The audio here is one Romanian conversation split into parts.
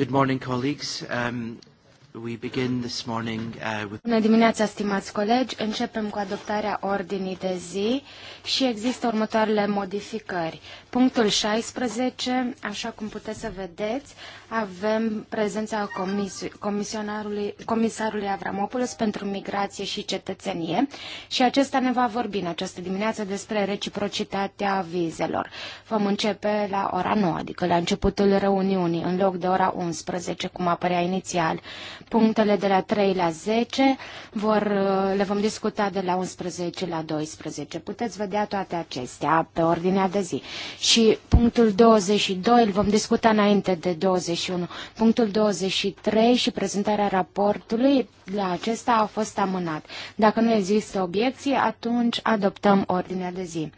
Good morning, colleagues. Um, Uh, Bună dimineața, stimați colegi! Începem cu adoptarea ordinii de zi și există următoarele modificări. Punctul 16, așa cum puteți să vedeți, avem prezența comisionarului, comisarului Avramopoulos pentru migrație și cetățenie și acesta ne va vorbi în această dimineață despre reciprocitatea vizelor. Vom începe la ora 9, adică la începutul reuniunii, în loc de ora 11, cum apărea inițial. Punctele de la 3 la 10 vor, uh, le vom discuta de la 11 la 12. Puteți vedea toate acestea pe ordinea de zi. Și punctul 22 îl vom discuta înainte de 21. Punctul 23 și prezentarea raportului la acesta a fost amânat. Dacă nu există obiecții, atunci adoptăm ordinea de zi.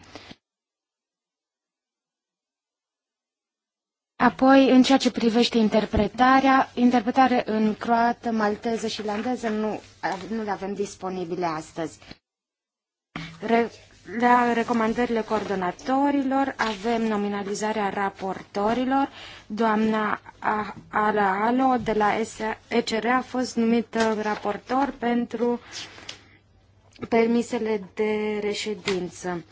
Apoi, în ceea ce privește interpretarea, interpretare în croată, malteză și landeză nu, nu le avem disponibile astăzi. Re, la recomandările coordonatorilor avem nominalizarea raportorilor. Doamna Ala Alo de la ECR a fost numită raportor pentru permisele de reședință.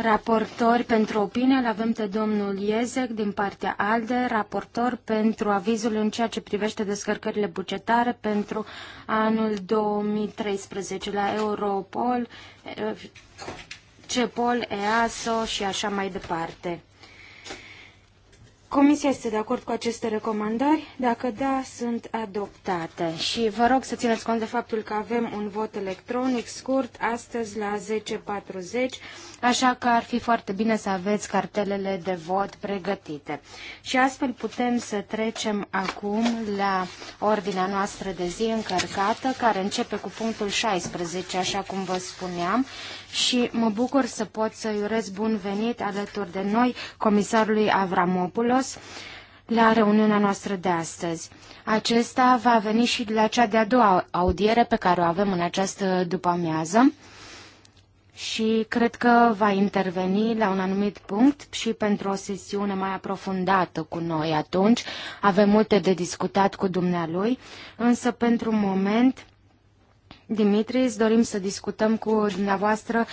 Raportori pentru opinie îl avem pe domnul Iezec din partea ALDE, raportor pentru avizul în ceea ce privește descărcările bugetare pentru anul 2013 la Europol, CEPOL, EASO și așa mai departe. Comisia este de acord cu aceste recomandări? Dacă da, sunt adoptate. Și vă rog să țineți cont de faptul că avem un vot electronic scurt astăzi la 10.40, așa că ar fi foarte bine să aveți cartelele de vot pregătite. Și astfel putem să trecem acum la ordinea noastră de zi încărcată, care începe cu punctul 16, așa cum vă spuneam, și mă bucur să pot să-i urez bun venit alături de noi comisarului Avramopoulos la reuniunea noastră de astăzi. Acesta va veni și la cea de-a doua audiere pe care o avem în această după-amiază și cred că va interveni la un anumit punct și pentru o sesiune mai aprofundată cu noi atunci. Avem multe de discutat cu dumnealui, însă pentru moment Dimitris, dorim să discutăm cu dumneavoastră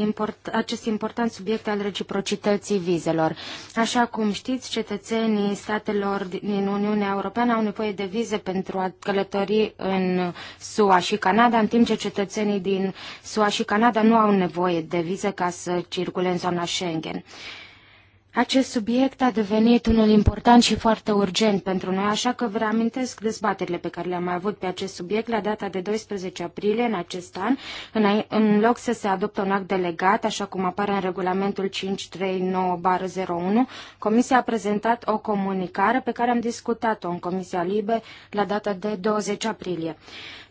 import, acest important subiect al reciprocității vizelor. Așa cum știți, cetățenii statelor din Uniunea Europeană au nevoie de vize pentru a călători în SUA și Canada, în timp ce cetățenii din SUA și Canada nu au nevoie de vize ca să circule în zona Schengen. Acest subiect a devenit unul important și foarte urgent pentru noi, așa că vă reamintesc dezbaterile pe care le-am mai avut pe acest subiect la data de 12 aprilie în acest an, în loc să se adopte un act delegat, așa cum apare în regulamentul 539-01, Comisia a prezentat o comunicare pe care am discutat-o în Comisia Libe la data de 20 aprilie.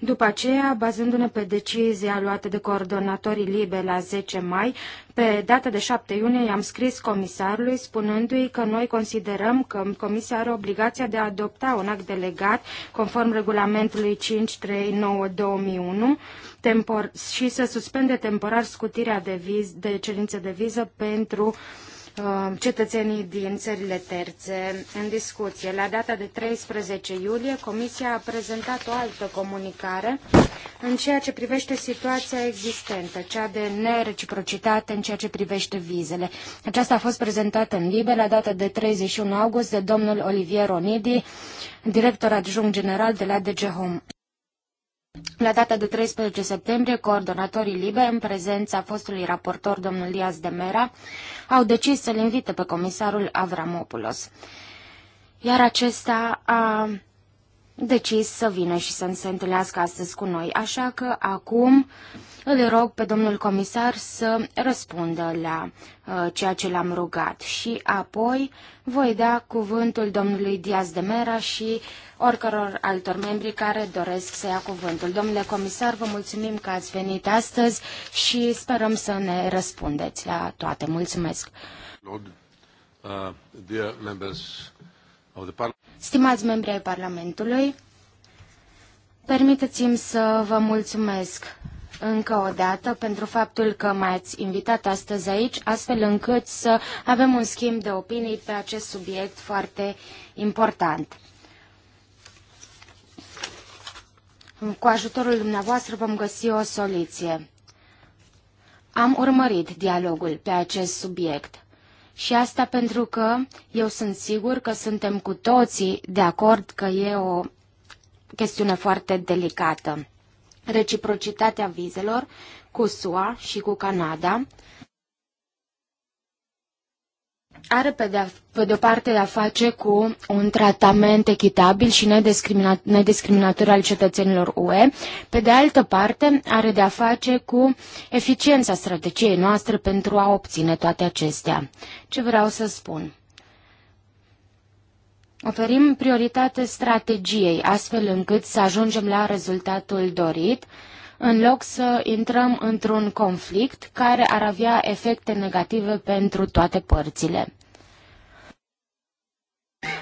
După aceea, bazându-ne pe decizia luată de coordonatorii libe la 10 mai, pe data de 7 iunie i-am scris comisarului spunându-i că noi considerăm că comisia are obligația de a adopta un act delegat conform regulamentului 539-2001 și să suspende temporar scutirea de, viz- de cerință de viză pentru uh, Uh, cetățenii din țările terțe în discuție. La data de 13 iulie, Comisia a prezentat o altă comunicare în ceea ce privește situația existentă, cea de nereciprocitate în ceea ce privește vizele. Aceasta a fost prezentată în Libe la data de 31 august de domnul Olivier Onidi, director adjunct general de la DG Home. La data de 13 septembrie, coordonatorii LIBE, în prezența fostului raportor domnul Diaz de Mera, au decis să-l invite pe comisarul Avramopoulos. Iar acesta a decis să vină și să se întâlnească astăzi cu noi. Așa că acum îl rog pe domnul comisar să răspundă la uh, ceea ce l-am rugat și apoi voi da cuvântul domnului Diaz de Mera și oricăror altor membri care doresc să ia cuvântul. Domnule comisar, vă mulțumim că ați venit astăzi și sperăm să ne răspundeți la toate. Mulțumesc! Lord, uh, dear members of the parliament. Stimați membri ai Parlamentului, permiteți-mi să vă mulțumesc încă o dată pentru faptul că m-ați invitat astăzi aici, astfel încât să avem un schimb de opinii pe acest subiect foarte important. Cu ajutorul dumneavoastră vom găsi o soluție. Am urmărit dialogul pe acest subiect. Și asta pentru că eu sunt sigur că suntem cu toții de acord că e o chestiune foarte delicată. Reciprocitatea vizelor cu SUA și cu Canada are pe de, a, pe de o parte de a face cu un tratament echitabil și nediscriminat, nediscriminator al cetățenilor UE, pe de altă parte are de a face cu eficiența strategiei noastre pentru a obține toate acestea. Ce vreau să spun? Oferim prioritate strategiei, astfel încât să ajungem la rezultatul dorit, în loc să intrăm într-un conflict care ar avea efecte negative pentru toate părțile.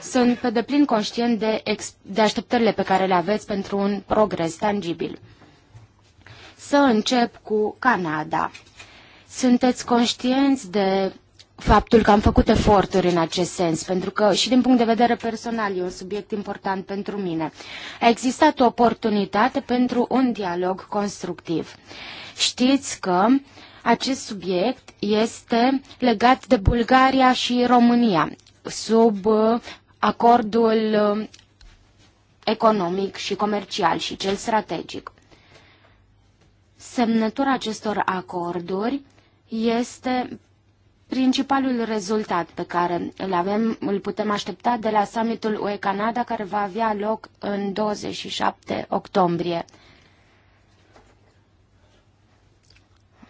Sunt pe deplin conștient de, de așteptările pe care le aveți pentru un progres tangibil. Să încep cu Canada. Sunteți conștienți de faptul că am făcut eforturi în acest sens, pentru că și din punct de vedere personal e un subiect important pentru mine. A existat o oportunitate pentru un dialog constructiv. Știți că acest subiect este legat de Bulgaria și România sub uh, acordul uh, economic și comercial și cel strategic. Semnătura acestor acorduri este Principalul rezultat pe care îl avem, îl putem aștepta de la summitul UE Canada care va avea loc în 27 octombrie.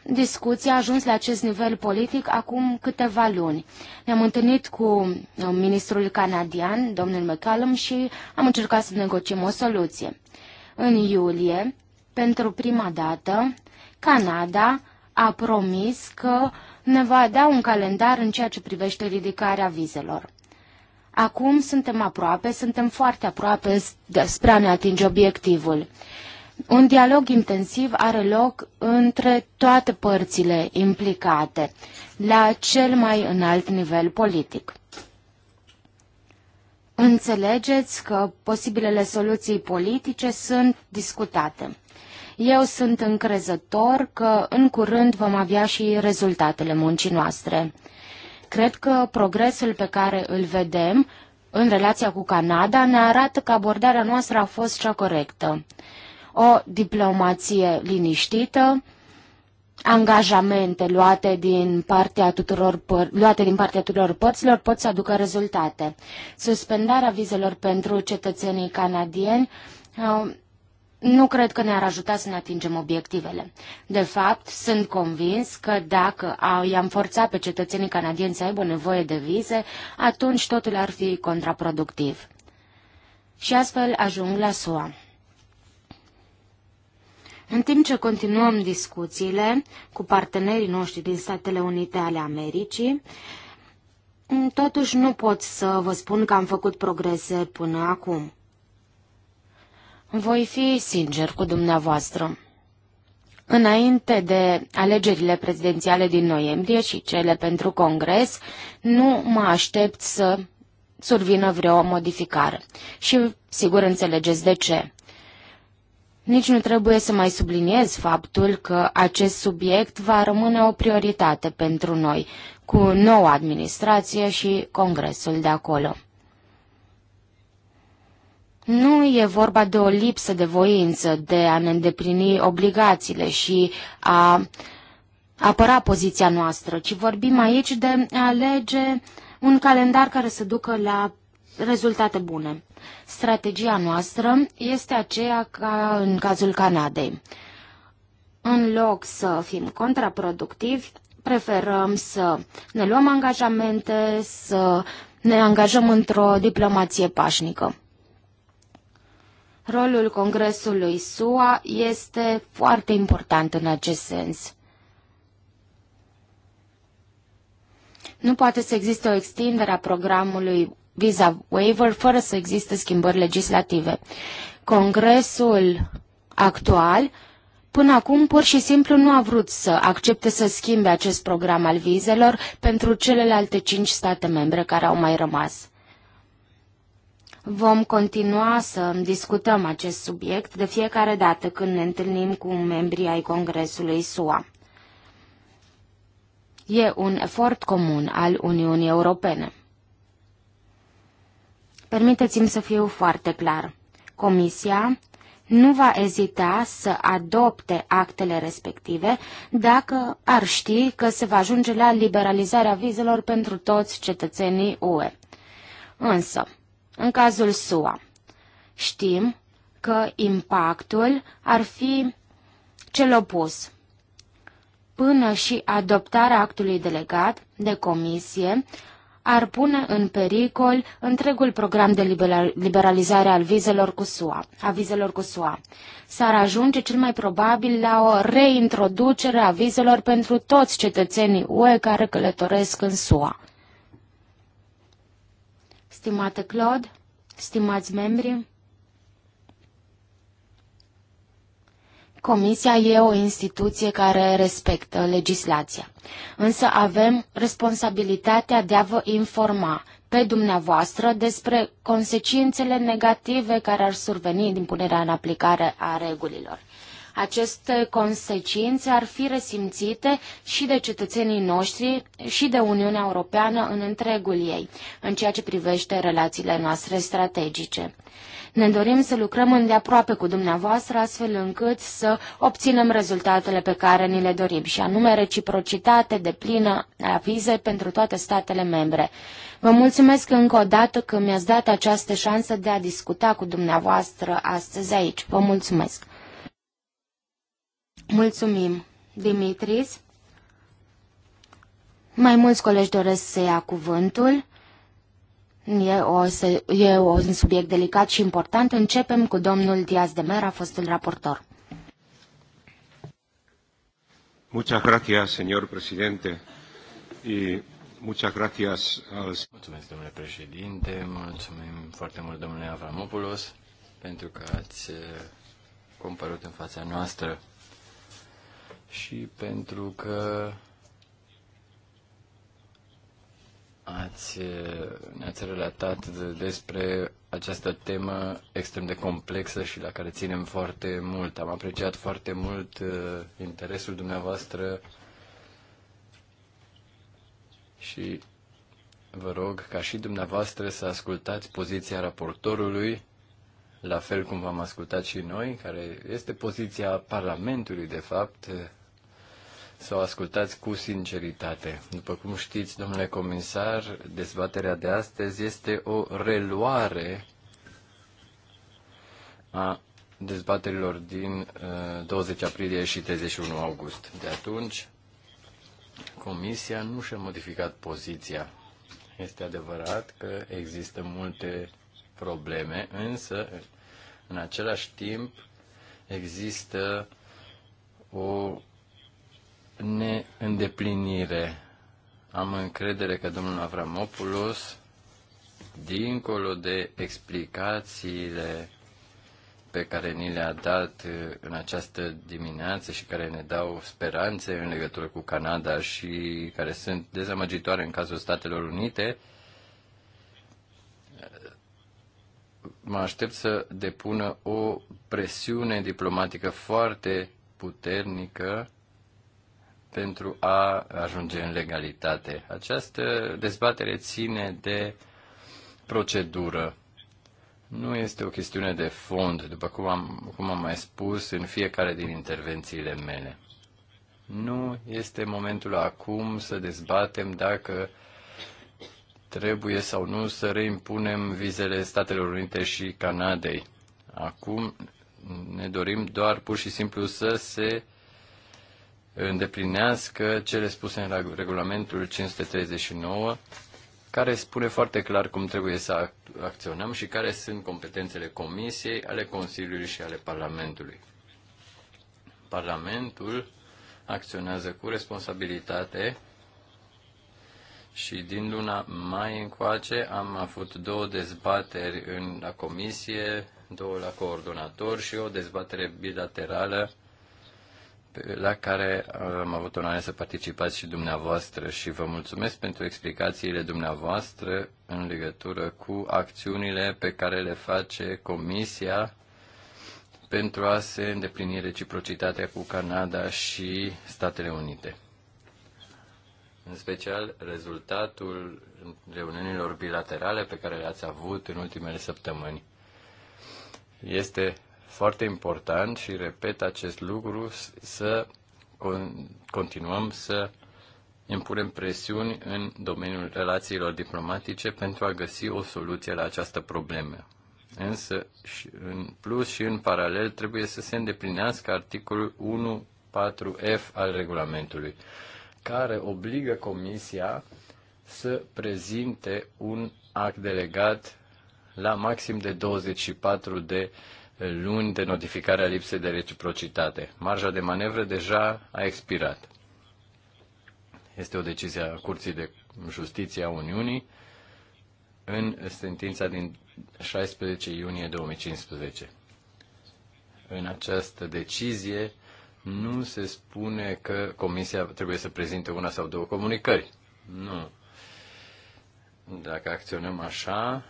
Discuția a ajuns la acest nivel politic acum câteva luni. Ne-am întâlnit cu uh, ministrul canadian, domnul McCallum, și am încercat să negociem o soluție. În iulie, pentru prima dată, Canada a promis că uh, ne va da un calendar în ceea ce privește ridicarea vizelor. Acum suntem aproape, suntem foarte aproape spre a ne atinge obiectivul. Un dialog intensiv are loc între toate părțile implicate, la cel mai înalt nivel politic. Înțelegeți că posibilele soluții politice sunt discutate. Eu sunt încrezător că în curând vom avea și rezultatele muncii noastre. Cred că progresul pe care îl vedem în relația cu Canada ne arată că abordarea noastră a fost cea corectă. O diplomație liniștită, angajamente luate din partea tuturor, păr- luate din partea tuturor părților pot să aducă rezultate. Suspendarea vizelor pentru cetățenii canadieni uh, nu cred că ne-ar ajuta să ne atingem obiectivele. De fapt, sunt convins că dacă i-am forțat pe cetățenii canadieni să aibă nevoie de vize, atunci totul ar fi contraproductiv. Și astfel ajung la SUA. În timp ce continuăm discuțiile cu partenerii noștri din Statele Unite ale Americii, totuși nu pot să vă spun că am făcut progrese până acum. Voi fi sincer cu dumneavoastră. Înainte de alegerile prezidențiale din noiembrie și cele pentru Congres, nu mă aștept să survină vreo modificare. Și sigur înțelegeți de ce. Nici nu trebuie să mai subliniez faptul că acest subiect va rămâne o prioritate pentru noi, cu noua administrație și congresul de acolo. Nu e vorba de o lipsă de voință de a ne îndeplini obligațiile și a apăra poziția noastră, ci vorbim aici de a alege un calendar care să ducă la rezultate bune. Strategia noastră este aceea ca în cazul Canadei. În loc să fim contraproductivi, preferăm să ne luăm angajamente, să ne angajăm într-o diplomație pașnică. Rolul Congresului SUA este foarte important în acest sens. Nu poate să existe o extindere a programului Visa Waiver fără să existe schimbări legislative. Congresul actual Până acum, pur și simplu nu a vrut să accepte să schimbe acest program al vizelor pentru celelalte cinci state membre care au mai rămas. Vom continua să discutăm acest subiect de fiecare dată când ne întâlnim cu membrii ai Congresului SUA. E un efort comun al Uniunii Europene. Permiteți-mi să fiu foarte clar. Comisia nu va ezita să adopte actele respective dacă ar ști că se va ajunge la liberalizarea vizelor pentru toți cetățenii UE. Însă, în cazul SUA. Știm că impactul ar fi cel opus. Până și adoptarea actului delegat de comisie ar pune în pericol întregul program de liberalizare al vizelor cu SUA, a vizelor cu SUA. S-ar ajunge cel mai probabil la o reintroducere a vizelor pentru toți cetățenii UE care călătoresc în SUA stimată Claude, stimați membri, Comisia e o instituție care respectă legislația, însă avem responsabilitatea de a vă informa pe dumneavoastră despre consecințele negative care ar surveni din punerea în aplicare a regulilor. Aceste consecințe ar fi resimțite și de cetățenii noștri și de Uniunea Europeană în întregul ei, în ceea ce privește relațiile noastre strategice. Ne dorim să lucrăm îndeaproape cu dumneavoastră astfel încât să obținem rezultatele pe care ni le dorim și anume reciprocitate de plină a vizei pentru toate statele membre. Vă mulțumesc încă o dată că mi-ați dat această șansă de a discuta cu dumneavoastră astăzi aici. Vă mulțumesc! Mulțumim, Dimitris. Mai mulți colegi doresc să ia cuvântul. E, o, e o, un subiect delicat și important. Începem cu domnul Diaz de Mera, fostul raportor. Muchas gracias, señor presidente. Y muchas gracias al... Mulțumesc, domnule președinte. Mulțumim foarte mult, domnule Avramopoulos, pentru că ați eh, comparat în fața noastră și pentru că ați, ne-ați relatat despre această temă extrem de complexă și la care ținem foarte mult. Am apreciat foarte mult uh, interesul dumneavoastră și vă rog ca și dumneavoastră să ascultați poziția raportorului, la fel cum v-am ascultat și noi, care este poziția Parlamentului, de fapt, să o ascultați cu sinceritate. După cum știți, domnule comisar, dezbaterea de astăzi este o reluare a dezbaterilor din 20 uh, aprilie și 31 august. De atunci, Comisia nu și-a modificat poziția. Este adevărat că există multe probleme, însă, în același timp, există o neîndeplinire. Am încredere că domnul Avramopoulos, dincolo de explicațiile pe care ni le-a dat în această dimineață și care ne dau speranțe în legătură cu Canada și care sunt dezamăgitoare în cazul Statelor Unite, mă aștept să depună o presiune diplomatică foarte puternică pentru a ajunge în legalitate. Această dezbatere ține de procedură. Nu este o chestiune de fond, după cum am, cum am mai spus în fiecare din intervențiile mele. Nu este momentul acum să dezbatem dacă trebuie sau nu să reimpunem vizele Statelor Unite și Canadei. Acum ne dorim doar pur și simplu să se îndeplinească cele spuse în regulamentul 539, care spune foarte clar cum trebuie să acționăm și care sunt competențele Comisiei, ale Consiliului și ale Parlamentului. Parlamentul acționează cu responsabilitate și din luna mai încoace am avut două dezbateri în la comisie, două la coordonator și o dezbatere bilaterală la care uh, am avut onoarea să participați și dumneavoastră și vă mulțumesc pentru explicațiile dumneavoastră în legătură cu acțiunile pe care le face Comisia pentru a se îndeplini reciprocitatea cu Canada și Statele Unite. În special, rezultatul reuniunilor bilaterale pe care le-ați avut în ultimele săptămâni este foarte important și repet acest lucru, să continuăm să impunem presiuni în domeniul relațiilor diplomatice pentru a găsi o soluție la această problemă. Însă, și în plus și în paralel, trebuie să se îndeplinească articolul 1.4f al regulamentului, care obligă Comisia să prezinte un act delegat la maxim de 24 de luni de notificare a lipsei de reciprocitate. Marja de manevră deja a expirat. Este o decizie a Curții de Justiție a Uniunii în sentința din 16 iunie 2015. În această decizie nu se spune că Comisia trebuie să prezinte una sau două comunicări. Nu. Dacă acționăm așa,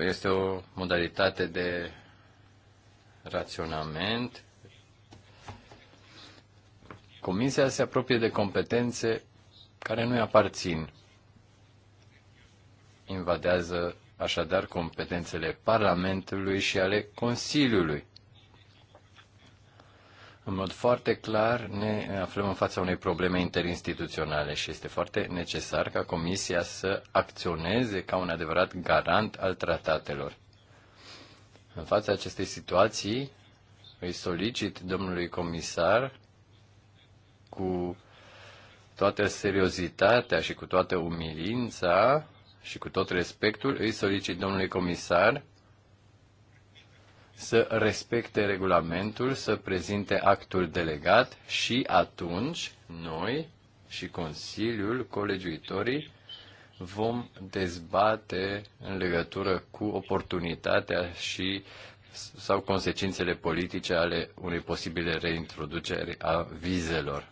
Este o modalitate de raționament. Comisia se apropie de competențe care nu-i aparțin. Invadează așadar competențele Parlamentului și ale Consiliului. În mod foarte clar, ne aflăm în fața unei probleme interinstituționale și este foarte necesar ca Comisia să acționeze ca un adevărat garant al tratatelor. În fața acestei situații, îi solicit domnului comisar cu toată seriozitatea și cu toată umilința și cu tot respectul, îi solicit domnului comisar să respecte regulamentul, să prezinte actul delegat și atunci noi și Consiliul, colegiuitorii, vom dezbate în legătură cu oportunitatea și sau consecințele politice ale unei posibile reintroduceri a vizelor.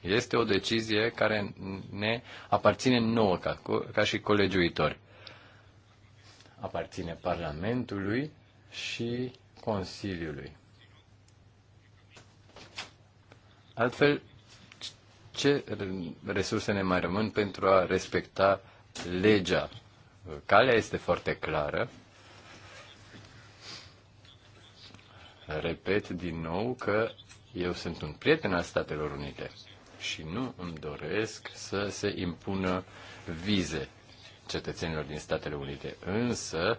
Este o decizie care ne aparține nouă ca, ca și colegiuitori. Aparține Parlamentului și Consiliului. Altfel, ce resurse ne mai rămân pentru a respecta legea? Calea este foarte clară. Repet din nou că eu sunt un prieten al Statelor Unite și nu îmi doresc să se impună vize cetățenilor din Statele Unite. Însă,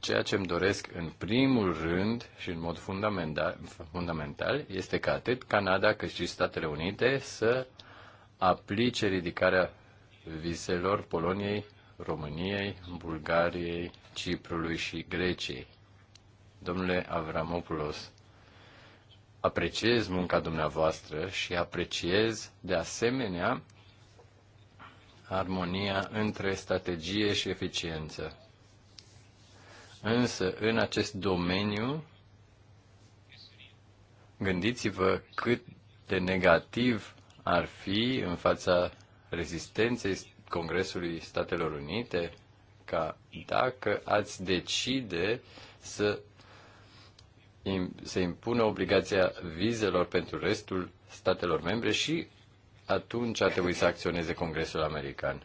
Ceea ce îmi doresc în primul rând și în mod fundamental, fundamental este ca atât Canada cât și Statele Unite să aplice ridicarea viselor Poloniei, României, Bulgariei, Ciprului și Greciei. Domnule Avramopoulos, apreciez munca dumneavoastră și apreciez de asemenea armonia între strategie și eficiență. Însă, în acest domeniu, gândiți-vă cât de negativ ar fi în fața rezistenței Congresului Statelor Unite ca dacă ați decide să se impună obligația vizelor pentru restul statelor membre și atunci ar trebui să acționeze Congresul American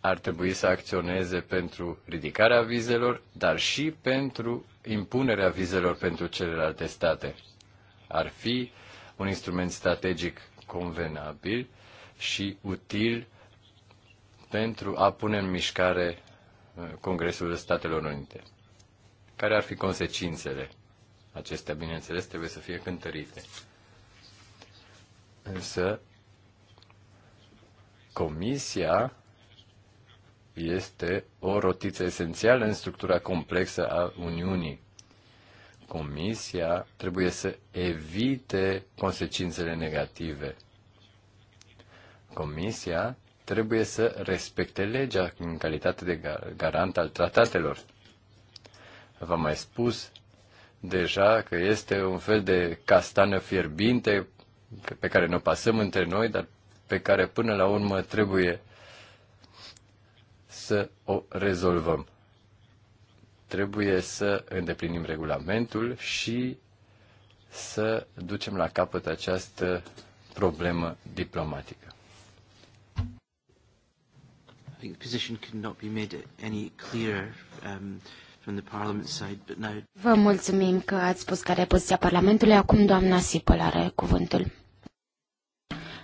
ar trebui să acționeze pentru ridicarea vizelor, dar și pentru impunerea vizelor pentru celelalte state. Ar fi un instrument strategic convenabil și util pentru a pune în mișcare uh, Congresul Statelor Unite. Care ar fi consecințele? Acestea, bineînțeles, trebuie să fie cântărite. Însă, Comisia este o rotiță esențială în structura complexă a Uniunii. Comisia trebuie să evite consecințele negative. Comisia trebuie să respecte legea în calitate de garant al tratatelor. V-am mai spus deja că este un fel de castană fierbinte pe care ne pasăm între noi, dar pe care până la urmă trebuie să o rezolvăm. Trebuie să îndeplinim regulamentul și să ducem la capăt această problemă diplomatică. I think the position could not be made any clearer um, from the Parliament side, but now... Vă mulțumim că ați spus care e poziția Parlamentului. Acum doamna Sipăl are cuvântul.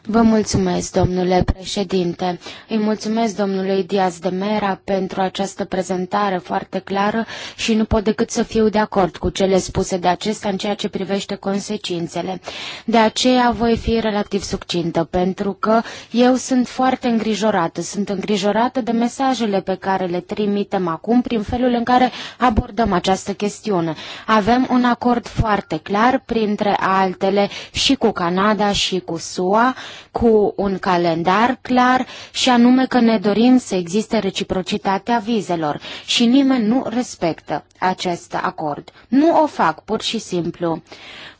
Vă mulțumesc, domnule președinte. Îi mulțumesc domnului Diaz de Mera pentru această prezentare foarte clară și nu pot decât să fiu de acord cu cele spuse de acesta în ceea ce privește consecințele. De aceea voi fi relativ succintă, pentru că eu sunt foarte îngrijorată. Sunt îngrijorată de mesajele pe care le trimitem acum prin felul în care abordăm această chestiune. Avem un acord foarte clar, printre altele, și cu Canada și cu SUA, cu un calendar clar și anume că ne dorim să existe reciprocitatea vizelor și nimeni nu respectă acest acord. Nu o fac pur și simplu.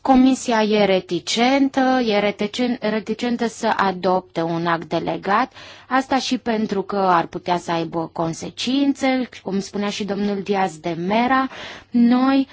Comisia e reticentă, e reticentă să adopte un act delegat, asta și pentru că ar putea să aibă consecințe, cum spunea și domnul Diaz de Mera, noi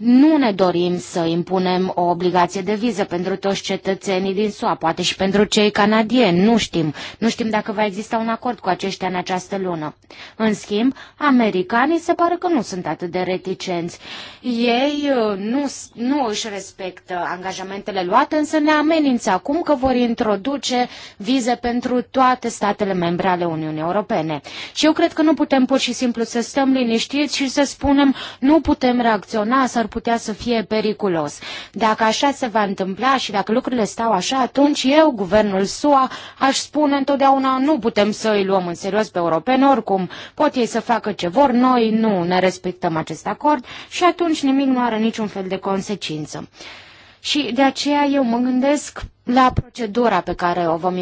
nu ne dorim să impunem o obligație de viză pentru toți cetățenii din SUA, poate și pentru cei canadieni, nu știm. Nu știm dacă va exista un acord cu aceștia în această lună. În schimb, americanii se pare că nu sunt atât de reticenți. Ei uh, nu, nu își respectă angajamentele luate, însă ne amenință acum că vor introduce vize pentru toate statele membre ale Uniunii Europene. Și eu cred că nu putem pur și simplu să stăm liniștiți și să spunem nu putem reacționa, să putea să fie periculos. Dacă așa se va întâmpla și dacă lucrurile stau așa, atunci eu, guvernul SUA, aș spune întotdeauna nu putem să îi luăm în serios pe europeni, oricum pot ei să facă ce vor, noi nu ne respectăm acest acord și atunci nimic nu are niciun fel de consecință. Și de aceea eu mă gândesc la procedura pe care o vom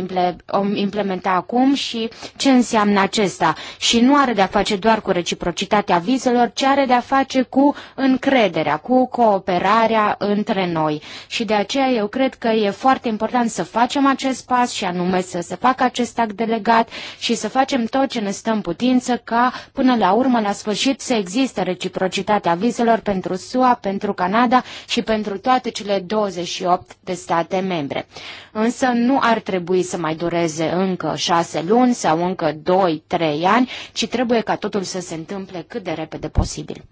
implementa acum și ce înseamnă acesta. Și nu are de-a face doar cu reciprocitatea vizelor, ci are de-a face cu încrederea, cu cooperarea între noi. Și de aceea eu cred că e foarte important să facem acest pas și anume să se facă acest act delegat și să facem tot ce ne stă în putință ca până la urmă, la sfârșit, să existe reciprocitatea vizelor pentru SUA, pentru Canada și pentru toate cele 28 de state membre. Însă nu ar trebui să mai dureze încă șase luni sau încă doi, trei ani, ci trebuie ca totul să se întâmple cât de repede posibil.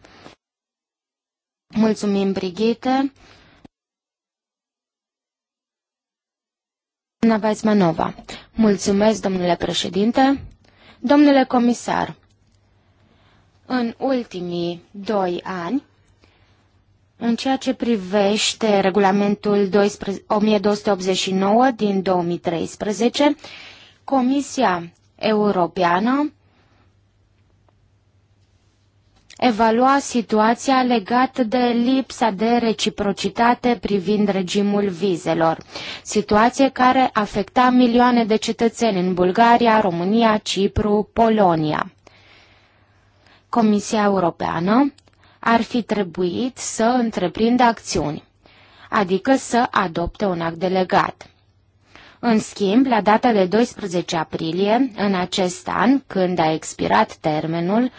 Mulțumim, Brigitte. Doamna Weizmanova. Mulțumesc, domnule președinte. Domnule comisar, în ultimii doi ani, în ceea ce privește regulamentul 1289 din 2013, Comisia Europeană evalua situația legată de lipsa de reciprocitate privind regimul vizelor, situație care afecta milioane de cetățeni în Bulgaria, România, Cipru, Polonia. Comisia Europeană ar fi trebuit să întreprindă acțiuni, adică să adopte un act delegat. În schimb, la data de 12 aprilie, în acest an, când a expirat termenul,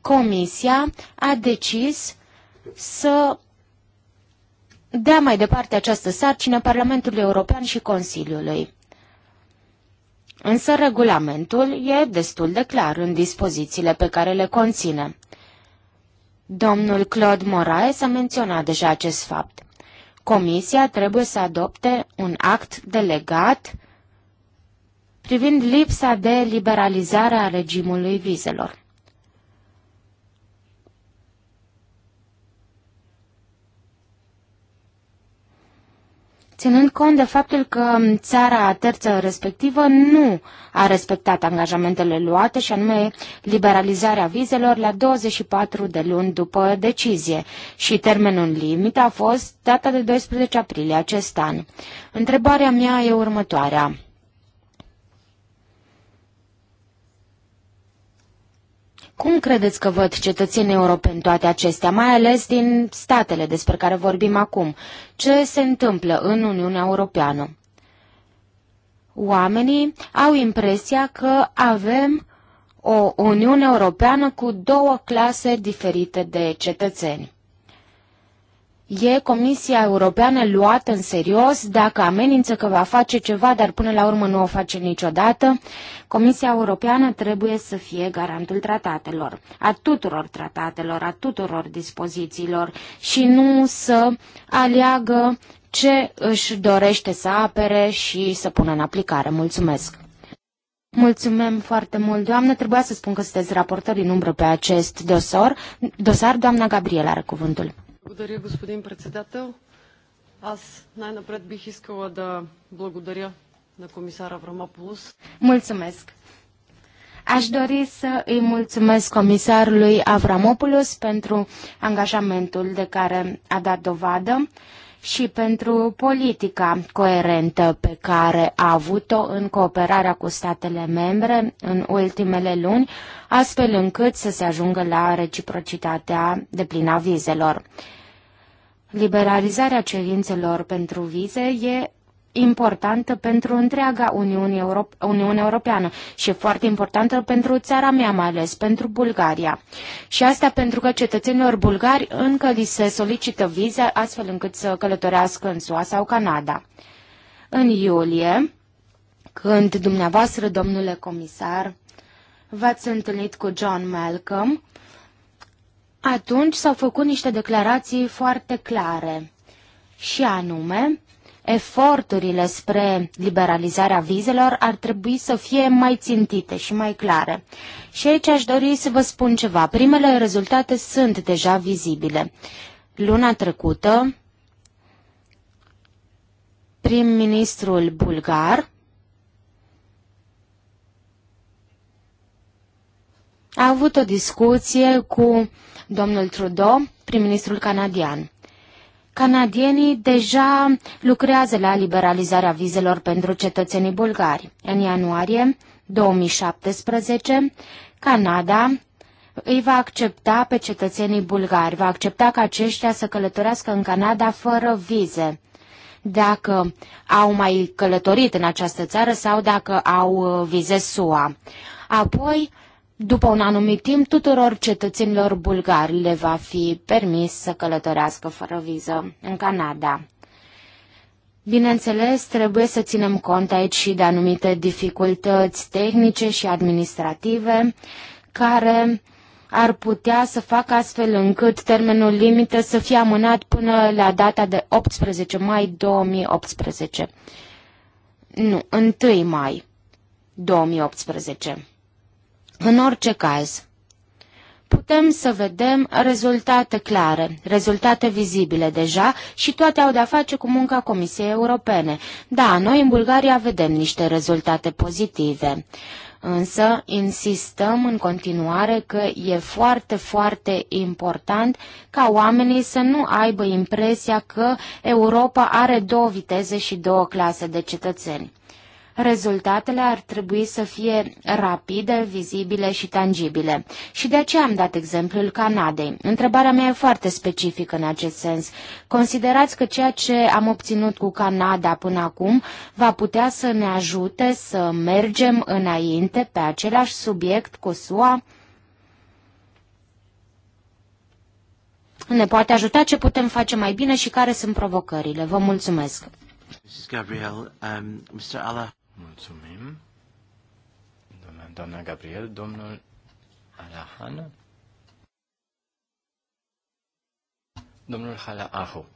Comisia a decis să dea mai departe această sarcină Parlamentului European și Consiliului. Însă regulamentul e destul de clar în dispozițiile pe care le conține. Domnul Claude Moraes a menționat deja acest fapt. Comisia trebuie să adopte un act delegat privind lipsa de liberalizare a regimului vizelor. ținând cont de faptul că țara terță respectivă nu a respectat angajamentele luate și anume liberalizarea vizelor la 24 de luni după decizie și termenul limit a fost data de 12 aprilie acest an. Întrebarea mea e următoarea. Cum credeți că văd cetățenii europeni toate acestea, mai ales din statele despre care vorbim acum? Ce se întâmplă în Uniunea Europeană? Oamenii au impresia că avem o Uniune Europeană cu două clase diferite de cetățeni. E Comisia Europeană luată în serios dacă amenință că va face ceva, dar până la urmă nu o face niciodată? Comisia Europeană trebuie să fie garantul tratatelor, a tuturor tratatelor, a tuturor dispozițiilor și nu să aleagă ce își dorește să apere și să pună în aplicare. Mulțumesc! Mulțumim foarte mult, doamnă. Trebuia să spun că sunteți raportor în umbră pe acest dosar. Dosar, doamna Gabriela are cuvântul. Благодаря, господин председател. Аз най-напред бих искала да благодаря на комисар Аврамополос. Mulțumesc! Aș dori să îi mulțumesc comisarului Avramopoulos pentru angajamentul de care a dat dovadă și pentru politica coerentă pe care a avut-o în cooperarea cu statele membre în ultimele luni, astfel încât să se ajungă la reciprocitatea de a vizelor. Liberalizarea cerințelor pentru vize e importantă pentru întreaga Uniune, Europe- Uniune Europeană și foarte importantă pentru țara mea, mai ales pentru Bulgaria. Și asta pentru că cetățenilor bulgari încă li se solicită viza astfel încât să călătorească în SUA sau Canada. În iulie, când dumneavoastră, domnule comisar, v-ați întâlnit cu John Malcolm, atunci s-au făcut niște declarații foarte clare, și anume eforturile spre liberalizarea vizelor ar trebui să fie mai țintite și mai clare. Și aici aș dori să vă spun ceva. Primele rezultate sunt deja vizibile. Luna trecută, prim-ministrul bulgar a avut o discuție cu domnul Trudeau, prim-ministrul canadian. Canadienii deja lucrează la liberalizarea vizelor pentru cetățenii bulgari. În ianuarie 2017, Canada îi va accepta pe cetățenii bulgari, va accepta ca aceștia să călătorească în Canada fără vize dacă au mai călătorit în această țară sau dacă au uh, vize SUA. Apoi, după un anumit timp, tuturor cetățenilor bulgari le va fi permis să călătorească fără viză în Canada. Bineînțeles, trebuie să ținem cont aici și de anumite dificultăți tehnice și administrative care ar putea să facă astfel încât termenul limită să fie amânat până la data de 18 mai 2018. Nu, 1 mai 2018. În orice caz, putem să vedem rezultate clare, rezultate vizibile deja și toate au de-a face cu munca Comisiei Europene. Da, noi în Bulgaria vedem niște rezultate pozitive. Însă insistăm în continuare că e foarte, foarte important ca oamenii să nu aibă impresia că Europa are două viteze și două clase de cetățeni. Rezultatele ar trebui să fie rapide, vizibile și tangibile. Și de aceea am dat exemplul Canadei. Întrebarea mea e foarte specifică în acest sens. Considerați că ceea ce am obținut cu Canada până acum va putea să ne ajute să mergem înainte pe același subiect cu SUA? ne poate ajuta, ce putem face mai bine și care sunt provocările. Vă mulțumesc. Mrs. Gabriel, um, Mr. Allah. Mulțumim. Doamna, doamna Gabriel, domnul Alahan. Domnul Halaahu,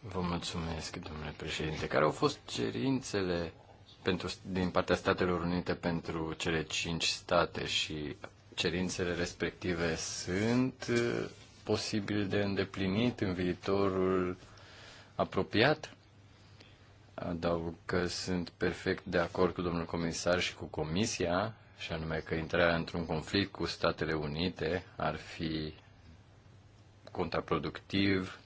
vă mulțumesc, domnule președinte. Care au fost cerințele pentru, din partea Statelor Unite pentru cele cinci state și cerințele respective sunt uh, posibil de îndeplinit în viitorul apropiat? Adaug că sunt perfect de acord cu domnul comisar și cu comisia, și anume că intrarea într-un conflict cu Statele Unite ar fi contraproductiv,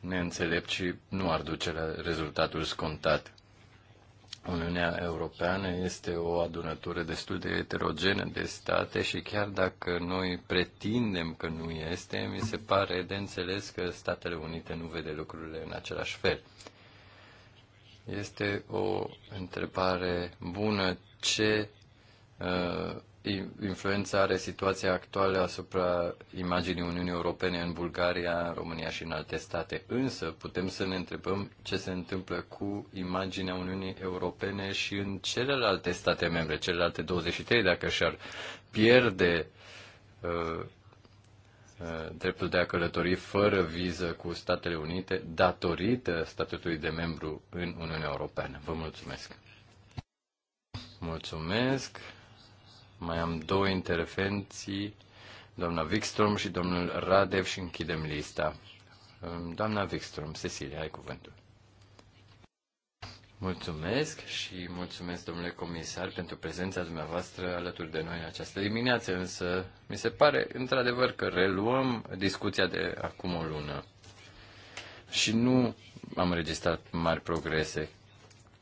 neînțelept și nu ar duce la rezultatul scontat. Uniunea Europeană este o adunătură destul de heterogenă de state și chiar dacă noi pretindem că nu este, mi se pare de înțeles că Statele Unite nu vede lucrurile în același fel. Este o întrebare bună. Ce uh, influență are situația actuală asupra imaginii Uniunii Europene în Bulgaria, în România și în alte state? Însă putem să ne întrebăm ce se întâmplă cu imaginea Uniunii Europene și în celelalte state membre, celelalte 23, dacă și-ar pierde uh, Uh, dreptul de a călători fără viză cu Statele Unite datorită statutului de membru în Uniunea Europeană. Vă mulțumesc! Mulțumesc! Mai am două intervenții, doamna Wikström și domnul Radev și închidem lista. Doamna Wikström, Cecilia, ai cuvântul. Mulțumesc și mulțumesc, domnule comisar, pentru prezența dumneavoastră alături de noi în această dimineață, însă mi se pare într-adevăr că reluăm discuția de acum o lună și nu am registrat mari progrese.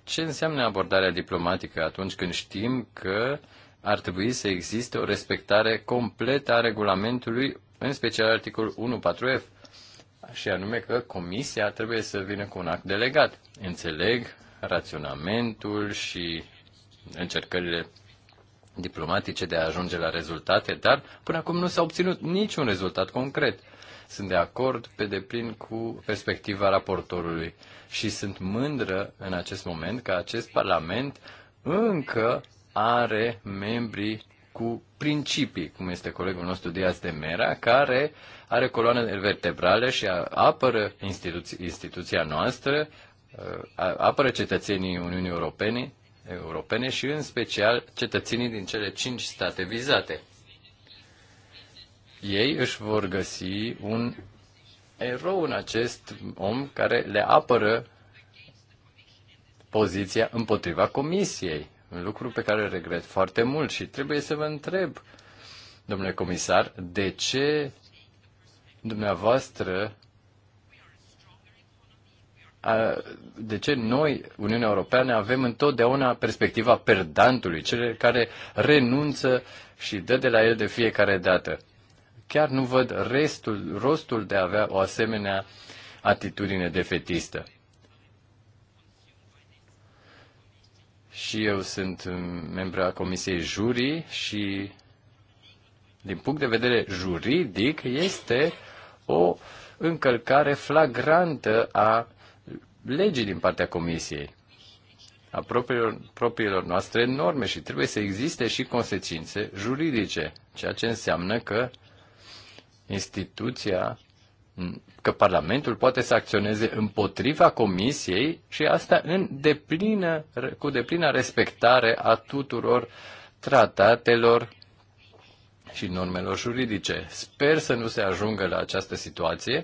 Ce înseamnă abordarea diplomatică atunci când știm că ar trebui să existe o respectare completă a regulamentului, în special articolul 1.4f, și anume că comisia trebuie să vină cu un act delegat. Înțeleg raționamentul și încercările diplomatice de a ajunge la rezultate, dar până acum nu s-a obținut niciun rezultat concret. Sunt de acord pe deplin cu perspectiva raportorului și sunt mândră în acest moment că acest Parlament încă are membri cu principii, cum este colegul nostru Diaz de Mera, care are coloană vertebrală și apără instituția noastră, apără cetățenii Uniunii Europene, Europene și în special cetățenii din cele cinci state vizate. Ei își vor găsi un erou în acest om care le apără poziția împotriva Comisiei. Un lucru pe care îl regret foarte mult și trebuie să vă întreb, domnule comisar, de ce dumneavoastră de ce noi, Uniunea Europeană, avem întotdeauna perspectiva perdantului, cel care renunță și dă de la el de fiecare dată. Chiar nu văd restul, rostul de a avea o asemenea atitudine defetistă. Și eu sunt membru a Comisiei Jurii și, din punct de vedere juridic, este o încălcare flagrantă a legii din partea Comisiei, a propriilor, propriilor noastre norme și trebuie să existe și consecințe juridice, ceea ce înseamnă că instituția, că Parlamentul poate să acționeze împotriva Comisiei și asta în deplină, cu deplină respectare a tuturor tratatelor și normelor juridice. Sper să nu se ajungă la această situație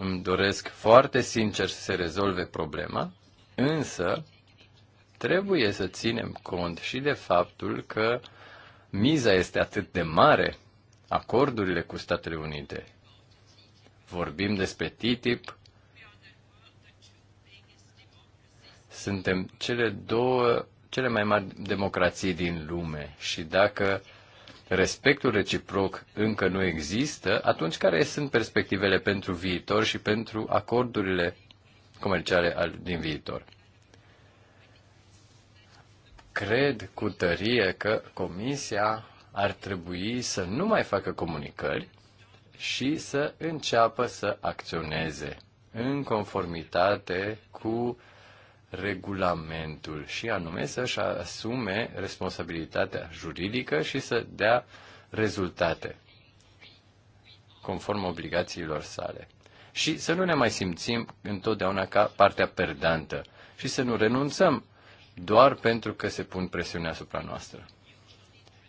îmi doresc foarte sincer să se rezolve problema, însă trebuie să ținem cont și de faptul că miza este atât de mare, acordurile cu Statele Unite. Vorbim despre TTIP, suntem cele două, cele mai mari democrații din lume și dacă respectul reciproc încă nu există, atunci care sunt perspectivele pentru viitor și pentru acordurile comerciale din viitor? Cred cu tărie că Comisia ar trebui să nu mai facă comunicări și să înceapă să acționeze în conformitate cu uh, regulamentul și anume să-și asume responsabilitatea juridică și să dea rezultate conform obligațiilor sale. Și să nu ne mai simțim întotdeauna ca partea perdantă și să nu renunțăm doar pentru că se pun presiune asupra noastră.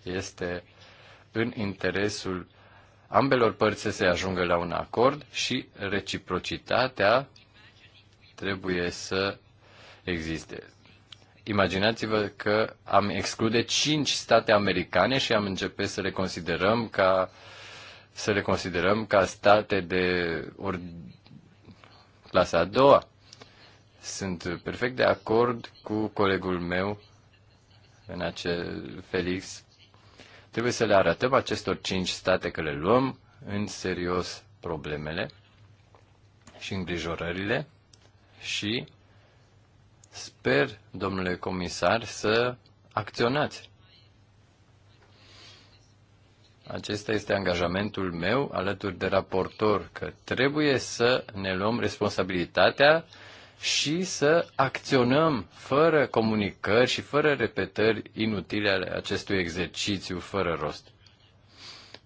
Este în interesul ambelor părți să se ajungă la un acord și reciprocitatea trebuie să existe. Imaginați-vă că am exclude cinci state americane și am începe să le considerăm ca să le considerăm ca state de or, clasa a doua. Sunt perfect de acord cu colegul meu în acel Felix. Trebuie să le arătăm acestor cinci state că le luăm în serios problemele și îngrijorările și Sper, domnule comisar, să acționați. Acesta este angajamentul meu alături de raportor, că trebuie să ne luăm responsabilitatea și să acționăm fără comunicări și fără repetări inutile ale acestui exercițiu fără rost.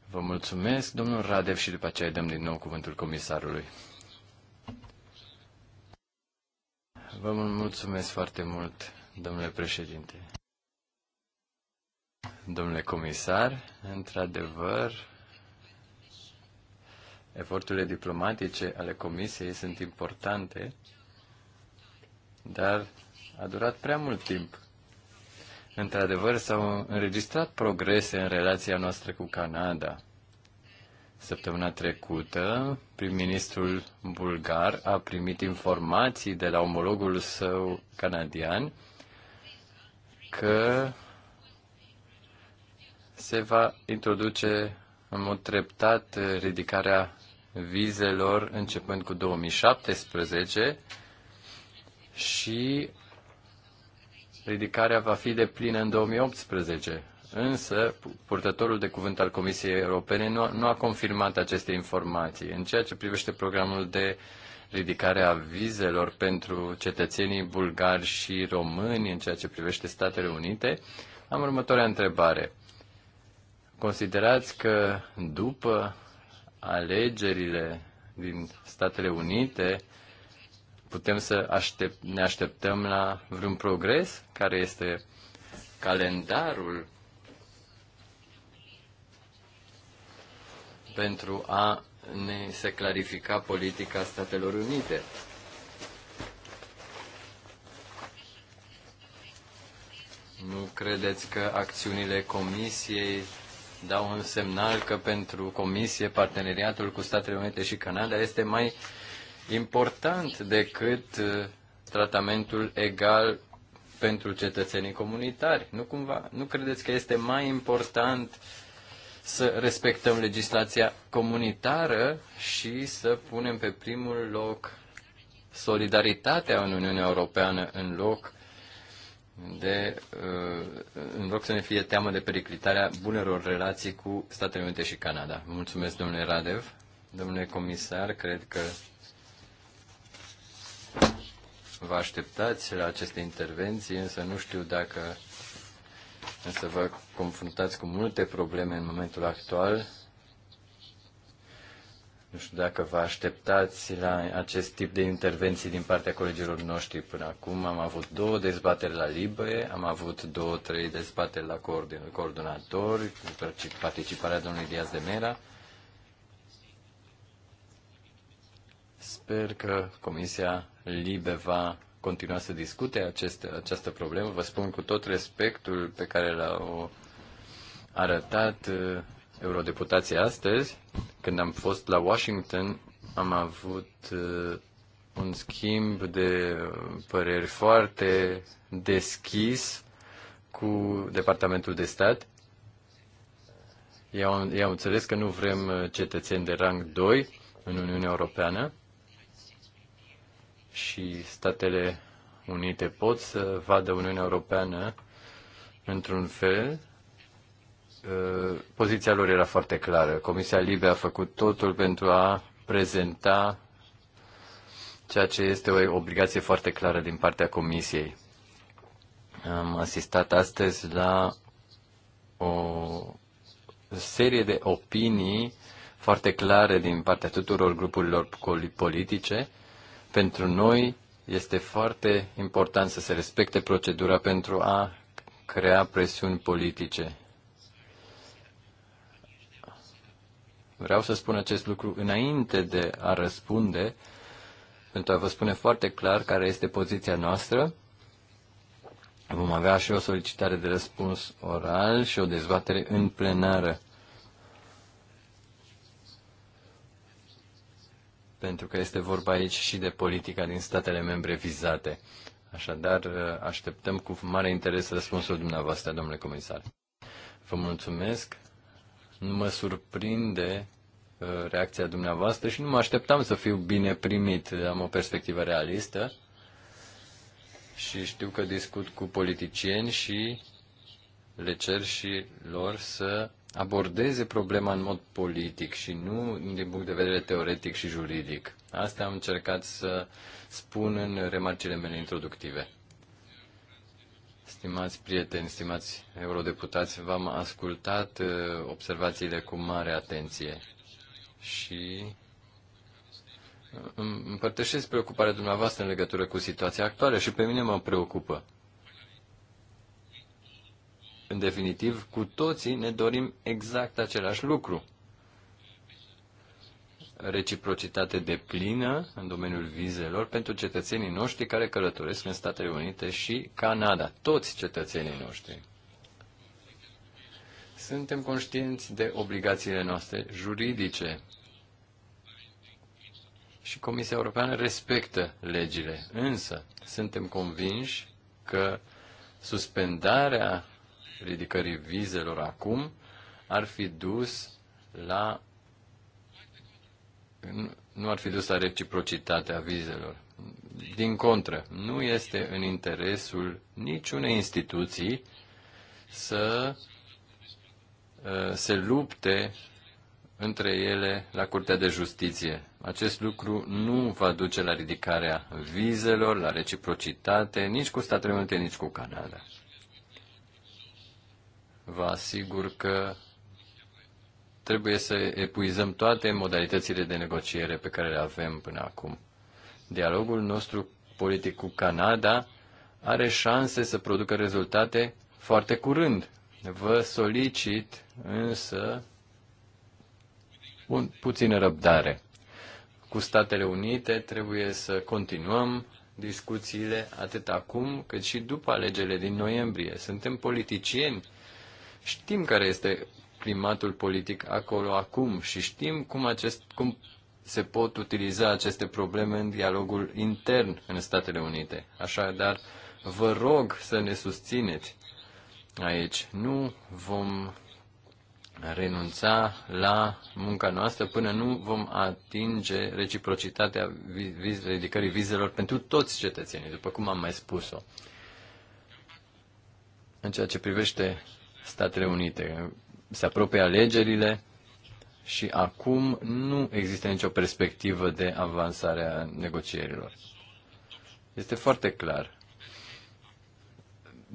Vă mulțumesc, domnul Radev, și după aceea dăm din nou cuvântul comisarului. Vă mulțumesc foarte mult, domnule președinte. Domnule comisar, într-adevăr, eforturile diplomatice ale Comisiei sunt importante, dar a durat prea mult timp. Într-adevăr, s-au înregistrat progrese în relația noastră cu Canada Săptămâna trecută, prim-ministrul bulgar a primit informații de la omologul său canadian că se va introduce în mod treptat ridicarea vizelor începând cu 2017 și ridicarea va fi de plină în 2018. Însă, purtătorul de cuvânt al Comisiei Europene nu a, nu a confirmat aceste informații. În ceea ce privește programul de ridicare a vizelor pentru cetățenii bulgari și români, în ceea ce privește Statele Unite, am următoarea întrebare. Considerați că după alegerile din Statele Unite, putem să aștept, ne așteptăm la vreun progres? Care este calendarul pentru a ne se clarifica politica Statelor Unite. Nu credeți că acțiunile Comisiei dau un semnal că pentru Comisie parteneriatul cu Statele Unite și Canada este mai important decât uh, tratamentul egal pentru cetățenii comunitari? Nu, cumva, nu credeți că este mai important uh, să respectăm legislația comunitară și să punem pe primul loc solidaritatea în Uniunea Europeană în loc de, uh, în loc să ne fie teamă de periclitarea bunelor relații cu Statele Unite și Canada. mulțumesc, domnule Radev. Domnule comisar, cred că vă așteptați la aceste intervenții, însă nu știu dacă însă vă confruntați cu multe probleme în momentul actual. Nu știu dacă vă așteptați la acest tip de intervenții din partea colegilor noștri. Până acum am avut două dezbateri la Libe, am avut două, trei dezbateri la coordonatori, participarea domnului Diaz de Mera. Sper că Comisia Libe va continua să discute aceste, această problemă. Vă spun cu tot respectul pe care l-au arătat uh, eurodeputații astăzi. Când am fost la Washington, am avut uh, un schimb de păreri foarte deschis cu Departamentul de Stat. i am înțeles că nu vrem uh, cetățeni de rang 2 în Uniunea Europeană și Statele Unite pot să vadă Uniunea Europeană într-un fel. Uh, poziția lor era foarte clară. Comisia Libe a făcut totul pentru a prezenta ceea ce este o obligație foarte clară din partea Comisiei. Am asistat astăzi la o serie de opinii foarte clare din partea tuturor grupurilor politice pentru noi este foarte important să se respecte procedura pentru a crea presiuni politice. Vreau să spun acest lucru înainte de a răspunde, pentru a vă spune foarte clar care este poziția noastră. Vom avea și o solicitare de răspuns oral și o dezbatere în plenară pentru că este vorba aici și de politica din statele membre vizate. Așadar, așteptăm cu mare interes răspunsul dumneavoastră, domnule comisar. Vă mulțumesc. Nu mă surprinde uh, reacția dumneavoastră și nu mă așteptam să fiu bine primit. Am o perspectivă realistă și știu că discut cu politicieni și le cer și lor să abordeze problema în mod politic și nu din punct de vedere teoretic și juridic. Asta am încercat să spun în remarcile mele introductive. Stimați prieteni, stimați eurodeputați, v-am ascultat uh, observațiile cu mare atenție și uh, împărtășesc preocuparea dumneavoastră în legătură cu situația actuală și pe mine mă preocupă. În definitiv, cu toții ne dorim exact același lucru. Reciprocitate de plină în domeniul vizelor pentru cetățenii noștri care călătoresc în Statele Unite și Canada, toți cetățenii noștri. Suntem conștienți de obligațiile noastre juridice și Comisia Europeană respectă legile, însă suntem convinși că suspendarea ridicării vizelor acum ar fi dus la nu ar fi dus la reciprocitatea vizelor. Din contră, nu este în interesul niciunei instituții să uh, se lupte între ele la Curtea de Justiție. Acest lucru nu va duce la ridicarea vizelor, la reciprocitate, nici cu Statele Unite, nici cu Canada vă asigur că trebuie să epuizăm toate modalitățile de negociere pe care le avem până acum. Dialogul nostru politic cu Canada are șanse să producă rezultate foarte curând. Vă solicit însă un puțină răbdare. Cu Statele Unite trebuie să continuăm discuțiile atât acum cât și după alegerile din noiembrie. Suntem politicieni Știm care este climatul politic acolo acum și știm cum, acest, cum se pot utiliza aceste probleme în dialogul intern în Statele Unite. Așadar, vă rog să ne susțineți aici. Nu vom renunța la munca noastră până nu vom atinge reciprocitatea viz- ridicării vizelor pentru toți cetățenii, după cum am mai spus-o. În ceea ce privește Statele Unite. Se apropie alegerile și acum nu există nicio perspectivă de avansare a negocierilor. Este foarte clar.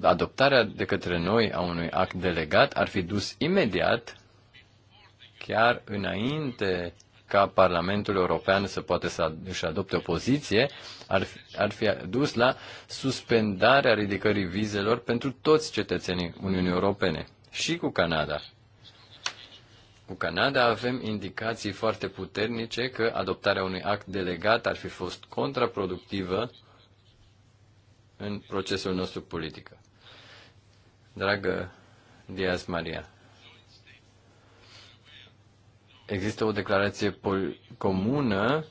Adoptarea de către noi a unui act delegat ar fi dus imediat, chiar înainte ca Parlamentul European să poată să își adopte o poziție, ar, ar fi dus la suspendarea ridicării vizelor pentru toți cetățenii Uniunii Europene și cu Canada. Cu Canada avem indicații foarte puternice că adoptarea unui act delegat ar fi fost contraproductivă în procesul nostru politic. Dragă Diaz Maria, există o declarație comună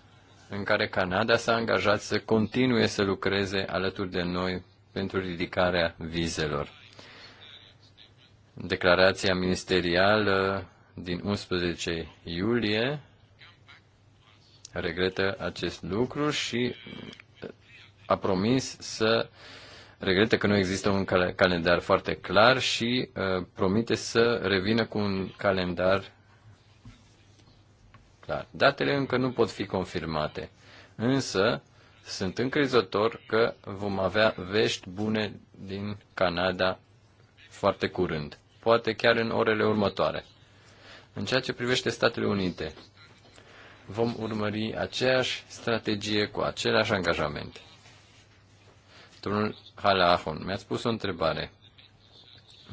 în care Canada s-a angajat să continue să lucreze alături de noi pentru ridicarea vizelor. Declarația ministerială din 11 iulie regretă acest lucru și a promis să regretă că nu există un calendar foarte clar și uh, promite să revină cu un calendar clar. Datele încă nu pot fi confirmate, însă sunt încrezător că vom avea vești bune din Canada foarte curând, poate chiar în orele următoare. În ceea ce privește Statele Unite, vom urmări aceeași strategie cu aceleași angajamente. Domnul Halahon, mi-ați pus o întrebare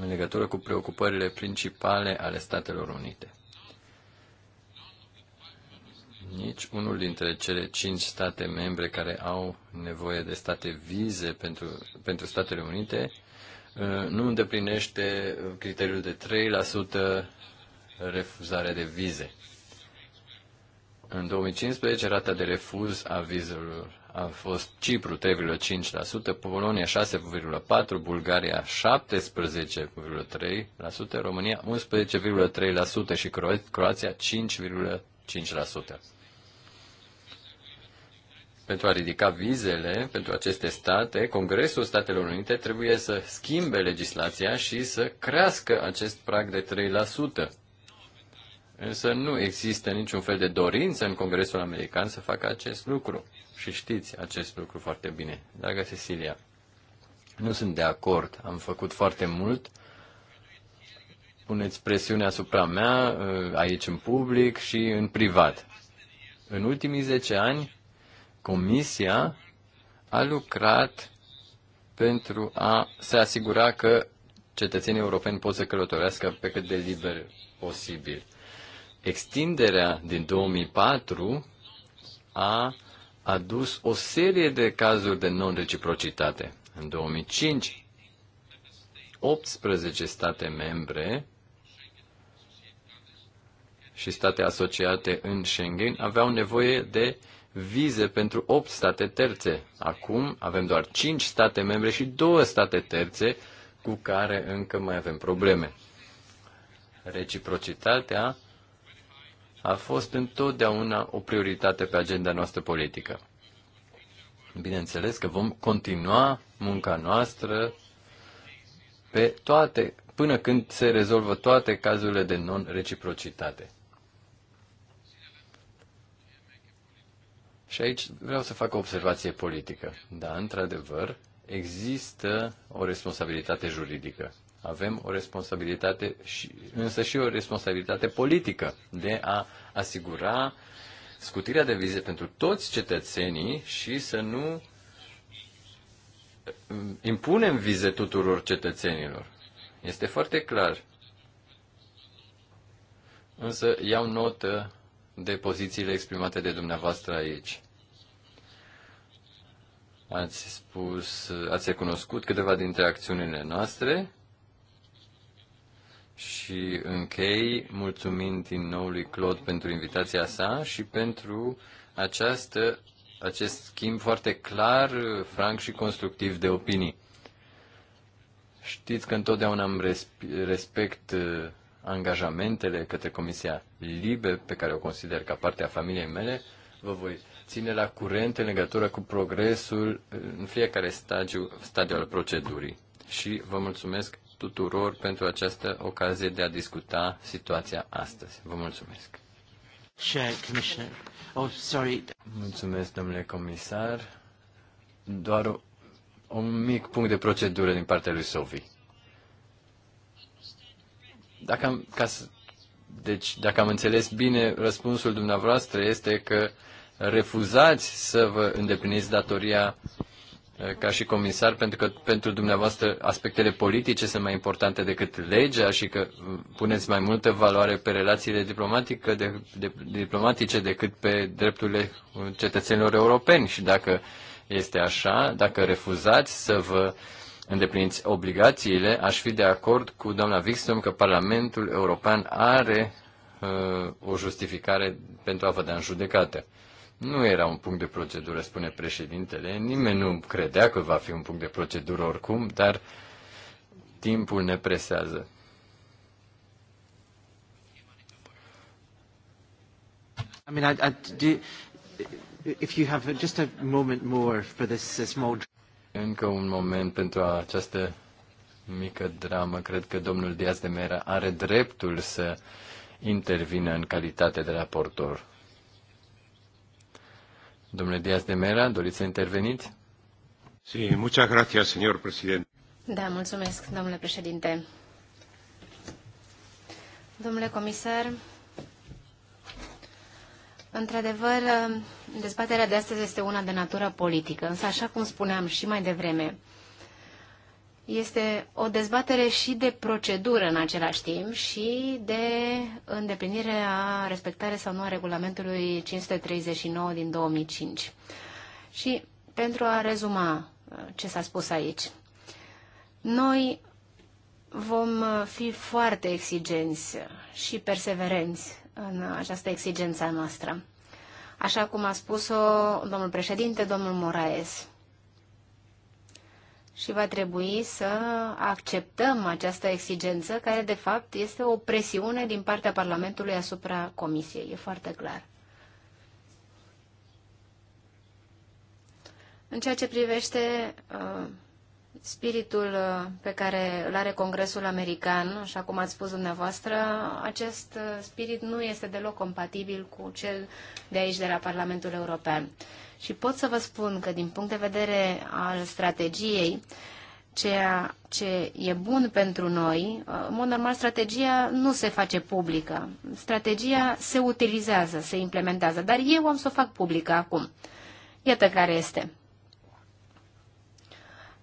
în legătură cu preocupările principale ale Statelor Unite nici unul dintre cele cinci state membre care au nevoie de state vize pentru, pentru Statele Unite uh, nu îndeplinește criteriul de 3% refuzare de vize. În 2015, rata de refuz a vizelor a fost Cipru 3,5%, Polonia 6,4%, Bulgaria 17,3%, România 11,3% și Croația 5,5% pentru a ridica vizele pentru aceste state, Congresul Statelor Unite trebuie să schimbe legislația și să crească acest prag de 3%. Însă nu există niciun fel de dorință în Congresul American să facă acest lucru. Și știți acest lucru foarte bine. Dragă Cecilia, nu sunt de acord. Am făcut foarte mult. Puneți presiune asupra mea, uh, aici în public și în privat. În ultimii 10 ani Comisia a lucrat pentru a se asigura că cetățenii europeni pot să călătorească pe cât de liber posibil. Extinderea din 2004 a adus o serie de cazuri de non-reciprocitate. În 2005, 18 state membre și state asociate în Schengen aveau nevoie de vize pentru 8 state terțe. Acum avem doar 5 state membre și 2 state terțe cu care încă mai avem probleme. Reciprocitatea a fost întotdeauna o prioritate pe agenda noastră politică. Bineînțeles că vom continua munca noastră pe toate, până când se rezolvă toate cazurile de non-reciprocitate. Și aici vreau să fac o observație politică. Da, într-adevăr, există o responsabilitate juridică. Avem o responsabilitate, și, însă și o responsabilitate politică de a asigura scutirea de vize pentru toți cetățenii și să nu um, impunem vize tuturor cetățenilor. Este foarte clar. Însă iau notă de pozițiile exprimate de dumneavoastră aici. Ați spus, ați recunoscut câteva dintre acțiunile noastre și închei mulțumind din nou lui Claude pentru invitația sa și pentru această, acest schimb foarte clar, franc și constructiv de opinii. Știți că întotdeauna am respect uh, angajamentele către Comisia Libe, pe care o consider ca parte a familiei mele. Vă voi ține la curent în legătură cu progresul uh, în fiecare stadiu, stadiu al procedurii. Și vă mulțumesc tuturor pentru această ocazie de a discuta situația astăzi. Vă mulțumesc. Oh, sorry. Mulțumesc, domnule comisar. Doar un mic punct de procedură din partea lui Sofi. Dacă am, ca să, deci, dacă am înțeles bine, răspunsul dumneavoastră este că refuzați să vă îndepliniți datoria uh, ca și comisar, pentru că pentru dumneavoastră aspectele politice sunt mai importante decât legea și că puneți mai multă valoare pe relațiile diplomatică de, de, diplomatice decât pe drepturile cetățenilor europeni. Și dacă este așa, dacă refuzați să vă îndepliniți obligațiile, aș fi de acord cu doamna Wikström că Parlamentul European are uh, o justificare pentru a vă da în judecată. Nu era un punct de procedură, spune președintele. Nimeni nu credea că va fi un punct de procedură oricum, dar timpul ne presează. I mean, I, I do, if you have just a moment more for this small... Încă un moment pentru această mică dramă. Cred că domnul Diaz de Mera are dreptul să intervină în calitate de raportor. Domnule Diaz de Mera, doriți să interveniți? Sí, muchas gracias, señor presidente. Da, mulțumesc, domnule președinte. Domnule comisar, într-adevăr, dezbaterea de astăzi este una de natură politică, însă așa cum spuneam și mai devreme, este o dezbatere și de procedură în același timp și de îndeplinire a respectare sau nu a regulamentului 539 din 2005. Și pentru a rezuma uh, ce s-a spus aici, noi vom uh, fi foarte exigenți și perseverenți în această exigență noastră. Așa cum a spus-o domnul președinte, domnul Moraes și va trebui să acceptăm această exigență, care de fapt este o presiune din partea Parlamentului asupra Comisiei. E foarte clar. În ceea ce privește uh, spiritul uh, pe care îl are Congresul American, așa cum ați spus dumneavoastră, acest uh, spirit nu este deloc compatibil cu cel de aici, de la Parlamentul European. Și pot să vă spun că, din punct de vedere al strategiei, ceea ce e bun pentru noi, uh, în mod normal, strategia nu se face publică. Strategia se utilizează, se implementează, dar eu am să o fac publică acum. Iată care este.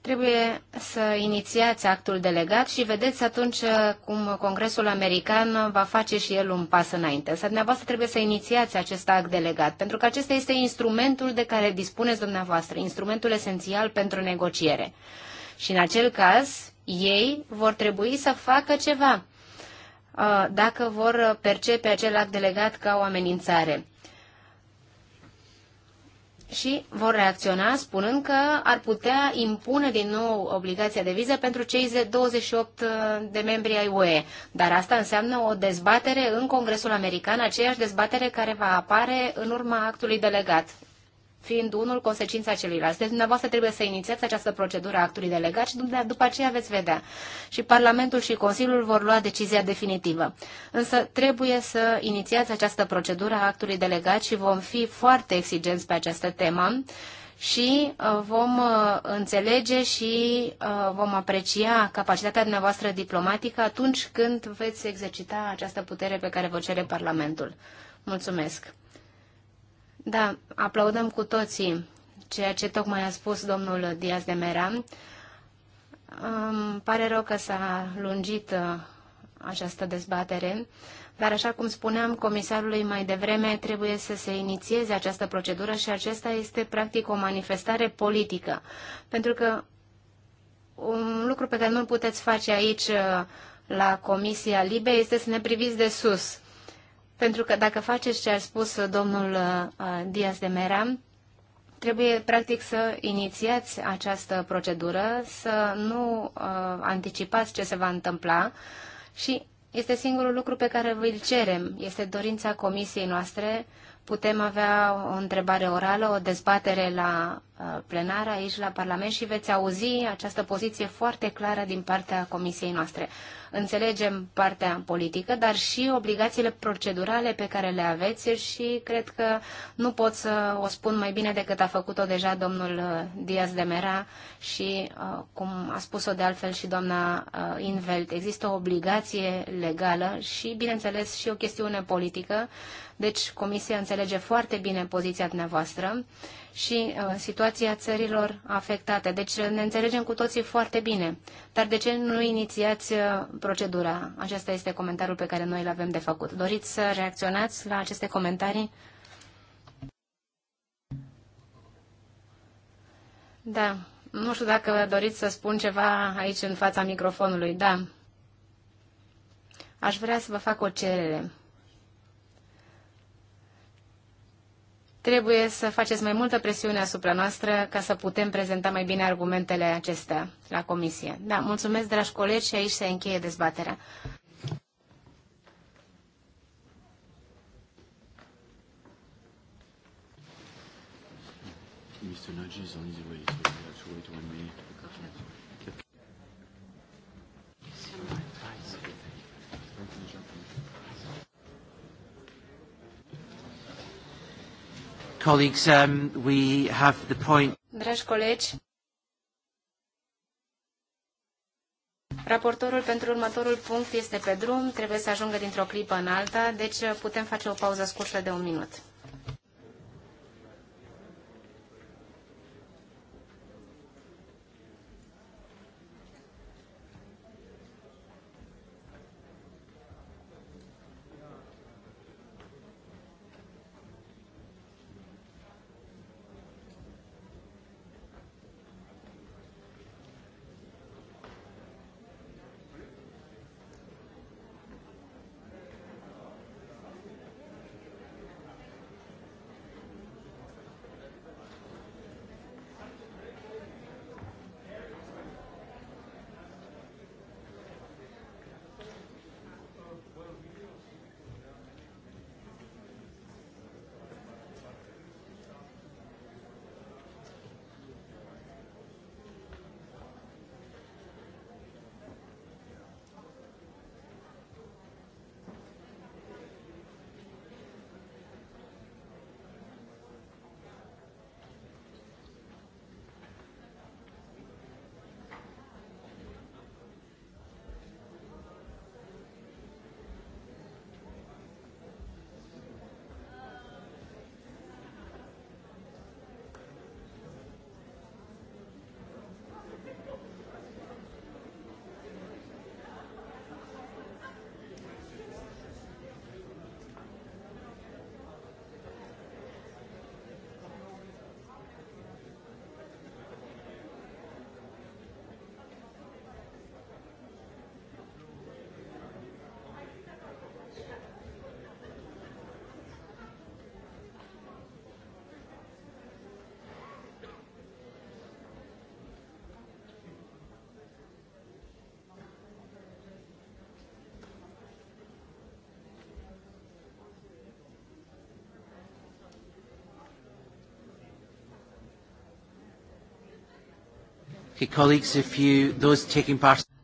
Trebuie să inițiați actul delegat și vedeți atunci uh, cum Congresul American va face și el un pas înainte. Să dumneavoastră trebuie să inițiați acest act delegat, pentru că acesta este instrumentul de care dispuneți dumneavoastră, instrumentul esențial pentru negociere. Și în acel caz, ei vor trebui să facă ceva uh, dacă vor percepe acel act delegat ca o amenințare și vor reacționa spunând că ar putea impune din nou obligația de viză pentru cei 28 uh, de membri ai UE. Dar asta înseamnă o dezbatere în Congresul American, aceeași dezbatere care va apare în urma actului delegat fiind unul consecința celuilalt. Deci dumneavoastră trebuie să inițiați această procedură a actului delegat și după aceea veți vedea. Și Parlamentul și Consiliul vor lua decizia definitivă. Însă trebuie să inițiați această procedură a actului delegat și vom fi foarte exigenți pe această temă și uh, vom uh, înțelege și uh, vom aprecia capacitatea dumneavoastră diplomatică atunci când veți exercita această putere pe care vă cere Parlamentul. Mulțumesc! Da, aplaudăm cu toții ceea ce tocmai a spus domnul Diaz de Mera. Îmi pare rău că s-a lungit uh, această dezbatere, dar așa cum spuneam comisarului mai devreme, trebuie să se inițieze această procedură și acesta este practic o manifestare politică. Pentru că un lucru pe care nu-l puteți face aici uh, la Comisia Libe este să ne priviți de sus. Pentru că dacă faceți ce a spus domnul uh, Diaz de Mera, trebuie practic să inițiați această procedură, să nu uh, anticipați ce se va întâmpla și este singurul lucru pe care vă l cerem, este dorința comisiei noastre. Putem avea o întrebare orală, o dezbatere la Uh, plenar aici la Parlament și veți auzi această poziție foarte clară din partea comisiei noastre. Înțelegem partea politică, dar și obligațiile procedurale pe care le aveți și cred că nu pot să o spun mai bine decât a făcut-o deja domnul uh, Diaz de Mera și uh, cum a spus-o de altfel și doamna Invelt. Există o obligație legală și, bineînțeles, și o chestiune politică. Deci, Comisia înțelege foarte bine poziția dumneavoastră și uh, situația țărilor afectate. Deci uh, ne înțelegem cu toții foarte bine. Dar de ce nu inițiați uh, procedura? Acesta este comentariul pe care noi l avem de făcut. Doriți să reacționați la aceste comentarii? Da. Nu știu dacă doriți să spun ceva aici în fața microfonului. Da. Aș vrea să vă fac o cerere. Trebuie să faceți mai multă presiune asupra noastră ca să putem prezenta mai bine argumentele acestea la comisie. Da, mulțumesc, dragi colegi, și aici se încheie dezbaterea. Mr. to Colleagues, um, we have the point. Dragi colegi, raportorul pentru următorul punct este pe drum, trebuie să ajungă dintr-o clipă în alta, deci putem face o pauză scurtă de un minut.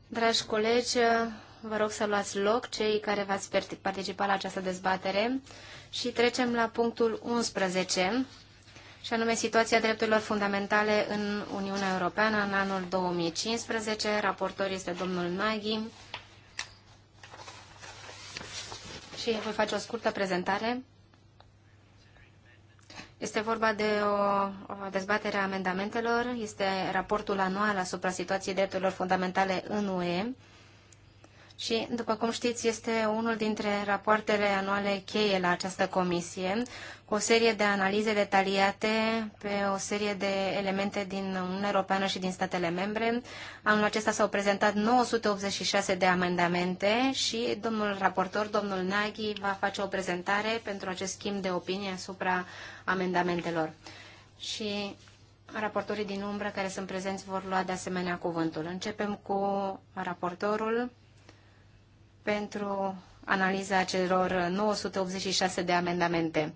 Dragi colegi, vă rog să luați loc cei care v-ați participat la această dezbatere și trecem la punctul 11, și anume situația drepturilor fundamentale în Uniunea Europeană în anul 2015. Raportor este domnul Naghi și voi face o scurtă prezentare este vorba de o, o dezbatere a amendamentelor, este raportul anual asupra situației drepturilor fundamentale în UE, și, după cum știți, este unul dintre rapoartele anuale cheie la această comisie, cu o serie de analize detaliate pe o serie de elemente din Uniunea Europeană și din statele membre. Anul acesta s-au prezentat 986 de amendamente și domnul raportor, domnul Naghi, va face o prezentare pentru acest schimb de opinie asupra amendamentelor. Și raportorii din umbră care sunt prezenți vor lua de asemenea cuvântul. Începem cu raportorul pentru analiza celor 986 de amendamente.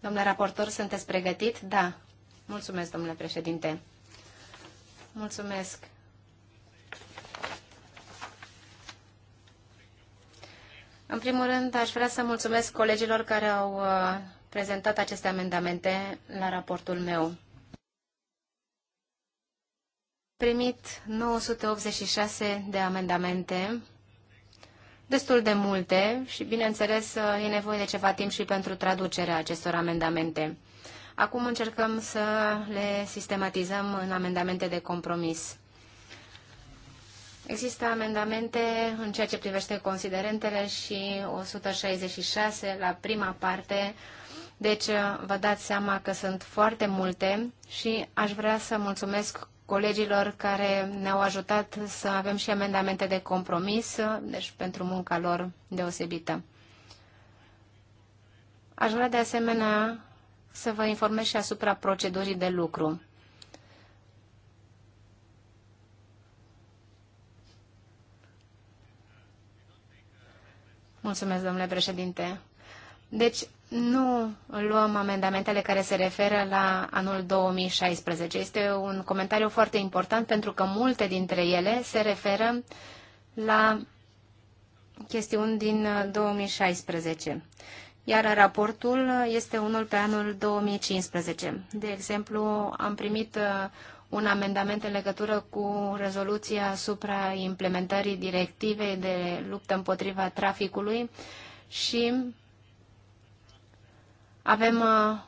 Domnule raportor, sunteți pregătit? Da. Mulțumesc, domnule președinte. Mulțumesc. În primul rând, aș vrea să mulțumesc colegilor care au uh, prezentat aceste amendamente la raportul meu. Primit 986 de amendamente destul de multe și, bineînțeles, e nevoie de ceva timp și pentru traducerea acestor amendamente. Acum încercăm să le sistematizăm în amendamente de compromis. Există amendamente în ceea ce privește considerentele și 166 la prima parte, deci vă dați seama că sunt foarte multe și aș vrea să mulțumesc colegilor care ne-au ajutat să avem și amendamente de compromis, deci pentru munca lor deosebită. Aș vrea de asemenea să vă informez și asupra procedurii de lucru. Mulțumesc, domnule președinte. Deci, nu luăm amendamentele care se referă la anul 2016. Este un comentariu foarte important pentru că multe dintre ele se referă la chestiuni din 2016. Iar raportul este unul pe anul 2015. De exemplu, am primit uh, un amendament în legătură cu rezoluția asupra implementării directivei de luptă împotriva traficului și avem uh,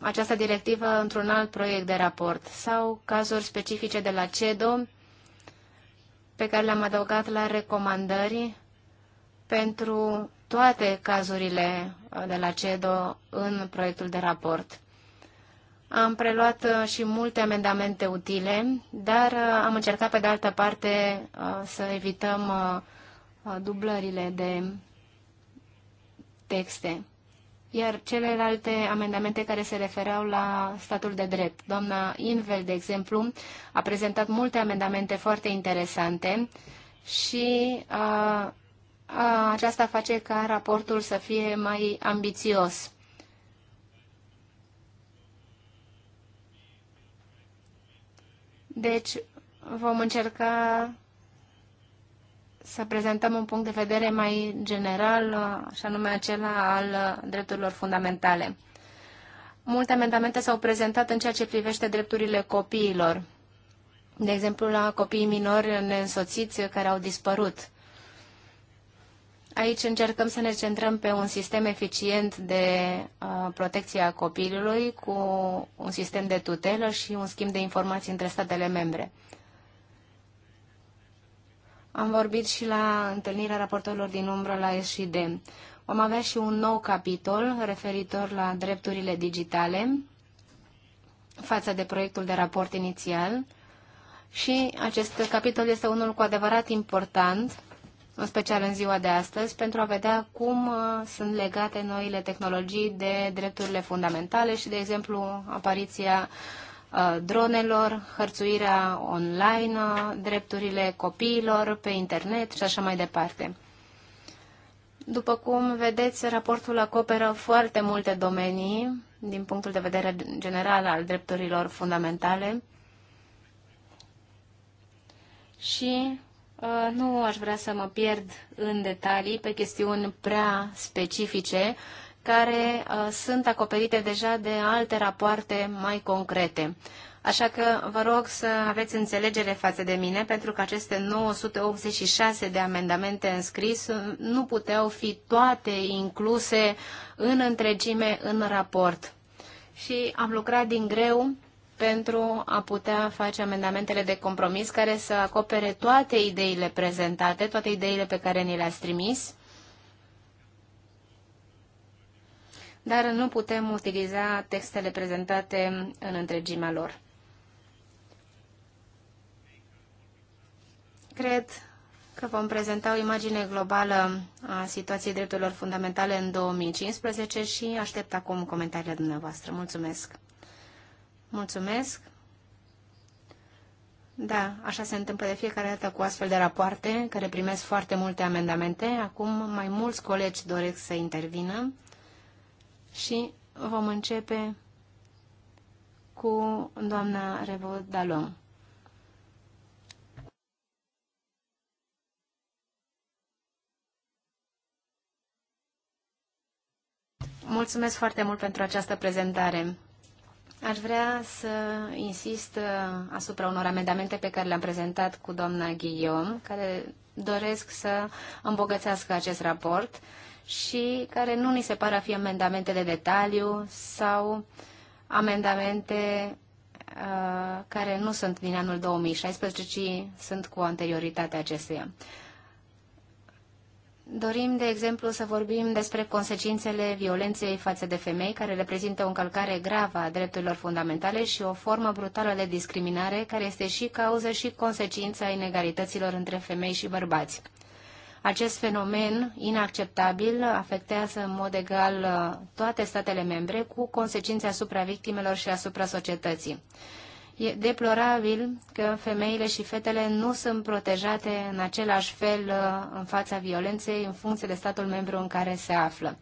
această directivă într-un alt proiect de raport sau cazuri specifice de la CEDO pe care le-am adăugat la recomandări pentru toate cazurile uh, de la CEDO în proiectul de raport. Am preluat uh, și multe amendamente utile, dar am încercat pe de altă parte să evităm dublările de texte iar celelalte amendamente care se refereau la statul de drept. Doamna Invel, de exemplu, a prezentat multe amendamente foarte interesante și a, aceasta face ca raportul să fie mai ambițios. Deci, vom încerca să prezentăm un punct de vedere mai general, și anume acela al drepturilor fundamentale. Multe amendamente s-au prezentat în ceea ce privește drepturile copiilor. De exemplu, la copiii minori neînsoțiți care au dispărut. Aici încercăm să ne centrăm pe un sistem eficient de uh, protecție a copilului cu un sistem de tutelă și un schimb de informații între statele membre. Am vorbit și la întâlnirea raportorilor din umbră la SID. Vom avea și un nou capitol referitor la drepturile digitale față de proiectul de raport inițial și acest capitol este unul cu adevărat important, în special în ziua de astăzi, pentru a vedea cum uh, sunt legate noile tehnologii de drepturile fundamentale și, de exemplu, apariția uh, Uh, dronelor, hărțuirea online, drepturile copiilor pe internet și așa mai departe. După cum vedeți, raportul acoperă foarte multe domenii din punctul de vedere general al drepturilor fundamentale și uh, nu aș vrea să mă pierd în detalii pe chestiuni prea specifice care uh, sunt acoperite deja de alte rapoarte mai concrete. Așa că vă rog să aveți înțelegere față de mine, pentru că aceste 986 de amendamente înscris nu puteau fi toate incluse în întregime în raport. Și am lucrat din greu pentru a putea face amendamentele de compromis care să acopere toate ideile prezentate, toate ideile pe care ni le-ați trimis dar nu putem utiliza textele prezentate în întregimea lor. Cred că vom prezenta o imagine globală a situației drepturilor fundamentale în 2015 și aștept acum comentariile dumneavoastră. Mulțumesc! Mulțumesc! Da, așa se întâmplă de fiecare dată cu astfel de rapoarte, care primesc foarte multe amendamente. Acum mai mulți colegi doresc să intervină și vom începe cu doamna Revo Dalon. Mulțumesc foarte mult pentru această prezentare. Aș vrea să insist uh, asupra unor amendamente pe care le-am prezentat cu doamna Guillaume, care doresc să îmbogățească acest raport și care nu ni se par a fi amendamente de detaliu sau amendamente uh, care nu sunt din anul 2016, ci sunt cu anterioritatea acesteia. Dorim, de exemplu, să vorbim despre consecințele violenței față de femei, care reprezintă o încălcare gravă a drepturilor fundamentale și o formă brutală de discriminare, care este și cauză și consecința inegalităților între femei și bărbați. Acest fenomen inacceptabil afectează în mod egal uh, toate statele membre cu consecințe asupra victimelor și asupra societății. E deplorabil că femeile și fetele nu sunt protejate în același fel uh, în fața violenței în funcție de statul membru în care se află.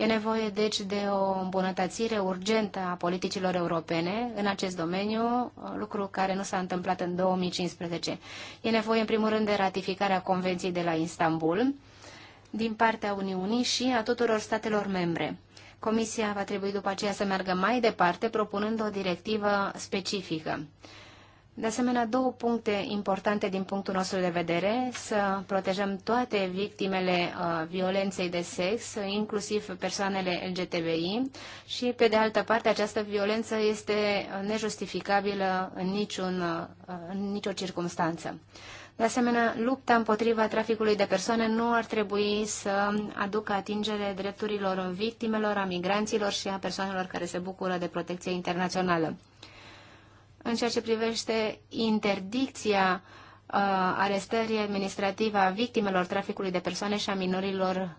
E nevoie, deci, de o îmbunătățire urgentă a politicilor europene în acest domeniu, lucru care nu s-a întâmplat în 2015. E nevoie, în primul rând, de ratificarea Convenției de la Istanbul din partea Uniunii și a tuturor statelor membre. Comisia va trebui după aceea să meargă mai departe, propunând o directivă specifică. De asemenea, două puncte importante din punctul nostru de vedere, să protejăm toate victimele uh, violenței de sex, inclusiv persoanele LGTBI și, pe de altă parte, această violență este nejustificabilă în, niciun, uh, în nicio circunstanță. De asemenea, lupta împotriva traficului de persoane nu ar trebui să aducă atingere drepturilor victimelor, a migranților și a persoanelor care se bucură de protecție internațională în ceea ce privește interdicția uh, arestării administrative a victimelor traficului de persoane și a minorilor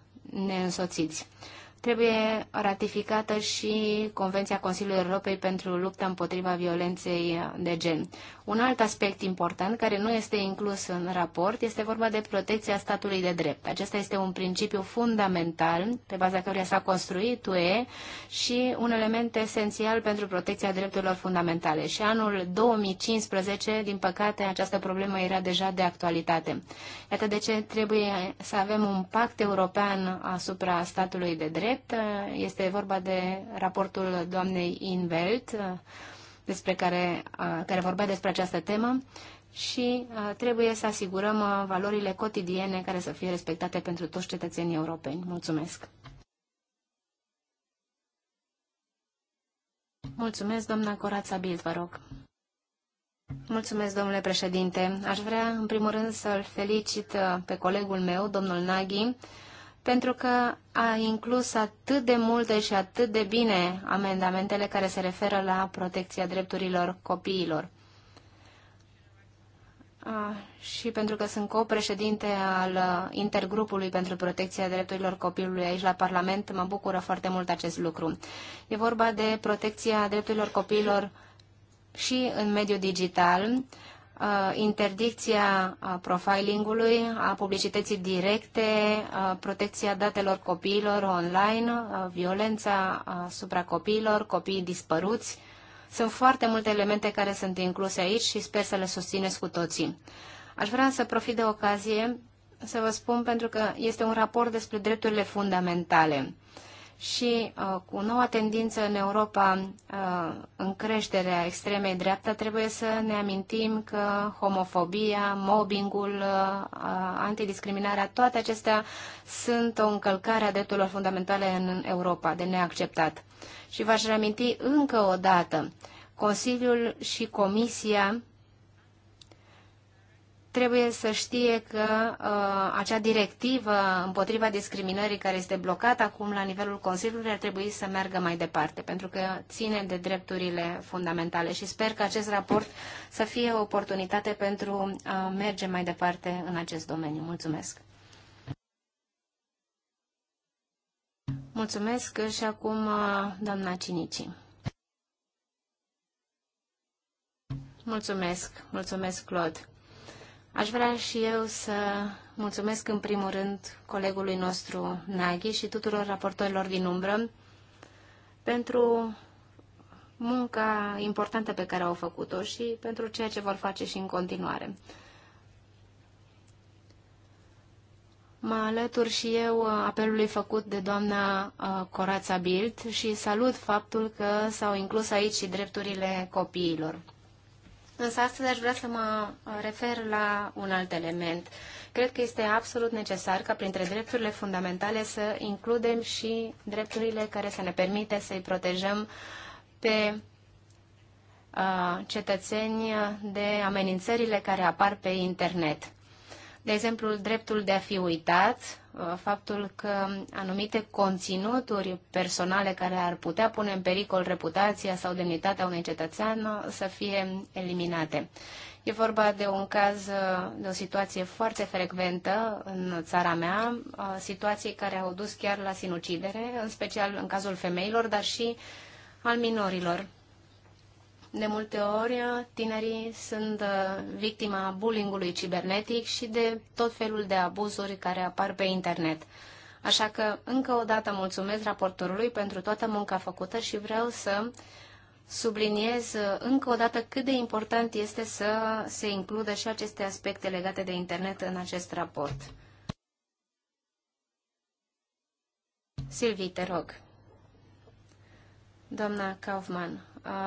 neînsoțiți. Uh, Trebuie ratificată și Convenția Consiliului Europei pentru lupta împotriva violenței de gen. Un alt aspect important care nu este inclus în raport este vorba de protecția statului de drept. Acesta este un principiu fundamental pe baza căruia s-a construit UE și un element esențial pentru protecția drepturilor fundamentale. Și anul 2015, din păcate, această problemă era deja de actualitate. Iată de ce trebuie să avem un pact european asupra statului de drept pachet. Uh, este vorba de raportul doamnei Invelt, uh, despre care, uh, care vorbea despre această temă și trebuie să asigurăm valorile cotidiene care să fie respectate pentru toți cetățenii europeni. Mulțumesc! Mulțumesc, doamna Corața Bild, vă rog. Mulțumesc, domnule președinte. Aș vrea, în primul rând, să-l felicit pe colegul meu, domnul Naghi, pentru că a inclus atât de multe și atât de bine amendamentele care se referă la protecția drepturilor copiilor. A, și pentru că sunt copreședinte al uh, Intergrupului pentru Protecția Drepturilor Copilului aici la Parlament, mă bucură foarte mult acest lucru. E vorba de protecția drepturilor copiilor și în mediul digital, Uh, interdicția uh, profilingului, a publicității directe, uh, protecția datelor copiilor online, violența asupra copiilor, copiii dispăruți. Sunt foarte multe elemente care sunt incluse aici și sper să le susțineți cu toții. Aș vrea să profit de ocazie să vă spun pentru că este un raport despre drepturile fundamentale și uh, cu noua tendință în Europa uh, în creșterea extremei dreapta, trebuie să ne amintim că homofobia, mobbingul, uh, uh antidiscriminarea, toate acestea sunt o încălcare a drepturilor fundamentale în Europa, de neacceptat. Și v-aș reaminti încă o dată, Consiliul și Comisia trebuie să știe că uh, acea directivă împotriva discriminării care este blocată acum la nivelul Consiliului ar trebui să meargă mai departe, pentru că ține de drepturile fundamentale și sper că acest raport să fie o oportunitate pentru a merge mai departe în acest domeniu. Mulțumesc! Mulțumesc și acum uh, doamna Cinici. Mulțumesc, mulțumesc, Claude. Aș vrea și eu să mulțumesc în primul rând colegului nostru Naghi și tuturor raportorilor din umbră pentru munca importantă pe care au făcut-o și pentru ceea ce vor face și în continuare. Mă alătur și eu apelului făcut de doamna uh, Corața Bild și salut faptul că s-au inclus aici și drepturile copiilor. Însă astăzi aș vrea să mă uh, refer la un alt element. Cred că este absolut necesar ca printre drepturile fundamentale să includem și drepturile care să ne permite să-i protejăm pe uh, cetățeni de amenințările care apar pe internet de exemplu, dreptul de a fi uitat, uh, faptul că anumite conținuturi personale care ar putea pune în pericol reputația sau demnitatea unui cetățean să fie eliminate. E vorba de un caz, uh, de o situație foarte frecventă în țara mea, uh, situații care au dus chiar la sinucidere, în special în cazul femeilor, dar și al minorilor. De multe ori, tinerii sunt uh, victima bullyingului cibernetic și de tot felul de abuzuri care apar pe internet. Așa că, încă o dată, mulțumesc raportorului pentru toată munca făcută și vreau să subliniez uh, încă o dată cât de important este să se includă și aceste aspecte legate de internet în acest raport. Silvii, te rog. Doamna Kaufmann.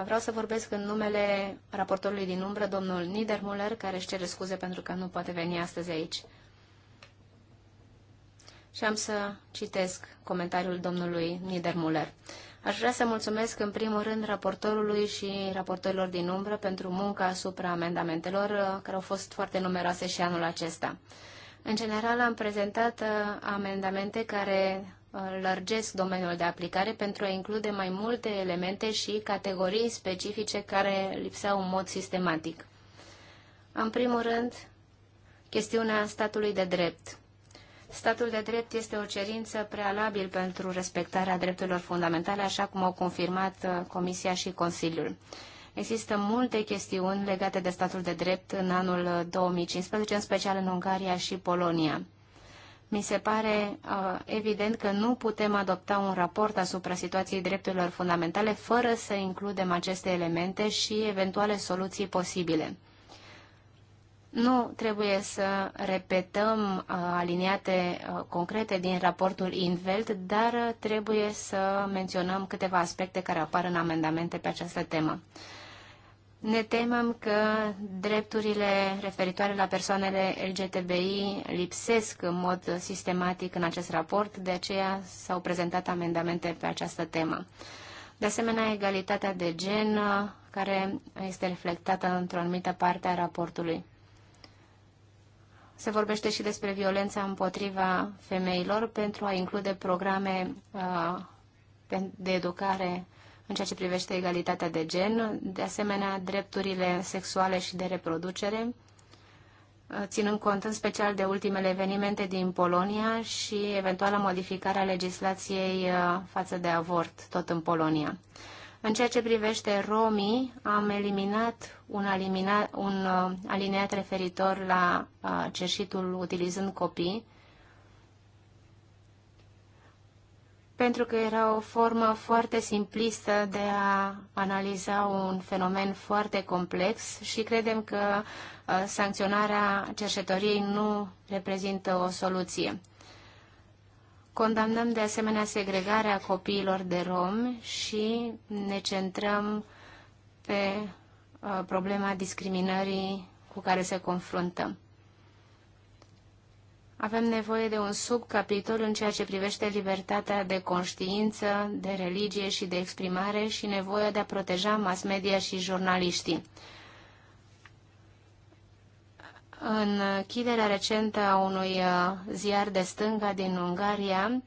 Vreau să vorbesc în numele raportorului din umbră, domnul Niedermuller, care își cere scuze pentru că nu poate veni astăzi aici. Și am să citesc comentariul domnului Niedermuller. Aș vrea să mulțumesc în primul rând raportorului și raportorilor din umbră pentru munca asupra amendamentelor, care au fost foarte numeroase și anul acesta. În general, am prezentat amendamente care lărgesc domeniul de aplicare pentru a include mai multe elemente și categorii specifice care lipseau în mod sistematic. În primul rând, chestiunea statului de drept. Statul de drept este o cerință prealabil pentru respectarea drepturilor fundamentale, așa cum au confirmat uh, Comisia și Consiliul. Există multe chestiuni legate de statul de drept în anul 2015, uh, în special în Ungaria și Polonia. Mi se pare uh, evident că nu putem adopta un raport asupra situației drepturilor fundamentale fără să includem aceste elemente și eventuale soluții posibile. Nu trebuie să repetăm uh, aliniate uh, concrete din raportul Invelt, dar trebuie să menționăm câteva aspecte care apar în amendamente pe această temă. Uh, ne temem că drepturile referitoare la persoanele LGTBI lipsesc în mod sistematic în acest raport, de aceea s-au prezentat amendamente pe această temă. De asemenea, egalitatea de gen, care este reflectată într-o anumită parte a raportului. Se vorbește și despre violența împotriva femeilor pentru a include programe uh, de educare în ceea ce privește egalitatea de gen, de asemenea drepturile sexuale și de reproducere, uh, ținând cont în special de ultimele evenimente din Polonia și eventuala modificare a legislației uh, față de avort, tot în Polonia. În ceea ce privește romii, am eliminat un, alimina, un uh, alineat referitor la cerșitul utilizând copii, pentru că era o formă foarte simplistă de a analiza un fenomen foarte complex și credem că uh, sancționarea cerșetoriei nu reprezintă o soluție. Condamnăm de asemenea segregarea copiilor de romi și ne centrăm pe uh, problema discriminării cu care se confruntăm. Avem nevoie de un subcapitol în ceea ce privește libertatea de conștiință, de religie și de exprimare și nevoia de a proteja mass media și jurnaliștii. În chiderea recentă a unui uh, ziar de stânga din Ungaria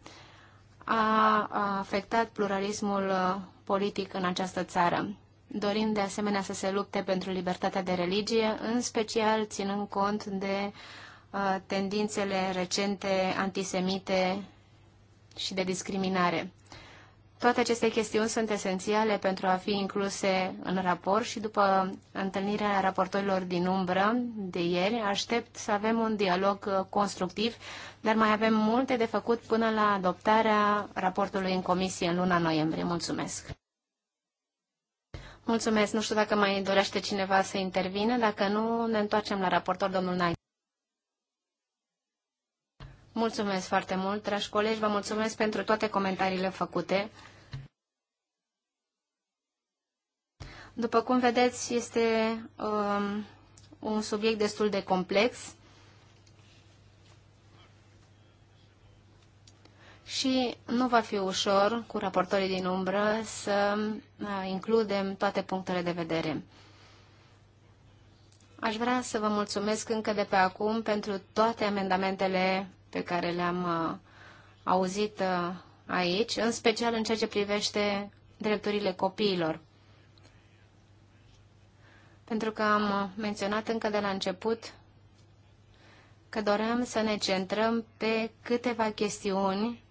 a afectat pluralismul uh, politic în această țară. Dorim de asemenea să se lupte pentru libertatea de religie, în special ținând cont de uh, tendințele recente antisemite și de discriminare. Toate aceste chestiuni sunt esențiale pentru a fi incluse în raport și după întâlnirea raportorilor din umbră de ieri, aștept să avem un dialog uh, constructiv, dar mai avem multe de făcut până la adoptarea raportului în comisie în luna noiembrie. Mulțumesc! Mulțumesc! Nu știu dacă mai dorește cineva să intervină, dacă nu, ne întoarcem la raportor, domnul Nai. Mulțumesc foarte mult, dragi colegi, vă mulțumesc pentru toate comentariile făcute. După cum vedeți, este um, un subiect destul de complex și nu va fi ușor cu raportorii din umbră să uh, includem toate punctele de vedere. Aș vrea să vă mulțumesc încă de pe acum pentru toate amendamentele pe care le-am uh, auzit uh, aici, în special în ceea ce privește drepturile copiilor. Pentru că am uh, menționat încă de la început că doream să ne centrăm pe câteva chestiuni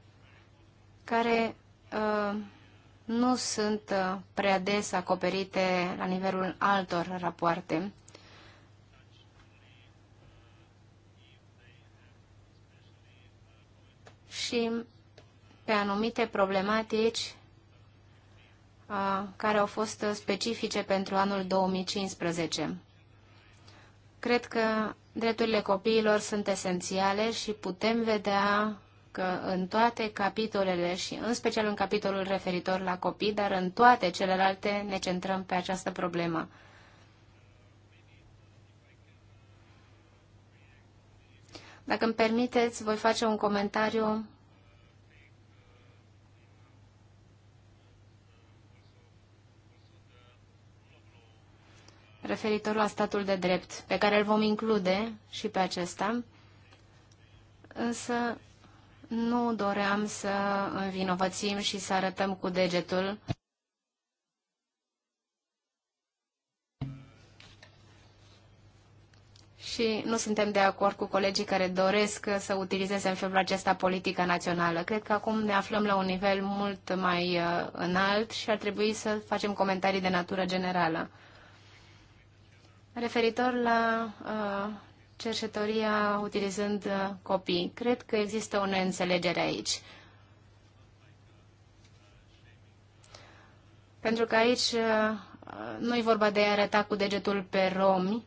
care uh, nu sunt prea des acoperite la nivelul altor rapoarte și pe anumite problematici uh, care au fost specifice pentru anul 2015. Cred că drepturile copiilor sunt esențiale și putem vedea că în toate capitolele și în special în capitolul referitor la copii, dar în toate celelalte ne centrăm pe această problemă. Dacă îmi permiteți, voi face un comentariu referitor la statul de drept, pe care îl vom include și pe acesta, însă nu doream să învinovățim și să arătăm cu degetul și nu suntem de acord cu colegii care doresc să utilizeze în felul acesta politica națională. Cred că acum ne aflăm la un nivel mult mai uh, înalt și ar trebui să facem comentarii de natură generală. Referitor la uh, cercetoria utilizând uh, copii, cred că există o neînțelegere aici. Pentru că aici uh, nu e vorba de a arăta cu degetul pe romi,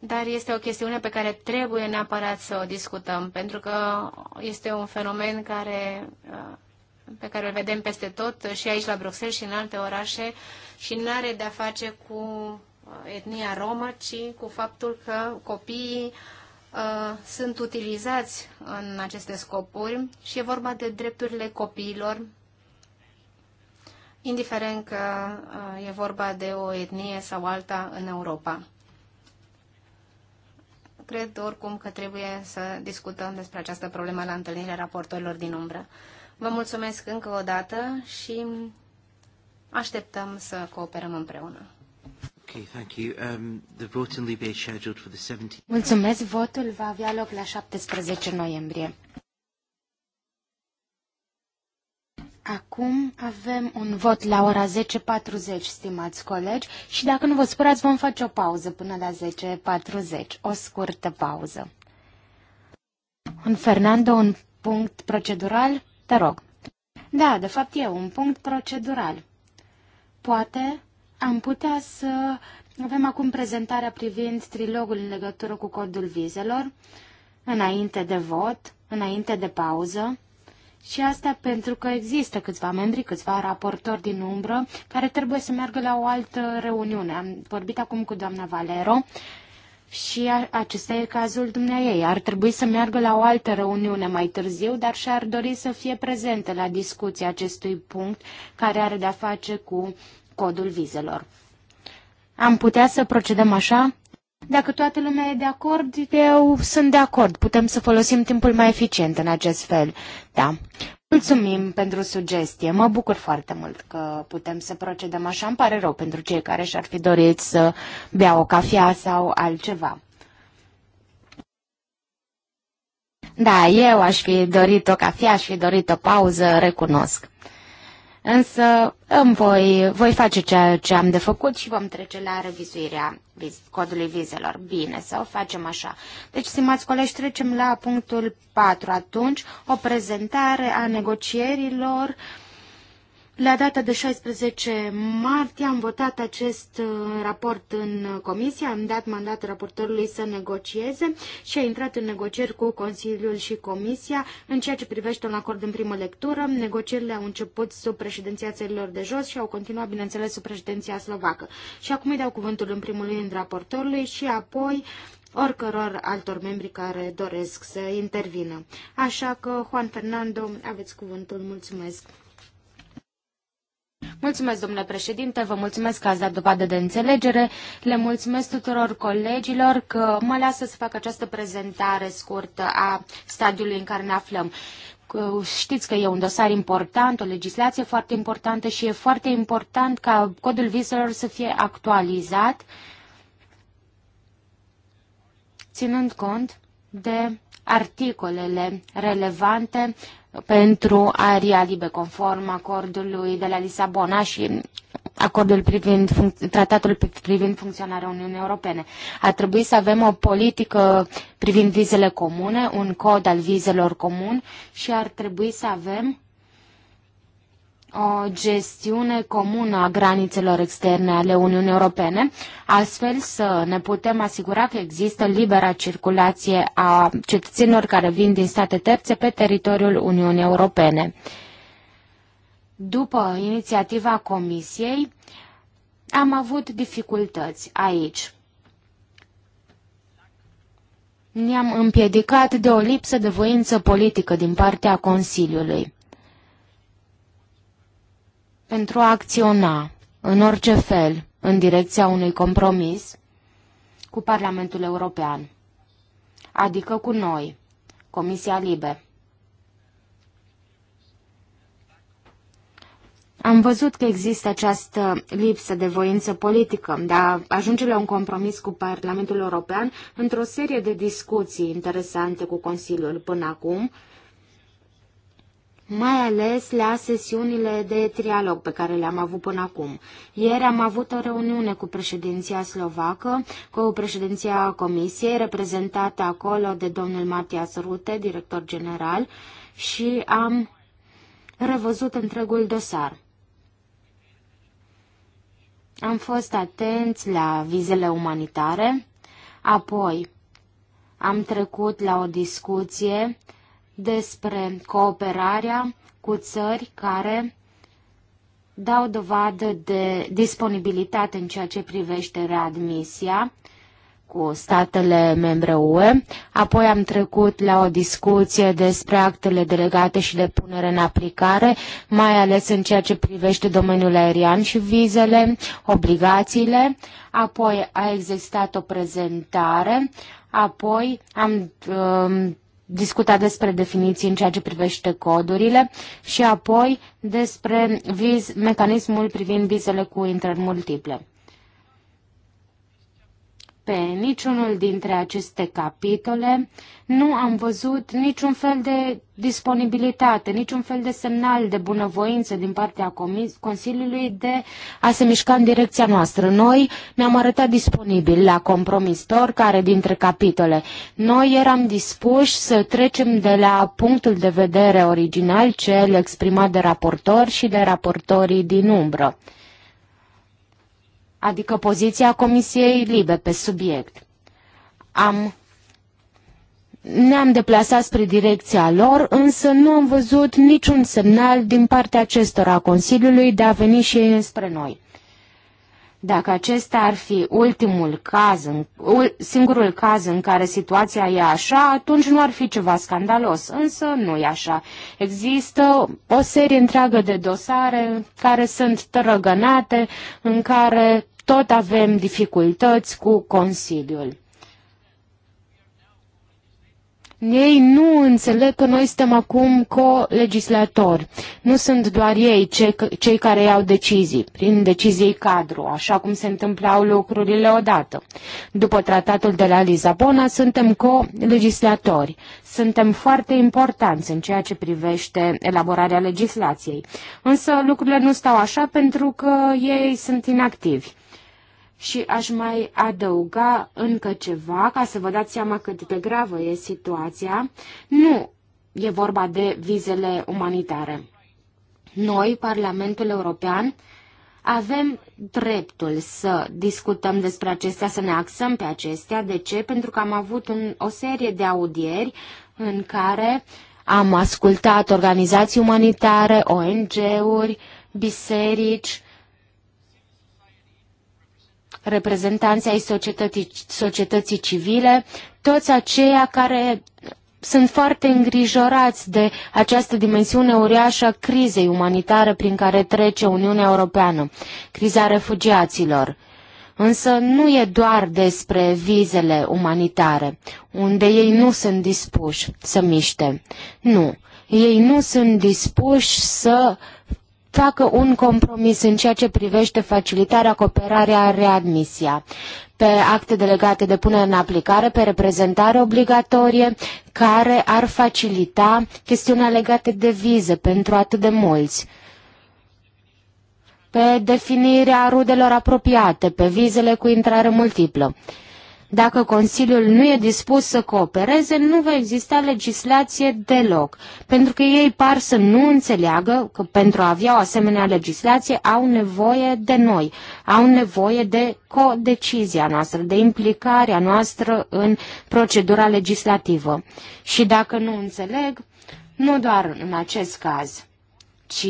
dar este o chestiune pe care trebuie neapărat să o discutăm, pentru că este un fenomen care, uh, pe care îl vedem peste tot, uh, și aici la Bruxelles și în alte orașe, și nu are de-a face cu uh, etnia romă, ci cu faptul că copiii uh, sunt utilizați în aceste scopuri și e vorba de drepturile copiilor, indiferent că uh, e vorba de o etnie sau alta în Europa cred oricum că trebuie să discutăm despre această problemă la întâlnirea raportorilor din umbră. Vă mulțumesc încă o dată și așteptăm să cooperăm împreună. Okay, thank you. Um, the vote in Libya is scheduled for the 17 Mulțumesc, votul va avea loc la 17 noiembrie. Acum avem un vot la ora 10.40, stimați colegi, și dacă nu vă sperați, vom face o pauză până la 10.40, o scurtă pauză. Un Fernando, un punct procedural? Te rog. Da, de fapt e un punct procedural. Poate am putea să avem acum prezentarea privind trilogul în legătură cu codul vizelor, înainte de vot, înainte de pauză. Și asta pentru că există câțiva membri, câțiva raportori din umbră, care trebuie să meargă la o altă reuniune. Am vorbit acum cu doamna Valero și acesta e cazul dumneaei. Ar trebui să meargă la o altă reuniune mai târziu, dar și-ar dori să fie prezentă la discuția acestui punct care are de-a face cu codul vizelor. Am putea să procedăm așa? Dacă toată lumea e de acord, eu sunt de acord. Putem să folosim timpul mai eficient în acest fel. Da. Mulțumim pentru sugestie. Mă bucur foarte mult că putem să procedăm așa. Îmi pare rău pentru cei care și-ar fi dorit să bea o cafea sau altceva. Da, eu aș fi dorit o cafea, aș fi dorit o pauză, recunosc. Însă îmi voi, voi face ceea ce am de făcut și vom trece la revizuirea viz, codului vizelor. Bine, să o facem așa. Deci, stimați colegi, trecem la punctul 4 atunci, o prezentare a negocierilor uh, la data de 16 martie am votat acest uh, raport în comisie, am dat mandat raportorului să negocieze și a intrat în negocieri cu Consiliul și Comisia în ceea ce privește un acord în primă lectură. Negocierile au început sub președinția țărilor de jos și au continuat, bineînțeles, sub președinția slovacă. Și acum îi dau cuvântul în primul rând raportorului și apoi oricăror altor membri care doresc să intervină. Așa că, Juan Fernando, aveți cuvântul. Mulțumesc! Mulțumesc, domnule președinte, vă mulțumesc că ați dat dovadă de înțelegere, le mulțumesc tuturor colegilor că mă lasă să fac această prezentare scurtă a stadiului în care ne aflăm. Știți că e un dosar important, o legislație foarte importantă și e foarte important ca codul vizelor să fie actualizat, ținând cont de articolele relevante pentru aria liberă conform acordului de la Lisabona și acordul privind tratatul privind funcționarea Uniunii Europene. Ar trebui să avem o politică privind vizele comune, un cod al vizelor comun și ar trebui să avem o gestiune comună a granițelor externe ale Uniunii Europene, astfel să ne putem asigura că există libera circulație a cetățenilor care vin din state terțe pe teritoriul Uniunii Europene. După inițiativa Comisiei, am avut dificultăți aici. Ne-am împiedicat de o lipsă de voință politică din partea Consiliului pentru a acționa în orice fel în direcția unui compromis cu Parlamentul European, adică cu noi, Comisia Libe. Am văzut că există această lipsă de voință politică, dar ajunge la un compromis cu Parlamentul European într-o serie de discuții interesante cu Consiliul până acum, mai ales la sesiunile de trialog pe care le-am avut până acum. Ieri am avut o reuniune cu președinția slovacă, cu președinția comisiei, reprezentată acolo de domnul Matias Rute, director general, și am revăzut întregul dosar. Am fost atenți la vizele umanitare, apoi am trecut la o discuție despre cooperarea cu țări care dau dovadă de disponibilitate în ceea ce privește readmisia cu statele membre UE. Apoi am trecut la o discuție despre actele delegate și de punere în aplicare, mai ales în ceea ce privește domeniul aerian și vizele, obligațiile. Apoi a existat o prezentare. Apoi am uh, discuta despre definiții în ceea ce privește codurile și apoi despre viz, mecanismul privind vizele cu intrări multiple. Pe niciunul dintre aceste capitole nu am văzut niciun fel de disponibilitate, niciun fel de semnal de bunăvoință din partea Consiliului de a se mișca în direcția noastră. Noi ne-am arătat disponibili la compromis care, dintre capitole. Noi eram dispuși să trecem de la punctul de vedere original, cel exprimat de raportor și de raportorii din umbră adică poziția Comisiei Libe pe subiect. Am ne-am deplasat spre direcția lor, însă nu am văzut niciun semnal din partea acestora Consiliului de a veni și spre noi. Dacă acesta ar fi ultimul caz, singurul caz în care situația e așa, atunci nu ar fi ceva scandalos, însă nu e așa. Există o serie întreagă de dosare care sunt tărăgănate, în care tot avem dificultăți cu Consiliul. Ei nu înțeleg că noi suntem acum co-legislatori. Nu sunt doar ei cei, care iau decizii, prin decizii cadru, așa cum se întâmplau lucrurile odată. După tratatul de la Lisabona, suntem co-legislatori. Suntem foarte importanți în ceea ce privește elaborarea legislației. Însă lucrurile nu stau așa pentru că ei sunt inactivi. Și aș mai adăuga încă ceva ca să vă dați seama cât de gravă e situația. Nu e vorba de vizele umanitare. Noi, Parlamentul European, avem dreptul să discutăm despre acestea, să ne axăm pe acestea. De ce? Pentru că am avut un, o serie de audieri în care am ascultat organizații umanitare, ONG-uri, biserici, reprezentanții ai societății, societății civile, toți aceia care sunt foarte îngrijorați de această dimensiune uriașă a crizei umanitare prin care trece Uniunea Europeană, criza refugiaților. Însă nu e doar despre vizele umanitare, unde ei nu sunt dispuși să miște. Nu, ei nu sunt dispuși să uh, facă un compromis în ceea ce privește facilitarea, cooperarea, readmisia pe acte delegate de punere în aplicare, pe reprezentare obligatorie, care ar facilita chestiunea legată de vize pentru atât de mulți pe definirea rudelor apropiate, pe vizele cu intrare multiplă. Dacă Consiliul nu e dispus să coopereze, nu va exista legislație deloc, pentru că ei par să nu înțeleagă că pentru a avea o asemenea legislație au nevoie de noi, au nevoie de codecizia noastră, de implicarea noastră în procedura legislativă. Și dacă nu înțeleg, nu doar în acest caz, ci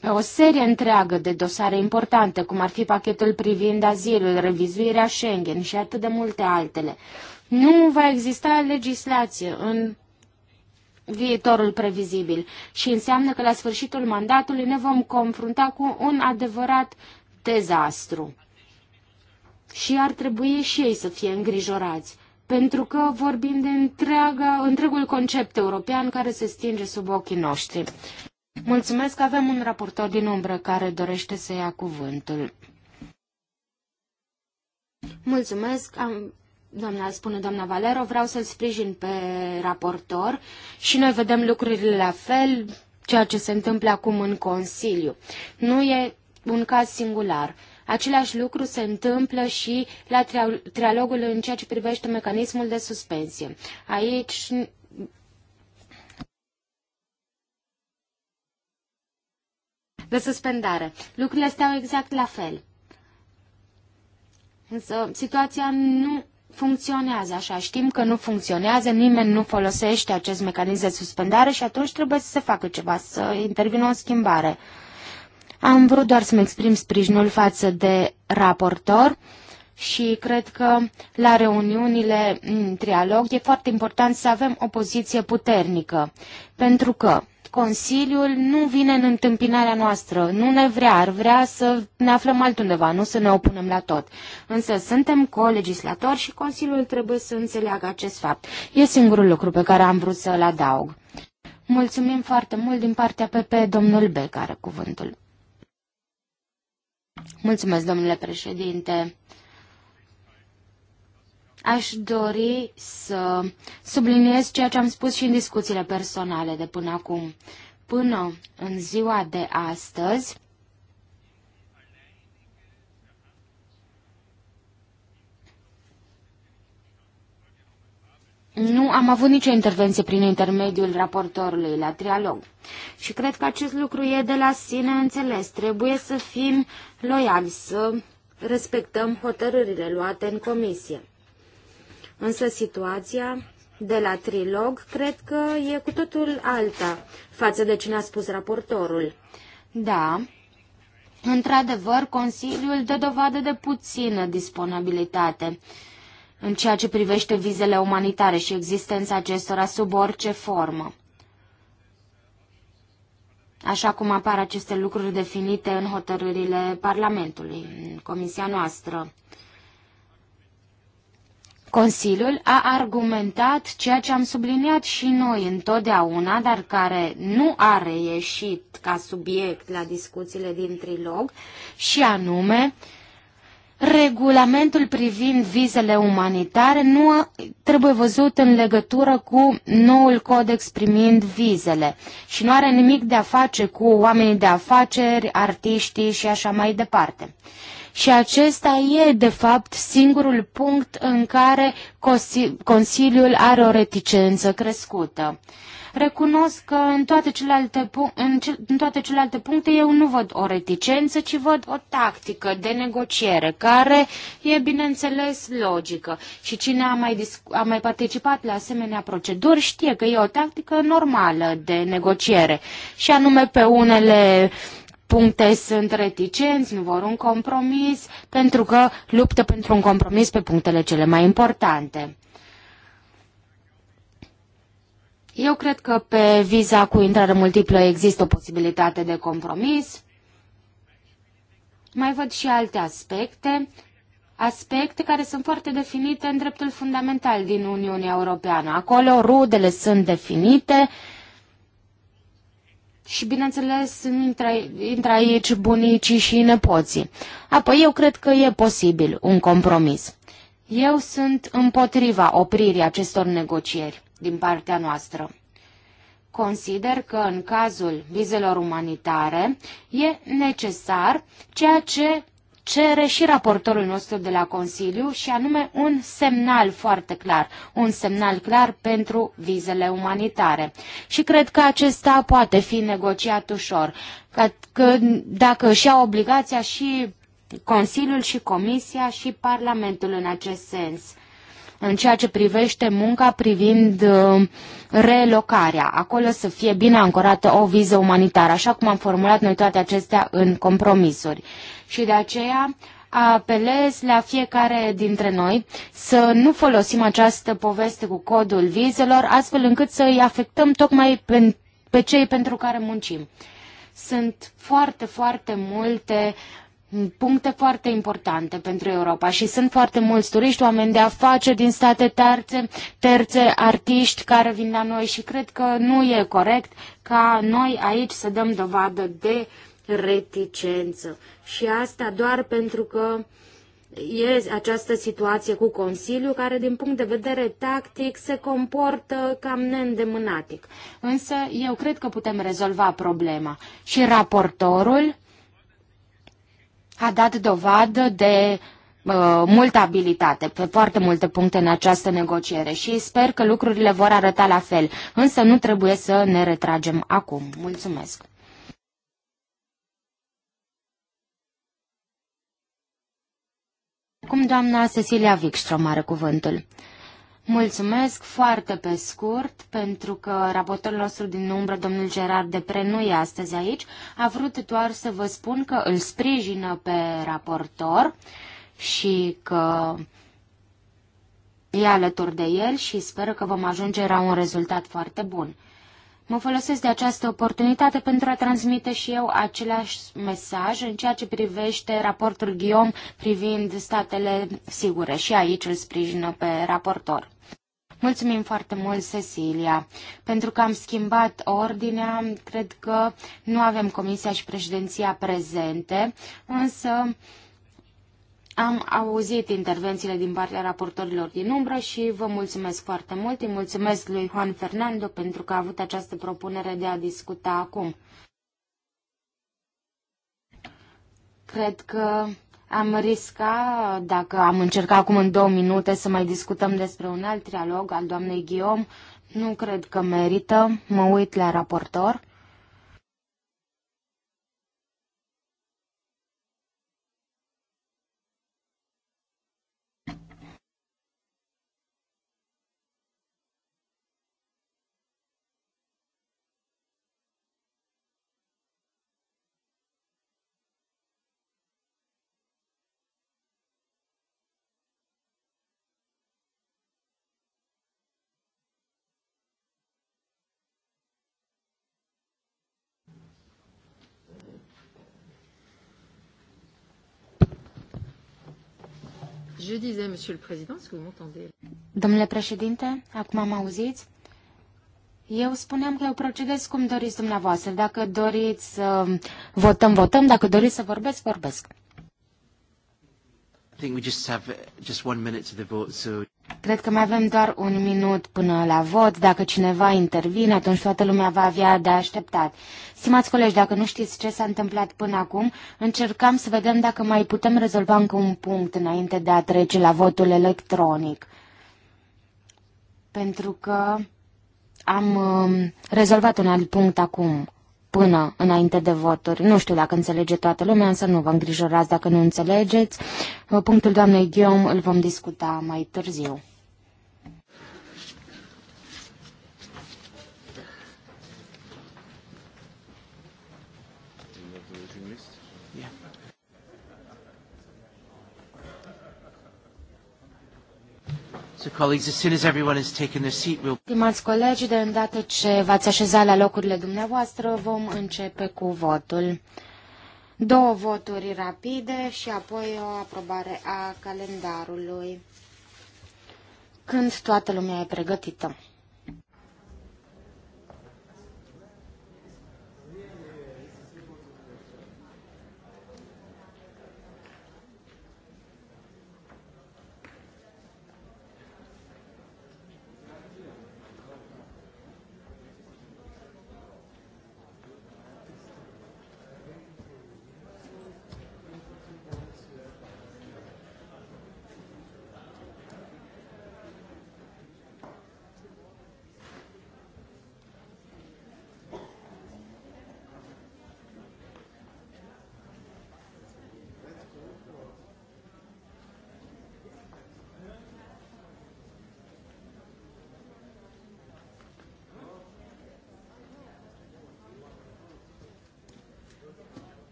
pe o serie întreagă de dosare importante, cum ar fi pachetul privind azilul, revizuirea Schengen și atât de multe altele. Nu va exista legislație în viitorul previzibil și înseamnă că la sfârșitul mandatului ne vom confrunta cu un adevărat dezastru. Și ar trebui și ei să fie îngrijorați, pentru că vorbim de întreaga, întregul concept european care se stinge sub ochii noștri. Mulțumesc, avem un raportor din umbră care dorește să ia cuvântul. Mulțumesc, am, doamna, spune doamna Valero, vreau să-l sprijin pe raportor și noi vedem lucrurile la fel, ceea ce se întâmplă acum în Consiliu. Nu e un caz singular. Același lucru se întâmplă și la trialogul în ceea ce privește mecanismul de suspensie. Aici de suspendare. Lucrurile stau exact la fel. Însă situația nu funcționează așa. Știm că nu funcționează, nimeni nu folosește acest mecanism de suspendare și atunci trebuie să se facă ceva, să intervină o schimbare. Am vrut doar să-mi exprim sprijinul față de raportor și cred că la reuniunile în trialog e foarte important să avem o poziție puternică, pentru că Consiliul nu vine în întâmpinarea noastră, nu ne vrea, ar vrea să ne aflăm altundeva, nu să ne opunem la tot. Însă suntem colegislatori și Consiliul trebuie să înțeleagă acest fapt. E singurul lucru pe care am vrut să-l adaug. Mulțumim foarte mult din partea PP, domnul Becar, cuvântul. Mulțumesc, domnule președinte aș dori să subliniez ceea ce am spus și în discuțiile personale de până acum. Până în ziua de astăzi, Nu am avut nicio intervenție prin intermediul raportorului la trialog. Și cred că acest lucru e de la sine înțeles. Trebuie să fim loiali, să respectăm hotărârile luate în comisie. Însă situația de la trilog cred că e cu totul alta față de ce ne-a spus raportorul. Da, într-adevăr, Consiliul dă dovadă de puțină disponibilitate în ceea ce privește vizele umanitare și existența acestora sub orice formă. Așa cum apar aceste lucruri definite în hotărârile Parlamentului, în comisia noastră. Consiliul a argumentat ceea ce am subliniat și noi întotdeauna, dar care nu a reieșit ca subiect la discuțiile din trilog, și anume regulamentul privind vizele umanitare nu trebuie văzut în legătură cu noul codex primind vizele și nu are nimic de a face cu oamenii de afaceri, artiștii și așa mai departe și acesta e, de fapt, singurul punct în care Consiliul are o reticență crescută. Recunosc că în toate, celelalte, în, ce, în toate celelalte puncte eu nu văd o reticență, ci văd o tactică de negociere care e, bineînțeles, logică. Și cine a mai, a mai participat la asemenea proceduri știe că e o tactică normală de negociere. Și anume pe unele puncte sunt reticenți, nu vor un compromis, pentru că luptă pentru un compromis pe punctele cele mai importante. Eu cred că pe viza cu intrare multiplă există o posibilitate de compromis. Mai văd și alte aspecte, aspecte care sunt foarte definite în dreptul fundamental din Uniunea Europeană. Acolo rudele sunt definite, uh, și, bineînțeles, intră, intră aici bunicii și nepoții. Apoi eu cred că e posibil un compromis. Eu sunt împotriva opririi acestor negocieri din partea noastră. Consider că în cazul vizelor umanitare e necesar ceea ce cere și raportorul nostru de la Consiliu și anume un semnal foarte clar, un semnal clar pentru vizele umanitare. Și cred că acesta poate fi negociat ușor, că, că dacă și au obligația și Consiliul și Comisia și Parlamentul în acest sens în ceea ce privește munca privind uh, relocarea. Acolo să fie bine ancorată o viză umanitară, așa cum am formulat noi toate acestea în compromisuri și de aceea apelez la fiecare dintre noi să nu folosim această poveste cu codul vizelor, astfel încât să îi afectăm tocmai pe, pe cei pentru care muncim. Sunt foarte, foarte multe puncte foarte importante pentru Europa și sunt foarte mulți turiști, oameni de afaceri din state terțe, terțe, artiști care vin la noi și cred că nu e corect ca noi aici să dăm dovadă de reticență. Și asta doar pentru că e această situație cu Consiliul, care din punct de vedere tactic se comportă cam neîndemânatic. Însă eu cred că putem rezolva problema. Și raportorul a dat dovadă de uh, multă abilitate pe foarte multe puncte în această negociere și sper că lucrurile vor arăta la fel, însă nu trebuie să ne retragem acum. Mulțumesc! Cum doamna Cecilia Wikström are cuvântul. Mulțumesc foarte pe scurt, pentru că raportorul nostru din umbră, domnul Gerard Depre, nu e astăzi aici. A vrut doar să vă spun că îl sprijină pe raportor și că e alături de el și speră că vom ajunge la un rezultat foarte bun. Mă folosesc de această oportunitate pentru a transmite și eu același mesaj în ceea ce privește raportul Guillaume privind statele sigure și aici îl sprijină pe raportor. Mulțumim foarte mult, Cecilia. Pentru că am schimbat ordinea, cred că nu avem Comisia și președinția prezente, însă am auzit intervențiile din partea raportorilor din umbră și vă mulțumesc foarte mult. Îi mulțumesc lui Juan Fernando pentru că a avut această propunere de a discuta acum. Cred că am risca, dacă am încercat acum în două minute să mai discutăm despre un alt trialog al doamnei Ghiom, nu cred că merită, mă uit la raportor. Je disais, Monsieur le Président, est vous m'entendez? Domnule președinte, acum am auzit. Eu spuneam că eu procedez cum doriți dumneavoastră. Dacă doriți să votăm, votăm. Dacă doriți să vorbesc, vorbesc. I think we just have just one minute to the vote, so... Cred că mai avem doar un minut până la vot. Dacă cineva intervine, atunci toată lumea va avea de așteptat. Stimați colegi, dacă nu știți ce s-a întâmplat până acum, încercam să vedem dacă mai putem rezolva încă un punct înainte de a trece la votul electronic. Pentru că am um, rezolvat un alt punct acum, până înainte de voturi. Nu știu dacă înțelege toată lumea, însă nu vă îngrijorați dacă nu înțelegeți. Punctul doamnei Ghiom îl vom discuta mai târziu. So, colleagues, as soon as everyone has taken their seat, we'll... Stimați colegi, de îndată ce v-ați așezat la locurile dumneavoastră, vom începe cu votul. Două voturi rapide și apoi o aprobare a calendarului. Când toată lumea e pregătită.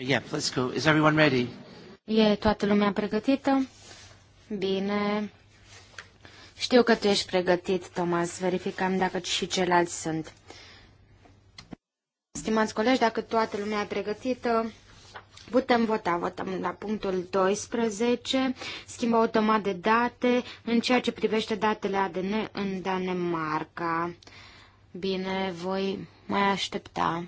Yeah, let's go. Is everyone ready? E toată lumea pregătită? Bine. Știu că tu ești pregătit, Thomas. Verificăm dacă și ceilalți sunt. Stimați colegi, dacă toată lumea e pregătită, putem vota. Votăm la punctul 12, schimb automat de date în ceea ce privește datele ADN în Danemarca. Bine, voi mai aștepta.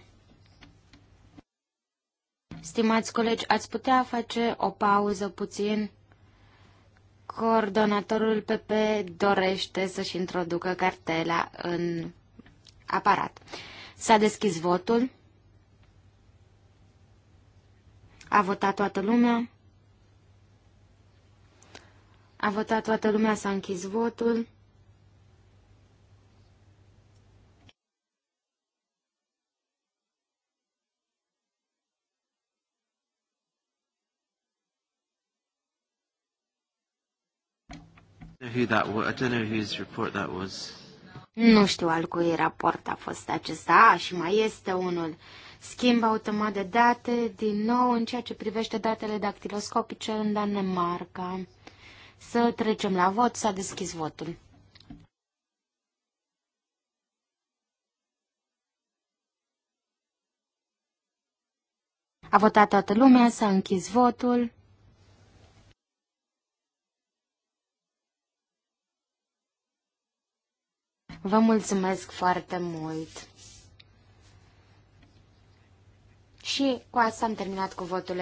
Stimați colegi, ați putea face o pauză puțin? Coordonatorul PP dorește să-și introducă cartela în aparat. S-a deschis votul. A votat toată lumea. A votat toată lumea, s-a închis votul. who that was. I don't know whose report that was. Nu știu al cui raport a fost acesta, și mai este unul. Schimb automat de date, din nou, în ceea ce privește datele dactiloscopice în Danemarca. Să trecem la vot, s-a deschis votul. A votat toată lumea, s-a închis votul. Vă mulțumesc foarte mult! Și cu asta am terminat cu votul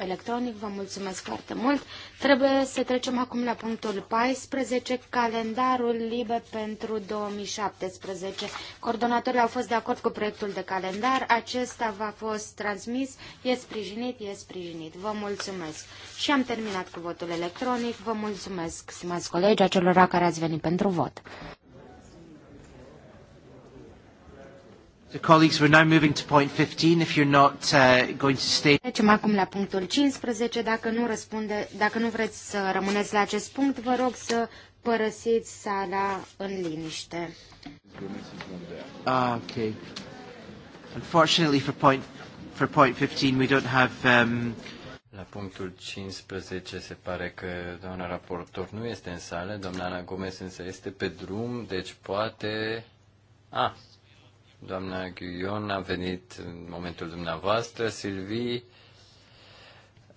electronic. Vă mulțumesc foarte mult. Trebuie să trecem acum la punctul 14, calendarul liber pentru 2017. Coordonatorii au fost de acord cu proiectul de calendar. Acesta va fost transmis. E sprijinit, e sprijinit. Vă mulțumesc. Și am terminat cu votul electronic. Vă mulțumesc, stimați colegi, acelora care ați venit pentru vot. So uh, Trecem acum la punctul 15. Dacă nu răspunde, dacă nu vreți să rămâneți la acest punct, vă rog să părăsiți sala în liniște. Ah, okay. Unfortunately for point for point 15 we don't have um... la punctul 15 se pare că doamna raportor nu este în sală, doamna Ana Gomez însă este pe drum, deci poate... Ah, Doamna Ghion a venit în momentul dumneavoastră, Silvii,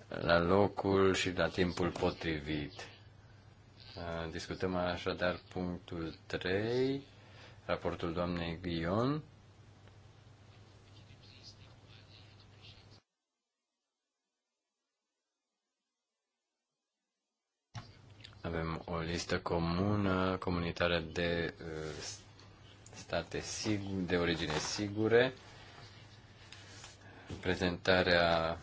la locul și la timpul potrivit. Discutăm așadar punctul 3, raportul doamnei Ghion. Avem o listă comună, comunitară de uh, state sigur, de origine sigure, prezentarea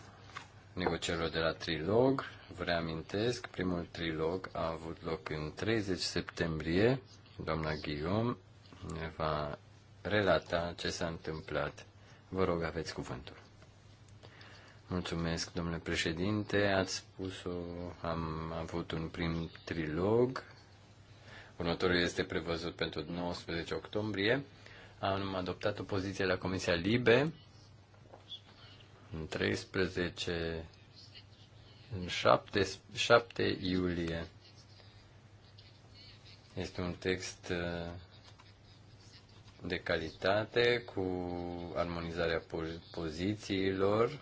negocierilor de la Trilog. Vă reamintesc, primul Trilog a avut loc în 30 septembrie. Doamna Guillaume ne va relata ce s-a întâmplat. Vă rog, aveți cuvântul. Mulțumesc, domnule președinte. Ați spus-o, am avut un prim trilog Următorul este prevăzut pentru 19 octombrie. Am adoptat o poziție la Comisia Libe în 13 în 7, 7 iulie. Este un text uh, de calitate cu armonizarea pozițiilor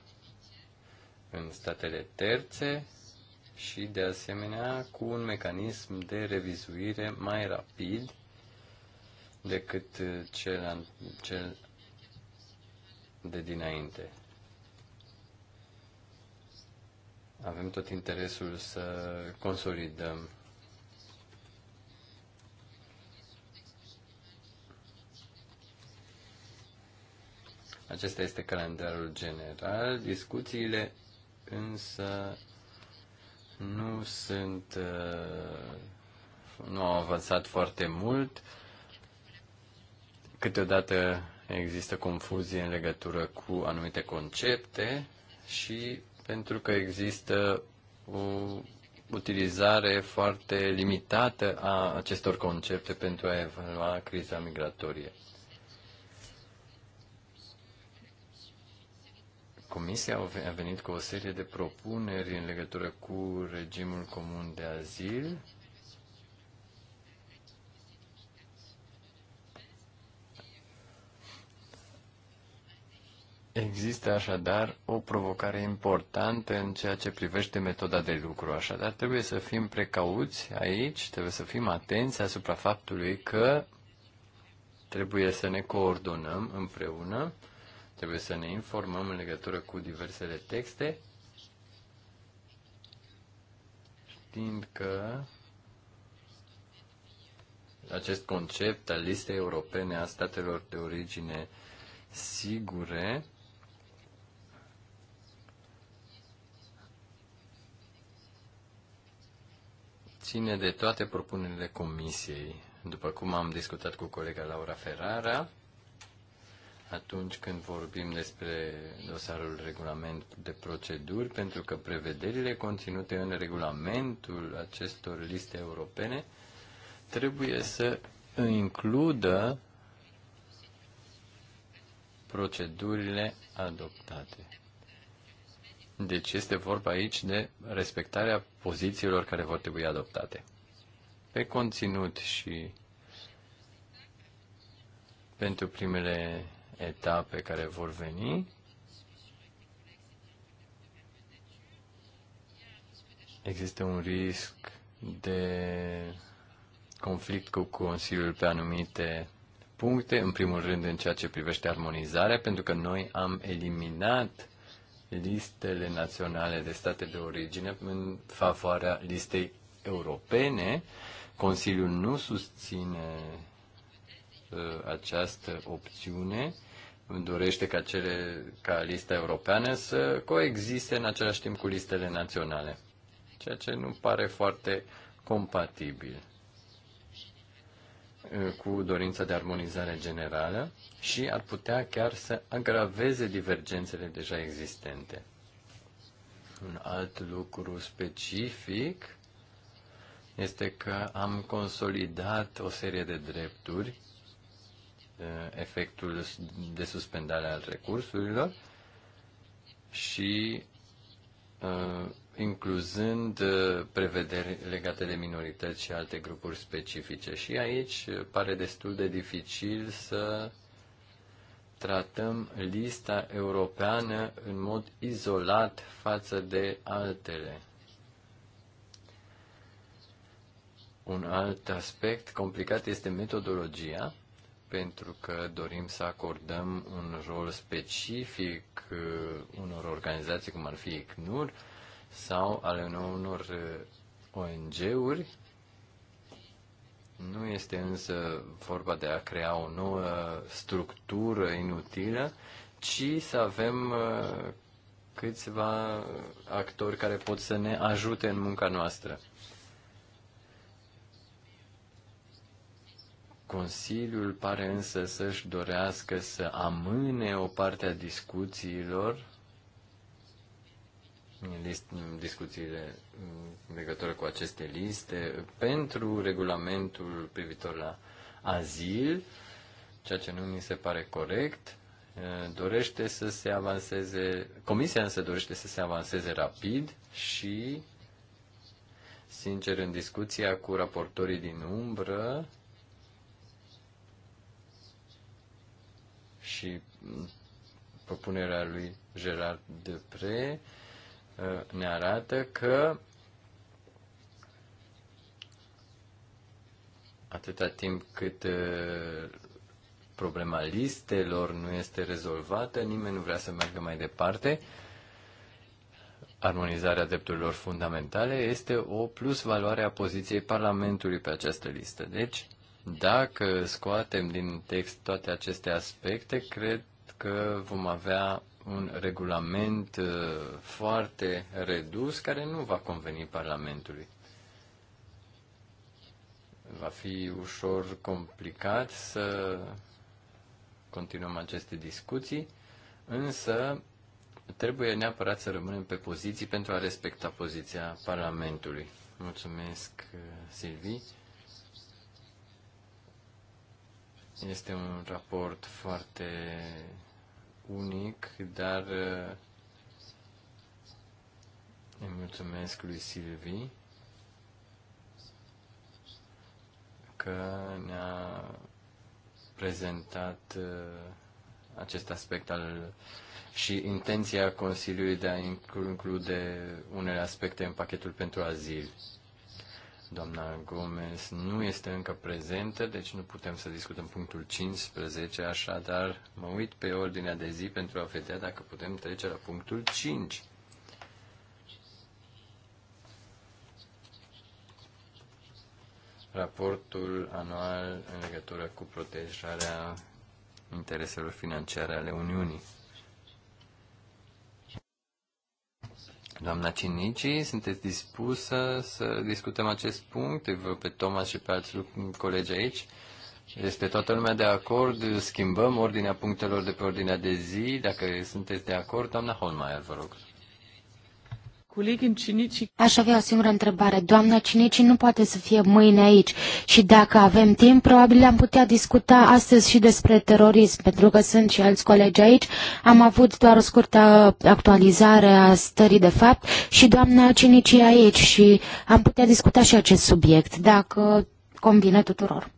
în statele terțe și, de asemenea, cu un mecanism de revizuire mai rapid decât uh, cel, cel de dinainte. Avem tot interesul să consolidăm Acesta este calendarul general. Discuțiile însă nu sunt uh, nu au avansat foarte mult. Câteodată există confuzie în legătură cu anumite concepte și pentru că există o utilizare foarte limitată a acestor concepte pentru a evalua criza migratorie. Comisia a venit cu o serie de propuneri în legătură cu regimul comun de azil. Există așadar o provocare importantă în ceea ce privește metoda de lucru. Așadar, trebuie să fim precauți aici, trebuie să fim atenți asupra faptului că trebuie să ne coordonăm împreună Trebuie să ne informăm în legătură cu diversele texte, știind că acest concept al listei europene a statelor de origine sigure ține de toate propunerile comisiei. După cum am discutat cu colega Laura Ferrara, atunci când vorbim despre dosarul regulament de proceduri, pentru că prevederile conținute în regulamentul acestor liste europene trebuie să includă procedurile adoptate. Deci este vorba aici de respectarea pozițiilor care vor trebui adoptate. Pe conținut și pentru primele etape care vor veni. Există un risc de conflict cu Consiliul pe anumite puncte, în primul rând în ceea ce privește armonizarea, pentru că noi am eliminat listele naționale de state de origine în favoarea listei europene. Consiliul nu susține uh, această opțiune dorește ca, cele, ca lista europeană să coexiste în același timp cu listele naționale, ceea ce nu pare foarte compatibil uh, cu dorința de armonizare generală și ar putea chiar să agraveze divergențele deja existente. Un alt lucru specific este că am consolidat o serie de drepturi Eh, efectul de suspendare al recursurilor și eh, incluzând eh, prevederi legate de minorități și alte grupuri specifice. Și aici pare destul de dificil să tratăm lista europeană în mod izolat față de altele. Un alt aspect complicat este metodologia pentru că dorim să acordăm un rol specific uh, unor organizații, cum ar fi ICNUR, sau ale unor uh, ONG-uri. Nu este însă vorba de a crea o nouă structură inutilă, ci să avem uh, câțiva actori care pot să ne ajute în munca noastră. Consiliul pare însă să-și dorească să amâne o parte a discuțiilor, discuțiile în legătură cu aceste liste, pentru regulamentul privitor la azil, ceea ce nu mi se pare corect, dorește să se avanseze, comisia însă dorește să se avanseze rapid și, sincer, în discuția cu raportorii din umbră, și mm, propunerea lui Gerard Depre uh, ne arată că atâta timp cât uh, problema listelor nu este rezolvată, nimeni nu vrea să meargă mai departe. Armonizarea drepturilor fundamentale este o plus valoare a poziției Parlamentului pe această listă. Deci, dacă scoatem din text toate aceste aspecte, cred că vom avea un regulament uh, foarte redus care nu va conveni Parlamentului. Va fi ușor complicat să continuăm aceste discuții, însă trebuie neapărat să rămânem pe poziții pentru a respecta poziția Parlamentului. Mulțumesc, uh, Silvii. Este un raport foarte unic, dar uh, îmi mulțumesc lui Silvi că ne-a prezentat uh, acest aspect al și intenția Consiliului de a include unele aspecte în pachetul pentru azil. Doamna Gomez nu este încă prezentă, deci nu putem să discutăm punctul 15, așadar mă uit pe ordinea de zi pentru a vedea dacă putem trece la punctul 5. Raportul anual în legătură cu protejarea intereselor financiare ale Uniunii. Doamna Cinici, sunteți dispusă să discutăm acest punct? Îi văd pe Thomas și pe alți colegi aici. Este toată lumea de acord? Schimbăm ordinea punctelor de pe ordinea de zi? Dacă sunteți de acord, doamna Holmeier, vă rog. Aș avea o singură întrebare. Doamna Cinici nu poate să fie mâine aici și dacă avem timp, probabil am putea discuta astăzi și despre terorism, pentru că sunt și alți colegi aici. Am avut doar o scurtă actualizare a stării de fapt și doamna Cinici e aici și am putea discuta și acest subiect, dacă convine tuturor.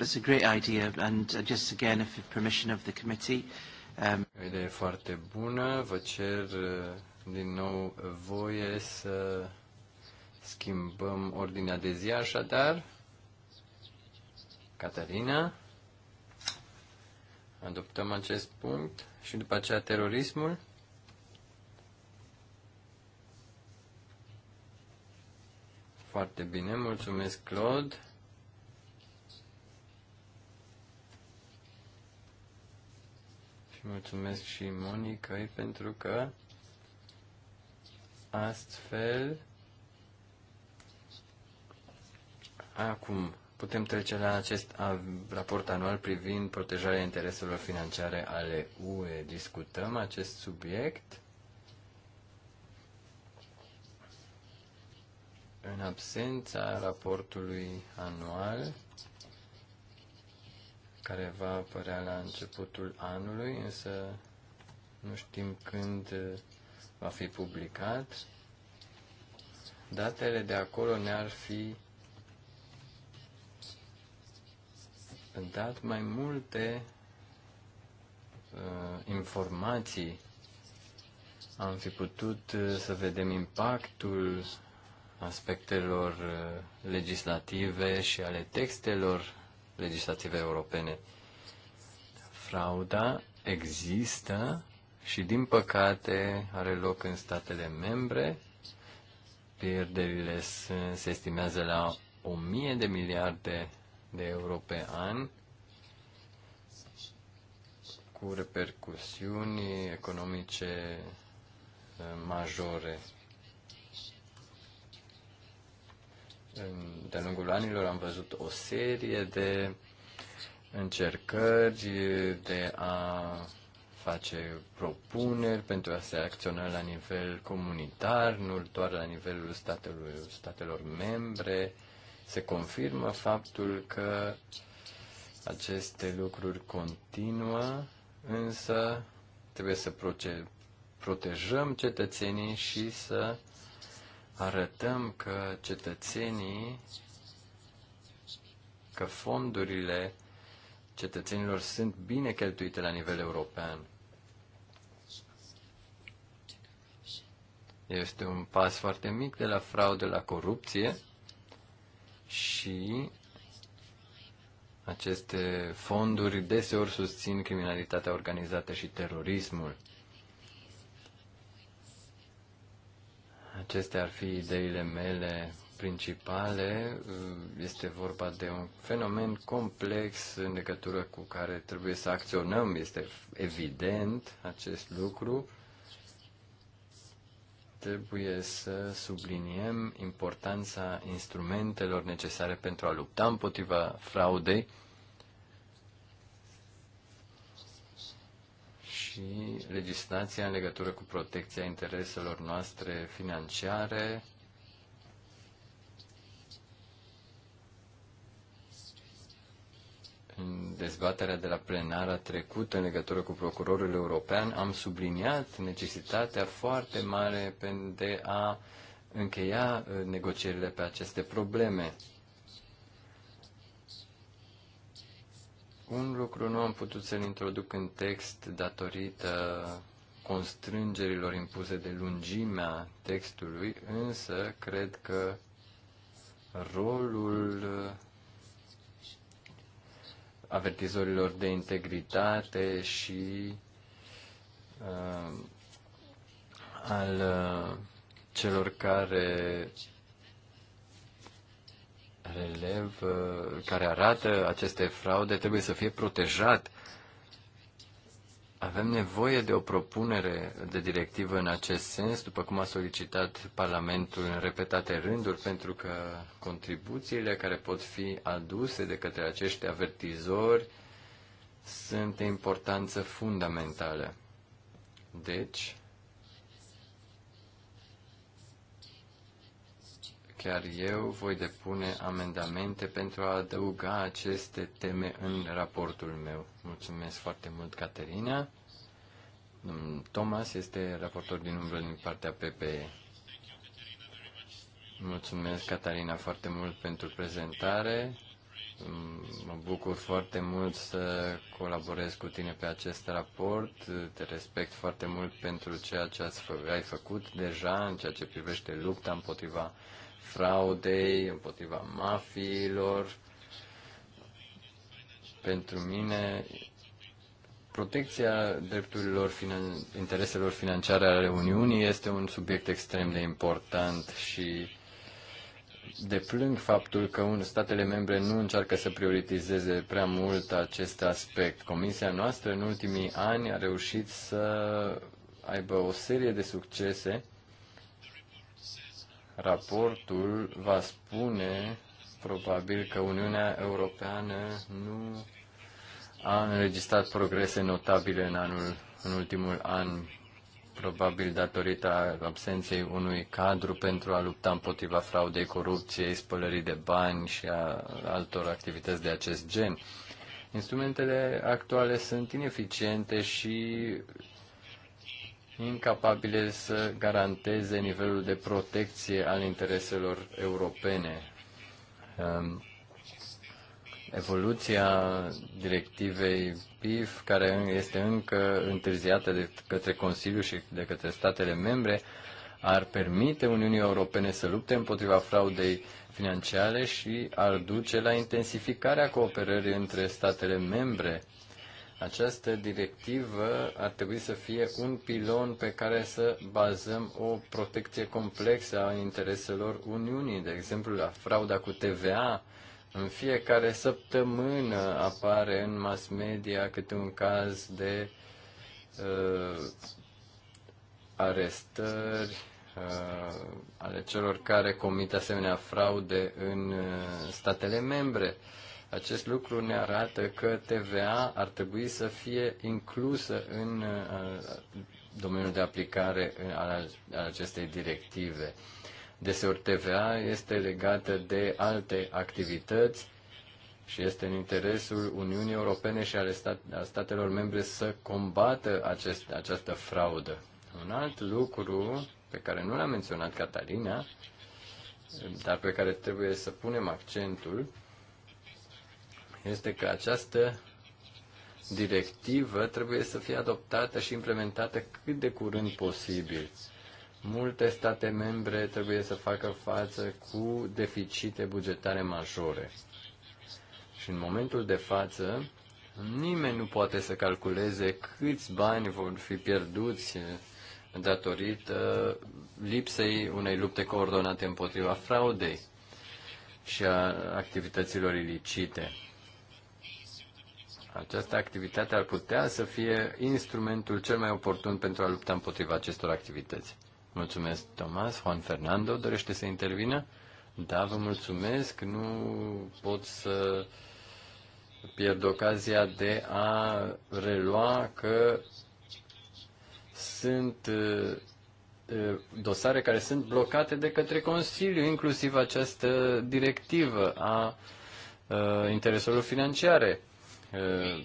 That's a great idea, and uh, just again, if permission of the committee, um- o idee foarte bună. Vă cer uh, din nou voie să schimbăm ordinea de zi, așadar. Catarina, adoptăm acest punct și după aceea terorismul. Foarte bine, mulțumesc, Claude. Și mulțumesc și Monica pentru că Astfel, acum putem trece la acest raport anual privind protejarea intereselor financiare ale UE. Discutăm acest subiect. în absența raportului anual, care va apărea la începutul anului, însă nu știm când va fi publicat, datele de acolo ne-ar fi dat mai multe uh, informații. Am fi putut uh, să vedem impactul aspectelor uh, legislative și ale textelor legislative europene. Frauda există și, din păcate, are loc în statele membre. Pierderile se estimează la 1000 de miliarde de euro pe an cu repercusiuni economice eh, majore. De-a lungul anilor am văzut o serie de încercări de a face propuneri pentru a se acționa la nivel comunitar, nu doar la nivelul statelor, statelor membre. Se confirmă faptul că aceste lucruri continuă, însă trebuie să protejăm cetățenii și să arătăm că cetățenii, că fondurile cetățenilor sunt bine cheltuite la nivel european. Este un pas foarte mic de la fraudă la corupție și aceste fonduri deseori susțin criminalitatea organizată și terorismul. Acestea ar fi ideile mele principale. Este vorba de un fenomen complex în legătură cu care trebuie să acționăm. Este evident acest lucru trebuie să subliniem importanța instrumentelor necesare pentru a lupta împotriva fraudei și legislația în legătură cu protecția intereselor noastre financiare dezbaterea de la plenara trecută în legătură cu procurorul european, am subliniat necesitatea foarte mare de a încheia uh, negocierile pe aceste probleme. Un lucru nu am putut să-l introduc în text datorită constrângerilor impuse de lungimea textului, însă cred că rolul uh, avertizorilor de integritate și uh, al uh, celor care relev, uh, care arată aceste fraude, trebuie să fie protejat avem nevoie de o propunere de directivă în acest sens, după cum a solicitat Parlamentul în repetate rânduri, pentru că contribuțiile care pot fi aduse de către acești avertizori sunt de importanță fundamentală. Deci, chiar eu voi depune amendamente pentru a adăuga aceste teme în raportul meu. Mulțumesc foarte mult, Caterina. Thomas este raportor din umbră din partea PPE. Mulțumesc, Catarina, foarte mult pentru prezentare. Mă bucur foarte mult să colaborez cu tine pe acest raport. Te respect foarte mult pentru ceea ce ai făcut deja în ceea ce privește lupta împotriva fraudei, împotriva mafiilor. Pentru mine, protecția drepturilor, finan- intereselor financiare ale Uniunii este un subiect extrem de important și deplâng faptul că un, statele membre nu încearcă să prioritizeze prea mult acest aspect. Comisia noastră în ultimii ani a reușit să aibă o serie de succese raportul va spune probabil că Uniunea Europeană nu a înregistrat progrese notabile în anul în ultimul an, probabil datorită absenței unui cadru pentru a lupta împotriva fraudei, corupției, spălării de bani și a altor activități de acest gen. Instrumentele actuale sunt ineficiente și incapabile să garanteze nivelul de protecție al intereselor europene. Um, evoluția directivei PIF, care este încă întârziată de către Consiliu și de către statele membre, ar permite Uniunii Europene să lupte împotriva fraudei financiare și ar duce la intensificarea cooperării între statele membre această directivă ar trebui să fie un pilon pe care să bazăm o protecție complexă a intereselor Uniunii, de exemplu la frauda cu TVA. În fiecare săptămână apare în mass media câte un caz de uh, arestări uh, ale celor care comit asemenea fraude în uh, statele membre. Uh, acest lucru ne arată că TVA ar trebui să fie inclusă în uh, domeniul de aplicare al acestei directive. Deseori TVA este legată de alte activități și este în interesul Uniunii Europene și ale stat, al statelor membre să combată acest, această fraudă. Un alt lucru pe care nu l-a menționat Catalina, dar pe care trebuie să punem accentul, este că această directivă trebuie să fie adoptată și implementată cât de curând posibil. Multe state membre trebuie să facă față cu deficite bugetare majore. Și în momentul de față, nimeni nu poate să calculeze câți bani vor fi pierduți datorită lipsei unei lupte coordonate împotriva fraudei și a activităților ilicite. Această activitate ar putea să fie instrumentul cel mai oportun pentru a lupta împotriva acestor activități. Mulțumesc, Tomas. Juan Fernando dorește să intervină? Da, vă mulțumesc. Nu pot să pierd ocazia de a relua că sunt dosare care sunt blocate de către Consiliu, inclusiv această directivă a intereselor financiare. Uh,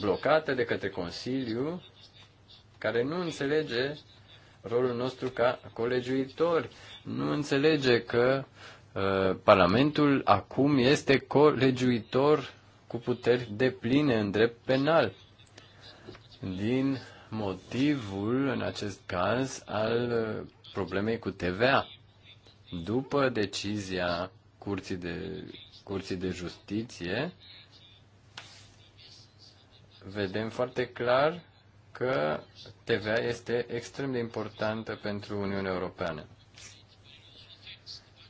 blocată de către Consiliu, care nu înțelege rolul nostru ca colegiuitori, nu înțelege că uh, Parlamentul acum este colegiuitor cu puteri de pline în drept penal. Din motivul, în acest caz, al uh, problemei cu TVA. După decizia Curții de, Curții de Justiție, vedem foarte clar că TVA este extrem de importantă pentru Uniunea Europeană.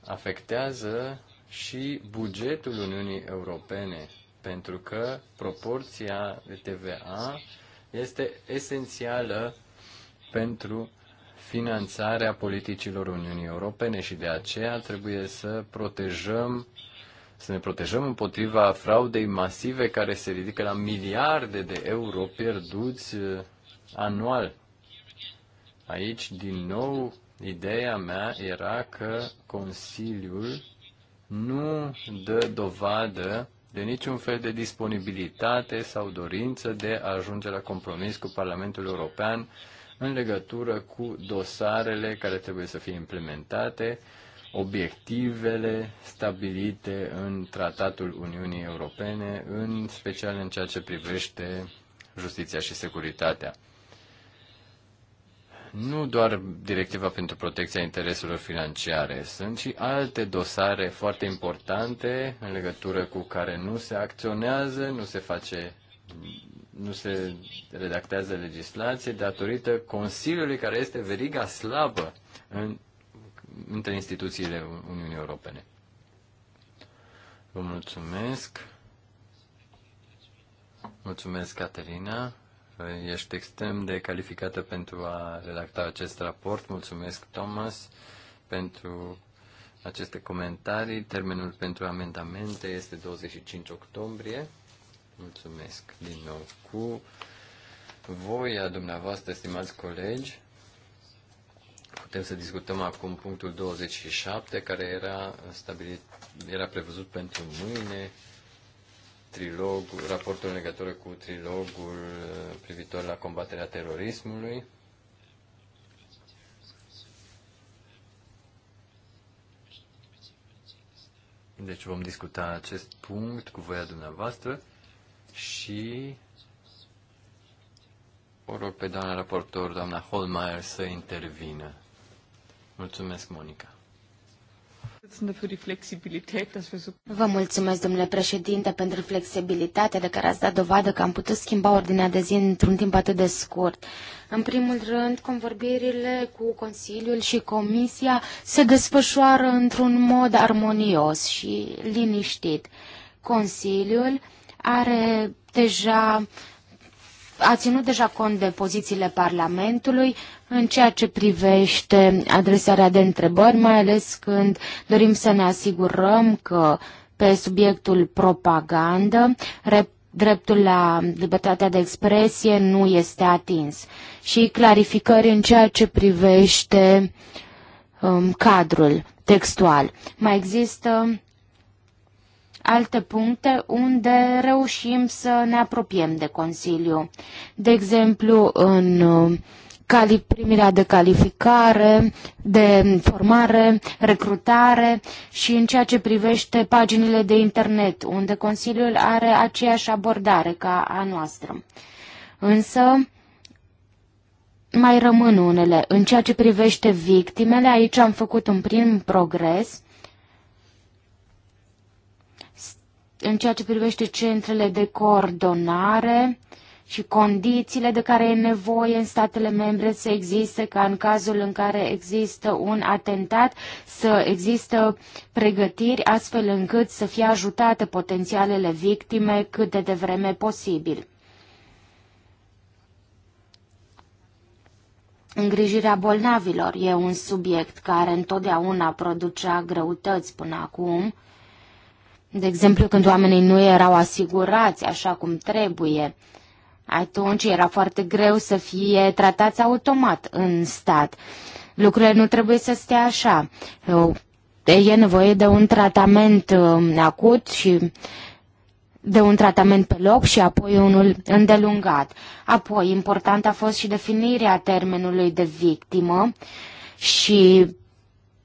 Afectează și bugetul Uniunii Europene, pentru că proporția de TVA este esențială pentru finanțarea politicilor Uniunii Europene și de aceea trebuie să protejăm uh, să ne protejăm împotriva fraudei masive care se ridică la miliarde de euro pierduți uh, anual. Aici, din nou, ideea mea era că Consiliul nu dă dovadă de niciun fel de disponibilitate sau dorință de a ajunge la compromis cu Parlamentul European în legătură cu dosarele care trebuie să fie implementate obiectivele stabilite în Tratatul Uniunii Europene, în special în ceea ce privește justiția și securitatea. Nu doar directiva pentru protecția intereselor financiare, sunt și alte dosare foarte importante în legătură cu care nu se acționează, nu se face nu se redactează legislație datorită Consiliului care este veriga slabă în între instituțiile Uniunii Europene. Vă mulțumesc. Mulțumesc, Caterina. Ești extrem de calificată pentru a redacta acest raport. Mulțumesc, Thomas, pentru aceste comentarii. Termenul pentru amendamente este 25 octombrie. Mulțumesc din nou cu a dumneavoastră, stimați colegi. Putem să discutăm acum punctul 27, care era, stabilit, era prevăzut pentru mâine, trilog, raportul în legătură cu trilogul uh, privitor la combaterea terorismului. Deci vom discuta acest punct cu voia dumneavoastră și o rog pe doamna raportor, doamna Holmeier, să intervină. Mulțumesc, Monica. Vă mulțumesc, domnule președinte, pentru flexibilitatea de care ați dat dovadă că am putut schimba ordinea de zi într-un timp atât de scurt. În primul rând, convorbirile cu Consiliul și Comisia se desfășoară într-un mod armonios și liniștit. Consiliul are deja uh, a ținut deja cont de pozițiile Parlamentului în ceea ce privește adresarea de întrebări, mai ales când dorim să ne asigurăm că pe subiectul propagandă, dreptul la libertatea de expresie nu este atins și clarificări în ceea ce privește um, cadrul textual. Mai există alte puncte unde reușim să ne apropiem de Consiliu. De exemplu, în uh, cali, primirea de calificare, de formare, recrutare și în ceea ce privește paginile de internet, unde Consiliul are aceeași abordare ca a noastră. Însă, mai rămân unele. În ceea ce privește victimele, aici am făcut un prim progres în ceea ce privește centrele de coordonare și condițiile de care e nevoie în statele membre să existe, ca în cazul în care există un atentat, să există pregătiri astfel încât să fie ajutate potențialele victime cât de devreme posibil. Îngrijirea bolnavilor e un subiect care întotdeauna producea greutăți până acum. De exemplu, când oamenii nu erau asigurați așa cum trebuie, atunci era foarte greu să fie tratați automat în stat. Lucrurile nu trebuie să stea așa. E nevoie de un tratament um, acut și de un tratament pe loc și apoi unul îndelungat. Apoi, important a fost și definirea termenului de victimă și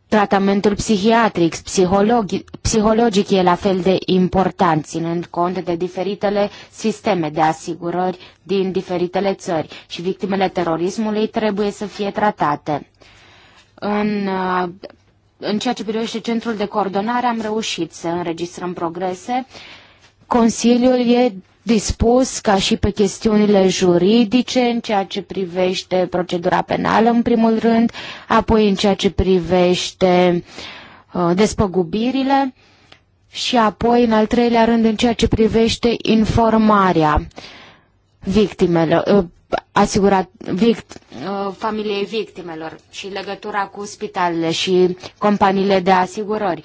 Tratamentul psihiatric, psihologic, psihologic e la fel de important, ținând cont de diferitele sisteme de asigurări din diferitele țări și victimele terorismului trebuie să fie tratate. În, uh, în ceea ce privește centrul de coordonare am reușit să înregistrăm progrese. Consiliul e dispus ca și pe chestiunile juridice în ceea ce privește procedura penală în primul rând, apoi în ceea ce privește uh, despăgubirile și apoi în al treilea rând în ceea ce privește informarea victimelor, uh, asigurat vict, uh, familiei victimelor și legătura cu spitalele și companiile de asigurări.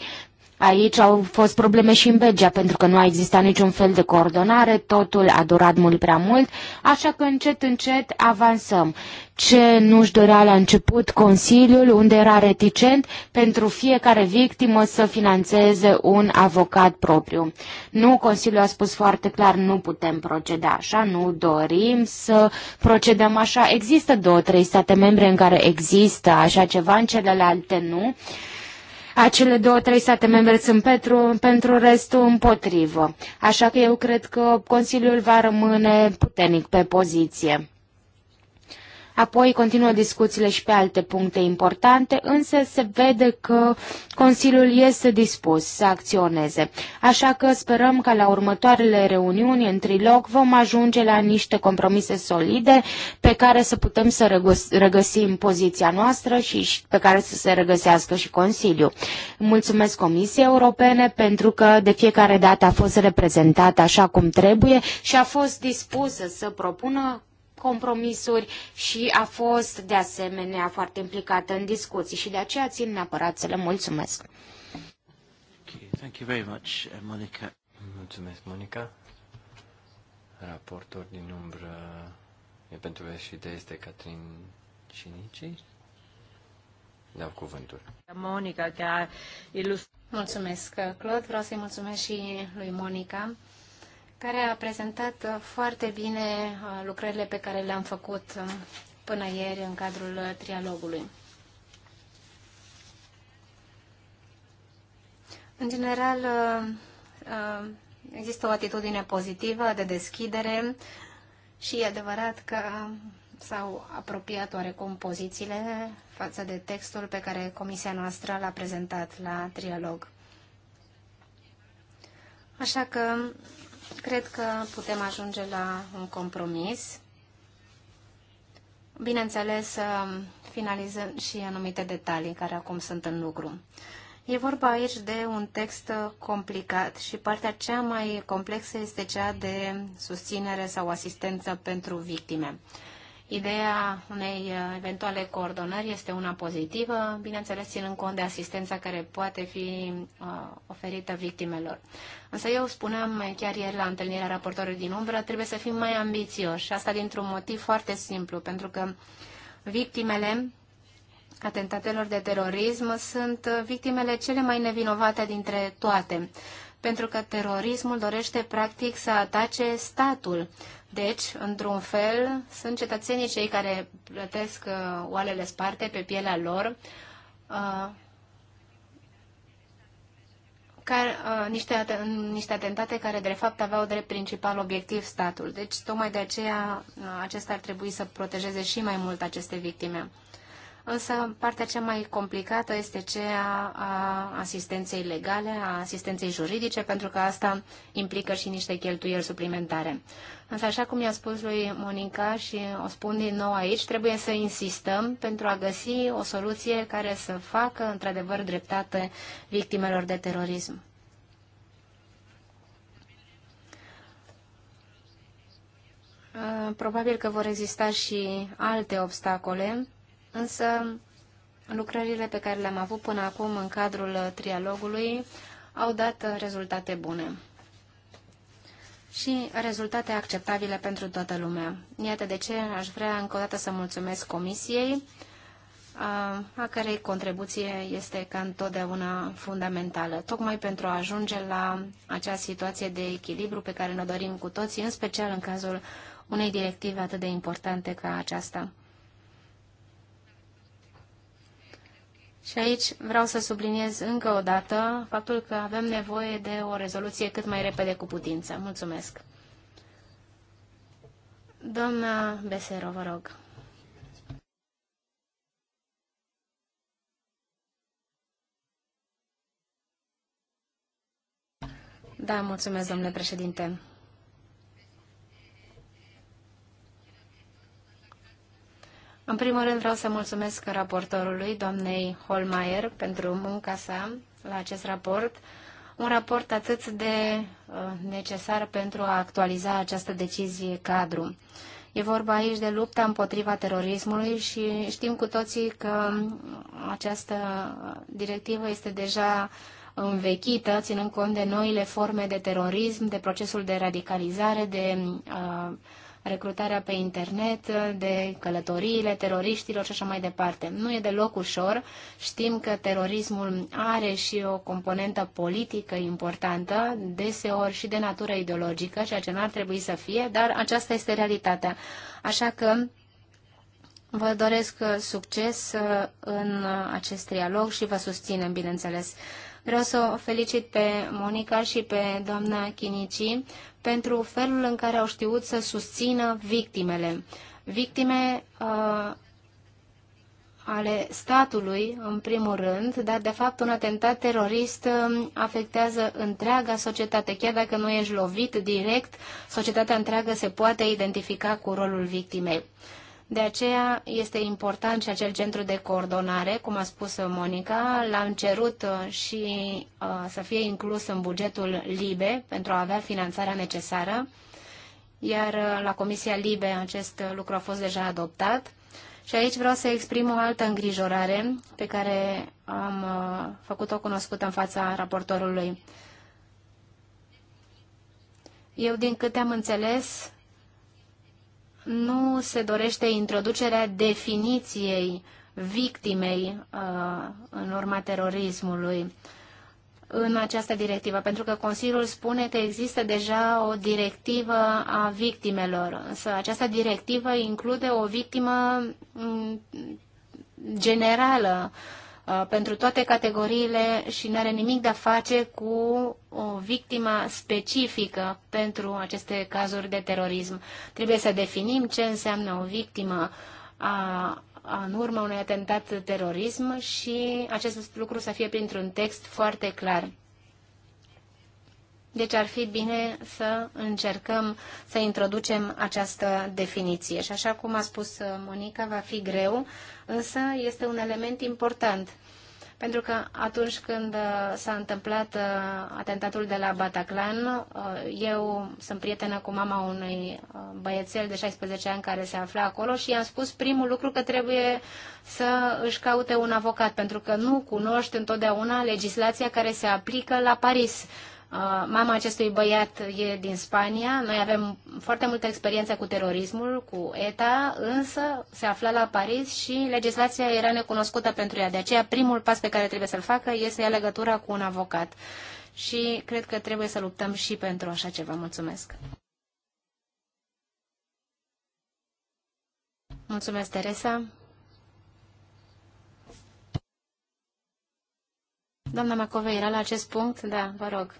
Aici au fost probleme și în Belgia, pentru că nu a existat niciun fel de coordonare, totul a durat mult prea mult, așa că încet, încet avansăm. Ce nu-și dorea la început Consiliul, unde era reticent pentru fiecare victimă să financeze un avocat propriu. Nu, Consiliul a spus foarte clar, nu putem proceda așa, nu dorim să procedăm așa. Există două, trei state membre în care există așa ceva, în celelalte nu. Uh, acele două, trei state membre sunt pentru, pentru restul împotrivă. Așa că eu cred că Consiliul va rămâne puternic pe poziție. Apoi continuă discuțiile și pe alte puncte importante, însă se vede că Consiliul este dispus să acționeze. Așa că sperăm că la următoarele reuniuni în trilog vom ajunge la niște compromise solide pe care să putem să regăsim poziția noastră și pe care să se regăsească și Consiliul. Mulțumesc Comisiei Europene pentru că de fiecare dată a fost reprezentată așa cum trebuie și a fost dispusă să propună compromisuri și a fost de asemenea foarte implicată în discuții și de aceea țin neapărat să le mulțumesc. Okay, thank you very much, uh, Monica. Mulțumesc, Monica. Raportor din umbră e pentru SD este Catrin Cinici. Dau cuvântul. Monica, te-a ilustrat. Mulțumesc, Claude. Vreau să-i mulțumesc și lui Monica care a prezentat uh, foarte bine uh, lucrările pe care le-am făcut uh, până ieri în cadrul trialogului. În general, există o atitudine pozitivă de deschidere și e adevărat că s-au apropiat oarecum pozițiile față de textul pe care comisia noastră l-a prezentat la trialog. Așa că Cred că putem ajunge la un compromis. Bineînțeles, finalizăm și anumite detalii care acum sunt în lucru. E vorba aici de un text complicat și partea cea mai complexă este cea de susținere sau asistență pentru victime. Ideea unei uh, eventuale coordonări este una pozitivă, bineînțeles ținând cont de asistența care poate fi uh, oferită victimelor. Însă eu spuneam chiar ieri la întâlnirea raportorului din umbră, trebuie să fim mai ambițioși. Asta dintr-un motiv foarte simplu, pentru că victimele atentatelor de terorism sunt victimele cele mai nevinovate dintre toate pentru că terorismul dorește practic să atace statul. Deci, într-un fel, sunt cetățenii cei care plătesc uh, oalele sparte pe pielea lor, uh, care, uh, niște, at niște atentate care, de fapt, aveau drept principal obiectiv statul. Deci, tocmai de aceea, uh, acesta ar trebui să protejeze și mai mult aceste victime însă partea cea mai complicată este cea a asistenței legale, a asistenței juridice, pentru că asta implică și niște cheltuieli suplimentare. Însă, așa cum i-a spus lui Monica și o spun din nou aici, trebuie să insistăm pentru a găsi o soluție care să facă într-adevăr dreptate victimelor de terorism. Probabil că vor exista și alte obstacole însă lucrările pe care le-am avut până acum în cadrul uh, trialogului au dat uh, rezultate bune și rezultate acceptabile pentru toată lumea. Iată de ce aș vrea încă o dată să mulțumesc Comisiei, a, uh, a cărei contribuție este ca întotdeauna fundamentală, tocmai pentru a ajunge la acea situație de echilibru pe care ne dorim cu toții, în special în cazul unei directive atât de importante ca aceasta. Și aici vreau să subliniez încă o dată faptul că avem nevoie de o rezoluție cât mai repede cu putință. Mulțumesc. Doamna Besero, vă rog. Da, mulțumesc, domnule președinte. În primul rând vreau să mulțumesc raportorului, doamnei Holmeier, pentru munca sa la acest raport, un raport atât de uh, necesar pentru a actualiza această decizie cadru. E vorba aici de lupta împotriva terorismului și știm cu toții că această directivă este deja învechită, ținând cont de noile forme de terorism, de procesul de radicalizare, de uh, recrutarea pe internet, de călătoriile teroriștilor și așa mai departe. Nu e deloc ușor. Știm că terorismul are și o componentă politică importantă, deseori și de natură ideologică, ceea ce n-ar trebui să fie, dar aceasta este realitatea. Așa că Vă doresc succes uh, în acest trialog și vă susținem, bineînțeles. Vreau să o felicit pe Monica și pe doamna Chinici pentru felul în care au știut să susțină victimele. Victime uh, ale statului, în primul rând, dar de fapt un atentat terorist um, afectează întreaga societate. Chiar dacă nu ești lovit direct, societatea întreagă se poate identifica cu rolul victimei. De aceea este important și acel centru de coordonare, cum a spus Monica, l-am cerut uh, și uh, să fie inclus în bugetul LIBE pentru a avea finanțarea necesară, iar uh, la Comisia LIBE acest uh, lucru a fost deja adoptat. Și aici vreau să exprim o altă îngrijorare pe care am uh, făcut-o cunoscută în fața raportorului. Eu, din câte am înțeles, nu se dorește introducerea definiției victimei uh, în urma terorismului în această directivă, pentru că Consiliul spune că există deja o directivă a victimelor, însă această directivă include o victimă mm, generală uh, Uh, pentru toate categoriile și nu are nimic de a face cu o victima specifică pentru aceste cazuri de terorism. Trebuie să definim ce înseamnă o victimă a, a, în urma unui atentat terorism și acest lucru să fie printr-un text foarte clar. Deci ar fi bine să încercăm să introducem această definiție. Și așa cum a spus uh, Monica, va fi greu, însă este un element important. Pentru că atunci când uh, s-a întâmplat uh, atentatul de la Bataclan, eu sunt prietenă cu mama unui băiețel de 16 ani care se afla acolo și i-am spus primul lucru că trebuie să își caute un avocat, pentru că nu cunoști întotdeauna legislația care se aplică la Paris Uh, mama acestui băiat e din Spania. Noi avem foarte multă experiență cu terorismul, cu ETA, însă se afla la Paris și legislația era necunoscută pentru ea. De aceea, primul pas pe care trebuie să-l facă este să ia legătura cu un avocat. Și cred că trebuie să luptăm și pentru așa ceva. Mulțumesc! Mulțumesc, Teresa! Doamna Macovei, era la acest punct? Da, vă rog.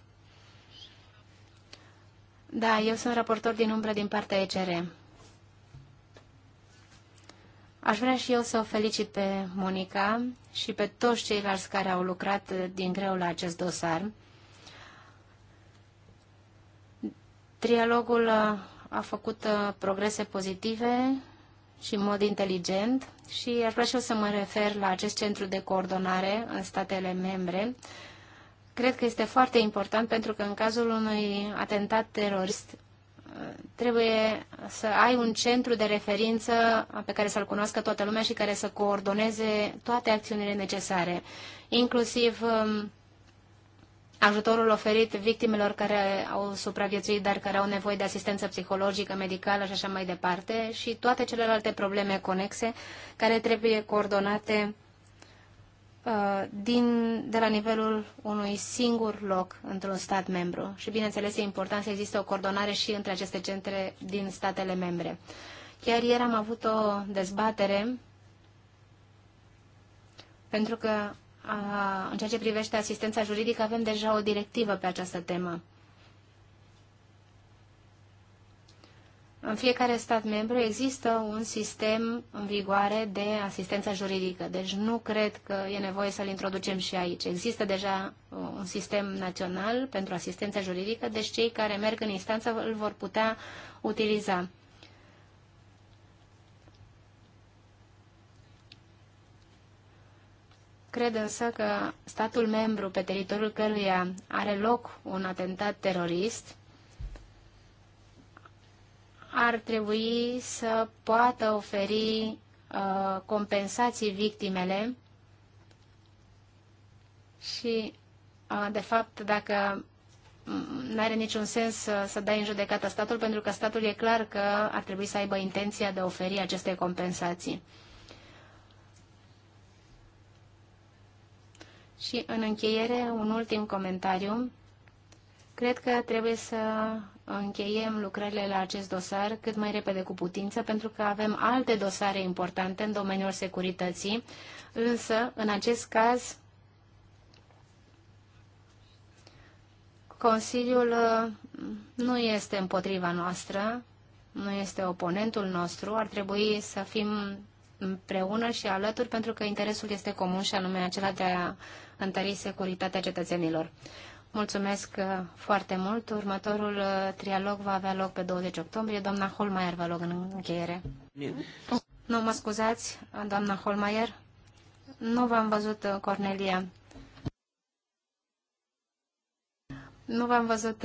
Da, eu sunt raportor din umbră din partea ECR. Aș vrea și eu să o felicit pe Monica și pe toți ceilalți care au lucrat din greu la acest dosar. Trialogul uh, a făcut uh, progrese pozitive și în mod inteligent și aș vrea și eu să mă refer la acest centru de coordonare în statele membre Cred că este foarte important pentru că în cazul unui atentat terorist trebuie să ai un centru de referință pe care să-l cunoască toată lumea și care să coordoneze toate acțiunile necesare, inclusiv um, ajutorul oferit victimelor care au supraviețuit, dar care au nevoie de asistență psihologică, medicală și așa mai departe, și toate celelalte probleme conexe care trebuie coordonate Uh, din, de la nivelul unui singur loc într-un stat membru. Și bineînțeles e important să existe o coordonare și între aceste centre din statele membre. Chiar ieri am avut o dezbatere pentru că a, uh, în ceea ce privește asistența juridică avem deja o directivă pe această temă. În fiecare stat membru există un sistem în vigoare de asistență juridică, deci nu cred că e nevoie să-l introducem și aici. Există deja uh, un sistem național pentru asistență juridică, deci cei care merg în instanță îl vor putea utiliza. Cred însă că statul membru pe teritoriul căruia are loc un atentat terorist ar trebui să poată oferi uh, compensații victimele și, uh, de fapt, dacă mm, nu are niciun sens să, să dai în judecată statul, pentru că statul e clar că ar trebui să aibă intenția de a oferi aceste compensații. Și, în încheiere, un ultim comentariu. Cred că trebuie să încheiem lucrările la acest dosar cât mai repede cu putință, pentru că avem alte dosare importante în domeniul securității, însă, în acest caz, Consiliul uh, nu este împotriva noastră, nu este oponentul nostru, ar trebui să fim împreună și alături, pentru că interesul este comun și anume acela de a întări securitatea cetățenilor. Mulțumesc uh, foarte mult. Următorul uh, trialog va avea loc pe 20 octombrie. Doamna Holmaier va loc în încheiere. Nu, mă scuzați, doamna Holmaier. Nu v-am văzut, uh, Cornelia. Nu v-am văzut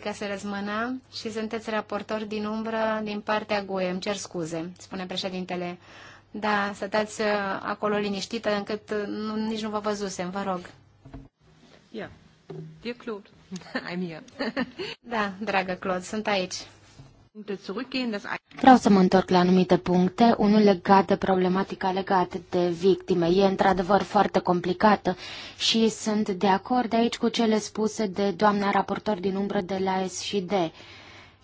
că să răzmâna și sunteți raportor din umbră din partea GUE. Îmi cer scuze, spune președintele. Da, stăteați acolo liniștită încât nu, nici nu vă văzusem, vă rog. Yeah. Dear Claude, I'm here. da, dragă Claude, sunt aici. Vreau să mă întorc la anumite puncte, unul legat de problematica legată de victime. E într-adevăr foarte complicată și sunt de acord aici cu cele spuse de doamna raportor din umbră de la SD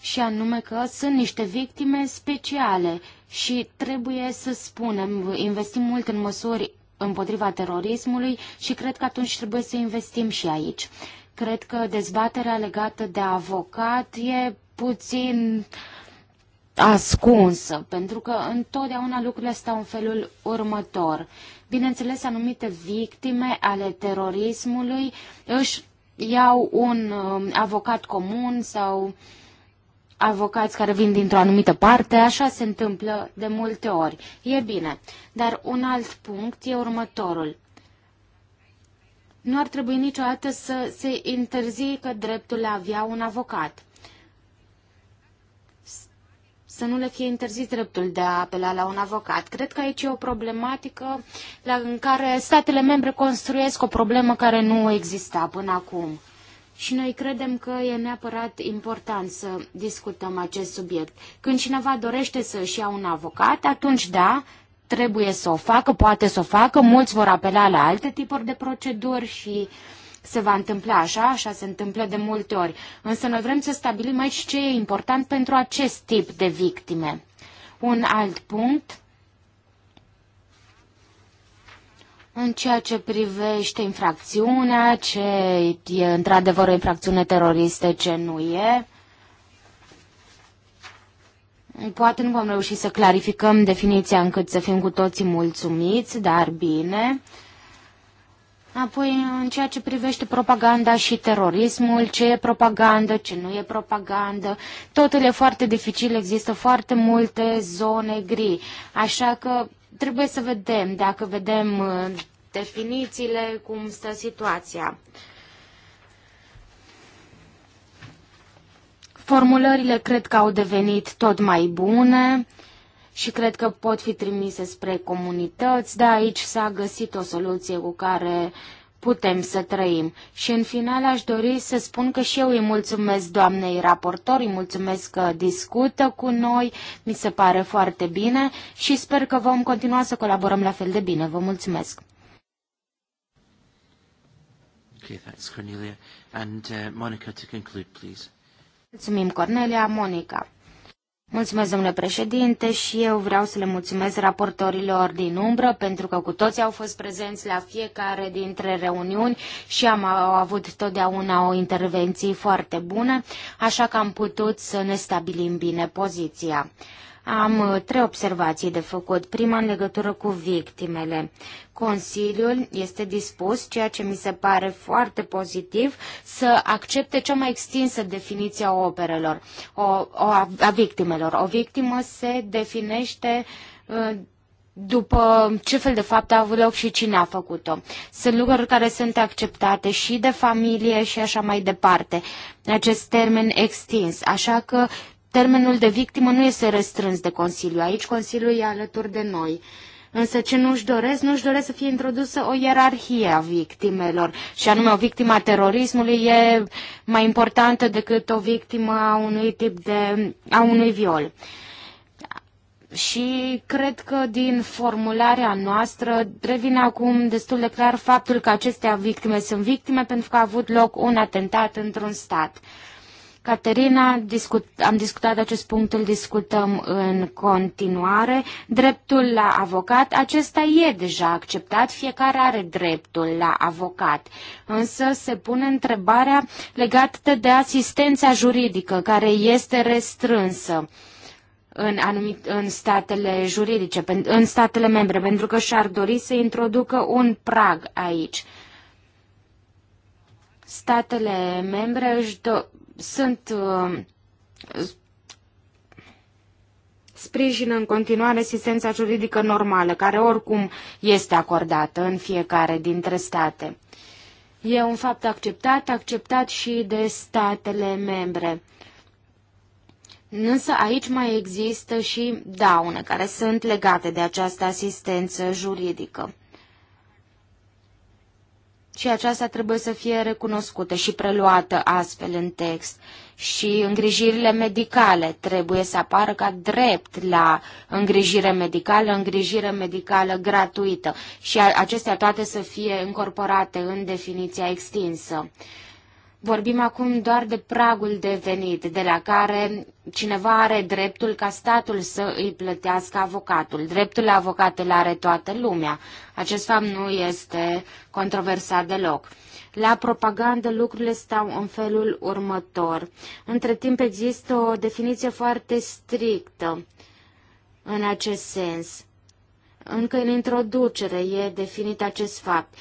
și anume că sunt niște victime speciale și trebuie să spunem, investim mult în măsuri împotriva terorismului și cred că atunci trebuie să investim și aici. Cred că dezbaterea legată de avocat e puțin ascunsă, pentru că întotdeauna lucrurile stau în felul următor. Bineînțeles, anumite victime ale terorismului își iau un um, avocat comun sau uh, avocați care vin dintr-o anumită parte, așa se întâmplă de multe ori. E bine, dar un alt punct e următorul. Nu ar trebui niciodată să se interzică dreptul la avea un avocat să nu le fie interzis dreptul de a apela la un avocat. Cred că aici e o problematică la, în care statele membre construiesc o problemă care nu exista până acum și noi credem că e neapărat important să discutăm acest subiect. Când cineva dorește să-și ia un avocat, atunci da, trebuie să o facă, poate să o facă, mulți vor apela la alte tipuri de proceduri și se va întâmpla așa, așa se întâmplă de multe ori. Însă noi vrem să stabilim aici ce e important pentru acest tip de victime. Un alt punct În ceea ce privește infracțiunea, ce e într-adevăr o infracțiune teroristă, ce nu e, poate nu vom reuși să clarificăm definiția încât să fim cu toții mulțumiți, dar bine. Apoi, în ceea ce privește propaganda și terorismul, ce e propagandă, ce nu e propagandă, totul e foarte dificil, există foarte multe zone gri, așa că Trebuie să vedem dacă vedem uh, definițiile, cum stă situația. Formulările cred că au devenit tot mai bune și cred că pot fi trimise spre comunități, dar aici s-a găsit o soluție cu care uh, putem să trăim. Și în final aș dori să spun că și eu îi mulțumesc doamnei raportor, îi mulțumesc că discută cu noi, mi se pare foarte bine și sper că vom continua să colaborăm la fel de bine. Vă mulțumesc! Okay, thanks, Cornelia. And uh, Monica, to conclude, please. Mulțumim, Cornelia. Monica. Mulțumesc, domnule președinte, și eu vreau să le mulțumesc raportorilor din umbră, pentru că cu toți au fost prezenți la fiecare dintre reuniuni și am au avut totdeauna o intervenție foarte bună, așa că am putut să ne stabilim bine poziția. Am uh, trei observații de făcut. Prima în legătură cu victimele. Consiliul este dispus, ceea ce mi se pare foarte pozitiv, să accepte cea mai extinsă definiție a operelor, o, o, a victimelor. O victimă se definește uh, după ce fel de fapt a avut loc și cine a făcut-o. Sunt lucruri care sunt acceptate și de familie și așa mai departe. Acest termen extins. Așa că Termenul de victimă nu este restrâns de Consiliu. Aici Consiliul e alături de noi. Însă ce nu-și doresc, nu-și doresc să fie introdusă o ierarhie a victimelor. Și anume, o victimă a terorismului e mai importantă decât o victimă a unui tip de, a unui viol. Și cred că din formularea noastră revine acum destul de clar faptul că acestea victime sunt victime pentru că a avut loc un atentat într-un stat. Caterina, discut, am discutat acest punct, îl discutăm în continuare. Dreptul la avocat, acesta e deja acceptat, fiecare are dreptul la avocat. Însă se pune întrebarea legată de asistența juridică, care este restrânsă în, anumit, în statele juridice, în statele membre, pentru că și-ar dori să introducă un prag aici statele membre își do- sunt uh, sprijină în continuare asistența juridică normală, care oricum este acordată în fiecare dintre state. E un fapt acceptat, acceptat și de statele membre. Însă aici mai există și daune care sunt legate de această asistență juridică și aceasta trebuie să fie recunoscută și preluată astfel în text. Și îngrijirile medicale trebuie să apară ca drept la îngrijire medicală, îngrijire medicală gratuită și acestea toate să fie încorporate în definiția extinsă. Vorbim acum doar de pragul de venit, de la care cineva are dreptul ca statul să îi plătească avocatul. Dreptul la avocat îl are toată lumea. Acest fapt nu este controversat deloc. La propagandă lucrurile stau în felul următor. Între timp există o definiție foarte strictă în acest sens. Încă în introducere e definit acest fapt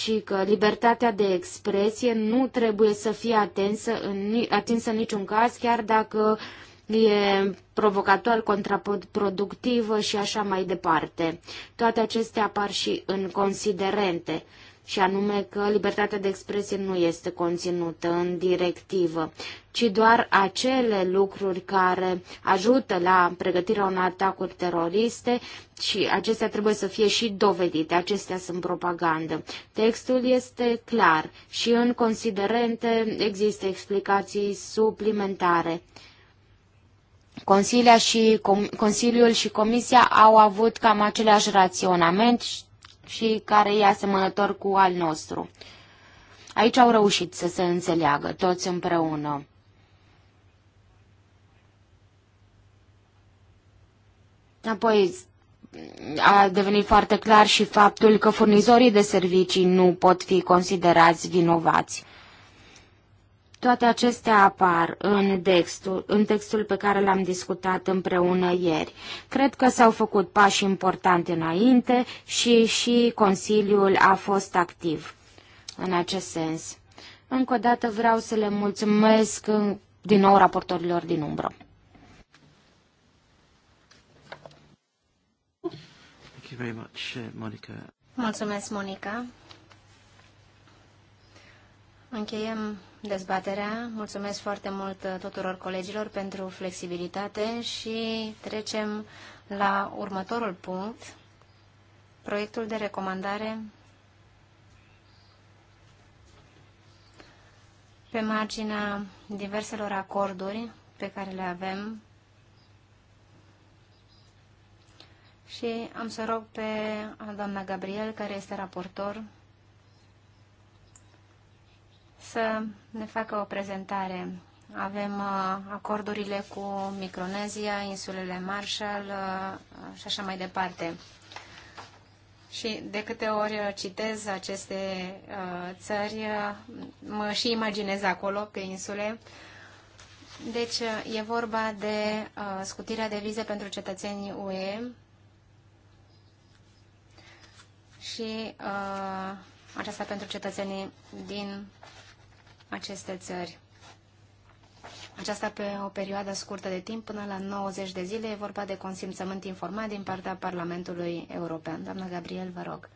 și că libertatea de expresie nu trebuie să fie atensă în, atinsă în niciun caz, chiar dacă e provocator, contraproductivă și așa mai departe. Toate acestea apar și în considerente și anume că libertatea de expresie nu este conținută în directivă, ci doar acele lucruri care ajută la pregătirea unor atacuri teroriste și acestea trebuie să fie și dovedite, acestea sunt propagandă. Textul este clar și în considerente există explicații suplimentare. Consiliul și Comisia au avut cam aceleași raționament și care e asemănător cu al nostru. Aici au reușit să se înțeleagă toți împreună. Apoi a devenit foarte clar și faptul că furnizorii de servicii nu pot fi considerați vinovați. Toate acestea apar în textul, în textul pe care l-am discutat împreună ieri. Cred că s-au făcut pași importante înainte și și Consiliul a fost activ în acest sens. Încă o dată vreau să le mulțumesc din nou raportorilor din umbră. Thank you very much, uh, Monica. Mulțumesc, Monica. Încheiem dezbaterea. Mulțumesc foarte mult uh, tuturor colegilor pentru flexibilitate și trecem la următorul punct, proiectul de recomandare pe marginea diverselor acorduri pe care le avem și am să rog pe doamna Gabriel, care este raportor, să ne facă o prezentare. Avem uh, acordurile cu Micronezia, insulele Marshall uh, și așa mai departe. Și de câte ori citez aceste uh, țări, mă și imaginez acolo, pe insule, deci e vorba de uh, scutirea de vize pentru cetățenii UE și uh, aceasta pentru cetățenii din aceste țări. Aceasta pe o perioadă scurtă de timp, până la 90 de zile, e vorba de consimțământ informat din partea Parlamentului European. Doamna Gabriel, vă rog.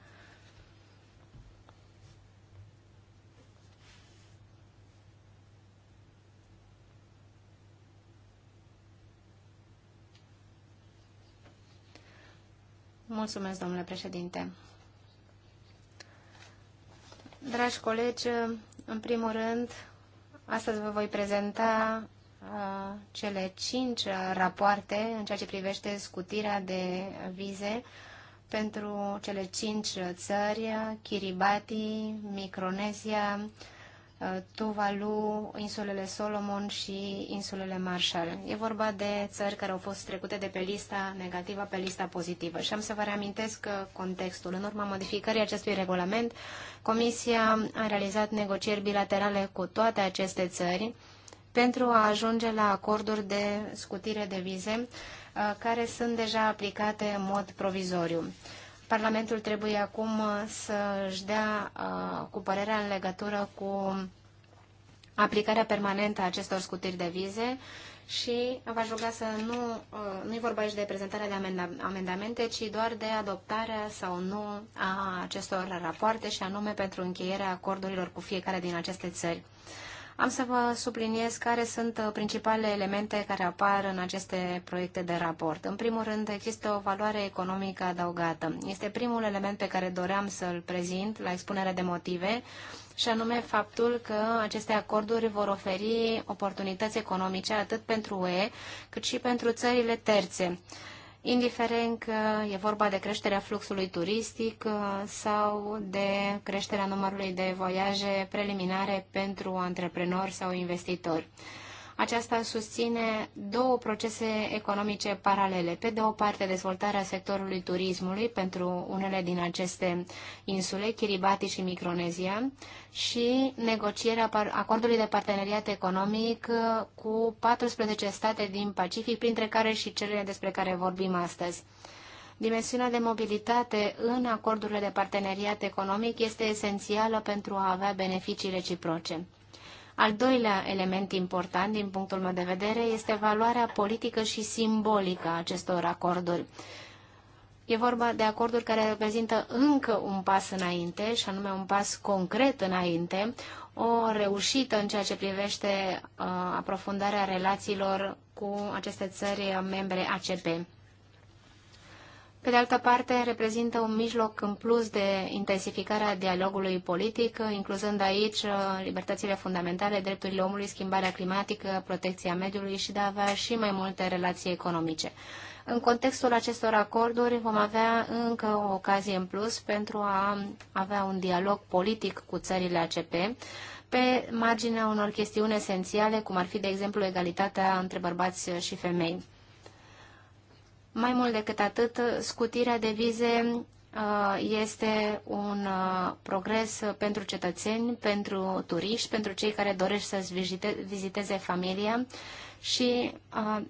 Mulțumesc, domnule președinte. Dragi colegi, în primul rând, astăzi vă voi prezenta uh, cele cinci uh, rapoarte în ceea ce privește scutirea de vize pentru cele cinci uh, țări, Kiribati, Micronezia, Uh, Tuvalu, insulele Solomon și insulele Marshall. E vorba de țări care au fost trecute de pe lista negativă pe lista pozitivă. Și am să vă reamintesc uh, contextul. În urma modificării acestui regulament, Comisia a realizat negocieri bilaterale cu toate aceste țări pentru a ajunge la acorduri de scutire de vize uh, care sunt deja aplicate în mod provizoriu. Parlamentul trebuie acum uh, să își dea uh, cu părerea în legătură cu aplicarea permanentă a acestor scutiri de vize și v-aș ruga să nu, uh, nu-i vorba aici de prezentarea de amendamente, ci doar de adoptarea sau nu a acestor rapoarte și anume pentru încheierea acordurilor cu fiecare din aceste țări. Uh, am să vă subliniez care sunt uh, principalele elemente care apar în aceste proiecte de raport. În primul rând, există o valoare economică adăugată. Este primul element pe care doream să-l prezint la expunerea de motive, și anume faptul că aceste acorduri vor oferi oportunități economice atât pentru UE cât și pentru țările terțe indiferent că e vorba de creșterea fluxului turistic uh, sau de creșterea numărului de voiaje preliminare pentru antreprenori sau investitori. Aceasta susține două procese economice paralele. Pe de o parte, dezvoltarea sectorului turismului pentru unele din aceste insule, Kiribati și Micronezia, și negocierea acordului de parteneriat economic uh, cu 14 state din Pacific, printre care și cele despre care vorbim astăzi. Dimensiunea de mobilitate în acordurile de parteneriat economic este esențială pentru a avea beneficii reciproce. Al doilea element important, din punctul meu de vedere, este valoarea politică și simbolică a acestor acorduri. E vorba de acorduri care reprezintă încă un pas înainte, și anume un pas concret înainte, o reușită în ceea ce privește uh, aprofundarea relațiilor cu aceste țări membre ACP. Pe de altă parte, reprezintă un mijloc în plus de intensificarea dialogului politic, incluzând aici uh, libertățile fundamentale, drepturile omului, schimbarea climatică, protecția mediului și de a avea și mai multe relații economice. În contextul acestor acorduri vom avea încă o ocazie în plus pentru a avea un dialog politic cu țările ACP pe marginea unor chestiuni esențiale, cum ar fi, de exemplu, egalitatea între bărbați și femei. Mai mult decât atât, scutirea de vize uh, este un uh, progres pentru cetățeni, pentru turiști, pentru cei care doresc să-și viziteze familia și uh,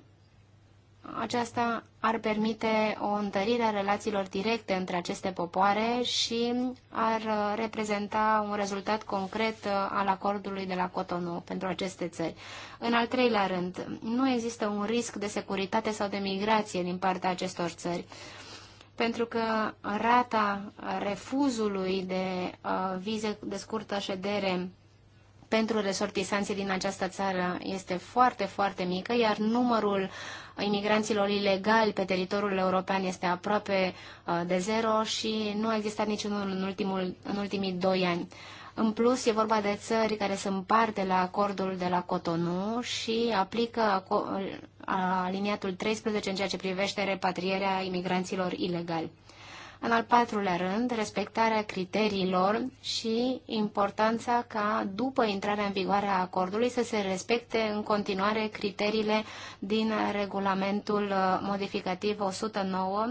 aceasta ar permite o întărire a relațiilor directe între aceste popoare și ar reprezenta un rezultat concret uh, al acordului de la Cotonou pentru aceste țări. În al treilea rând, nu există un risc de securitate sau de migrație din partea acestor țări pentru că rata refuzului de uh, vize de scurtă ședere pentru resortisanții din această țară este foarte, foarte mică, iar numărul imigranților ilegali pe teritoriul european este aproape uh, de zero și nu a existat niciunul în, ultimul, în ultimii doi ani. În plus, e vorba de țări care sunt parte la acordul de la Cotonou și aplică uh, aliniatul 13 în ceea ce privește repatrierea imigranților ilegali. În al patrulea rând, respectarea criteriilor și importanța ca, după intrarea în vigoare a acordului, să se respecte în continuare criteriile din regulamentul uh, modificativ 109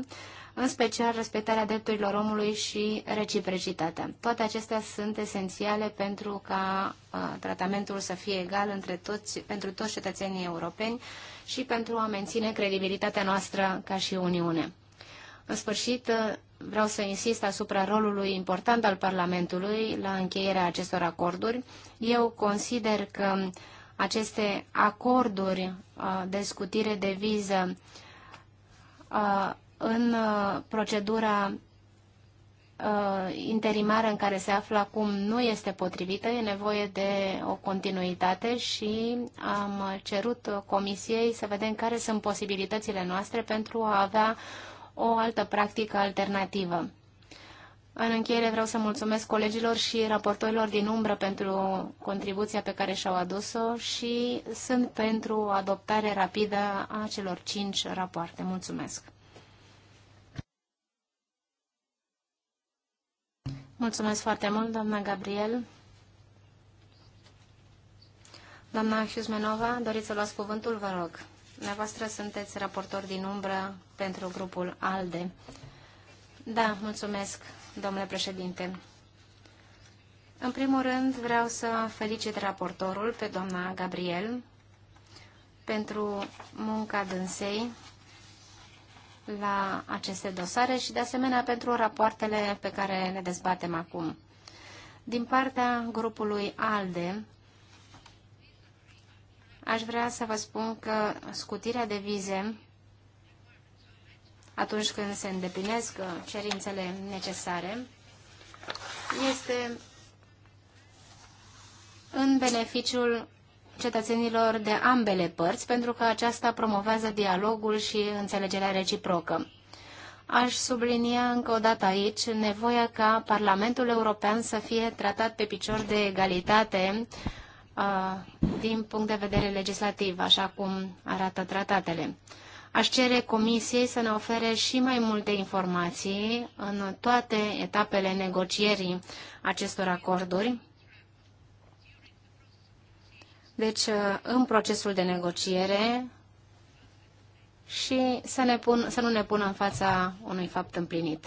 în special respectarea drepturilor omului și reciprocitatea. Toate acestea sunt esențiale pentru ca uh, tratamentul să fie egal între toți, pentru toți cetățenii europeni și pentru a menține credibilitatea noastră ca și Uniune. În sfârșit, uh, vreau să insist asupra rolului important al Parlamentului la încheierea acestor acorduri. Eu consider că aceste acorduri uh, de scutire de viză uh, în uh, procedura interimară în care se află acum nu este potrivită, e nevoie de o continuitate și am cerut Comisiei să vedem care sunt posibilitățile noastre pentru a avea o altă practică alternativă. În încheiere vreau să mulțumesc colegilor și raportorilor din umbră pentru contribuția pe care și-au adus-o și sunt pentru adoptare rapidă a celor cinci rapoarte. Mulțumesc! Mulțumesc foarte mult, doamna Gabriel. Doamna Hiusmenova, doriți să luați cuvântul, vă rog. Dumneavoastră sunteți raportor din umbră pentru grupul ALDE. Da, mulțumesc, domnule președinte. În primul rând, vreau să felicit raportorul pe doamna Gabriel pentru munca dânsei la aceste dosare și, de asemenea, pentru rapoartele pe care le dezbatem acum. Din partea grupului ALDE, Aș vrea să vă spun că scutirea de vize, atunci când se îndeplinesc uh, cerințele necesare, este în beneficiul cetățenilor de ambele părți, pentru că aceasta promovează dialogul și înțelegerea reciprocă. Aș sublinia încă o dată aici nevoia ca Parlamentul European să fie tratat pe picior de egalitate din punct de vedere legislativ, așa cum arată tratatele. Aș cere Comisiei să ne ofere și mai multe informații în toate etapele negocierii acestor acorduri. Deci, în procesul de negociere și să, ne pun, să nu ne pună în fața unui fapt împlinit.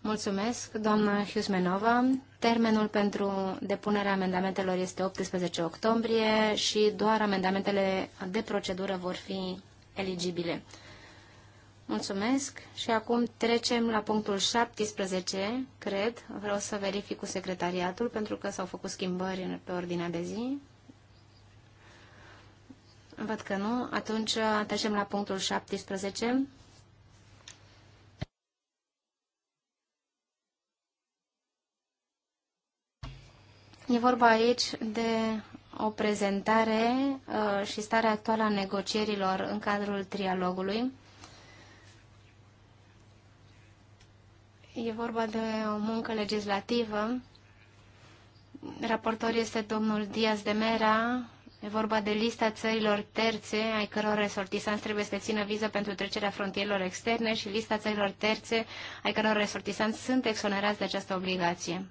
Mulțumesc, doamna Hiusmenova. Termenul pentru depunerea amendamentelor este 18 octombrie și doar amendamentele de procedură vor fi eligibile. Mulțumesc și acum trecem la punctul 17, cred. Vreau să verific cu secretariatul pentru că s-au făcut schimbări pe ordinea de zi. Văd că nu. Atunci uh, trecem la punctul 17. E vorba aici de o prezentare uh, și starea actuală a negocierilor în cadrul trialogului. E vorba de o muncă legislativă. Raportor este domnul Diaz de Mera. E vorba de lista țărilor terțe ai căror resortisanți trebuie să țină viză pentru trecerea frontierilor externe și lista țărilor terțe ai căror resortisanți sunt exonerați de această obligație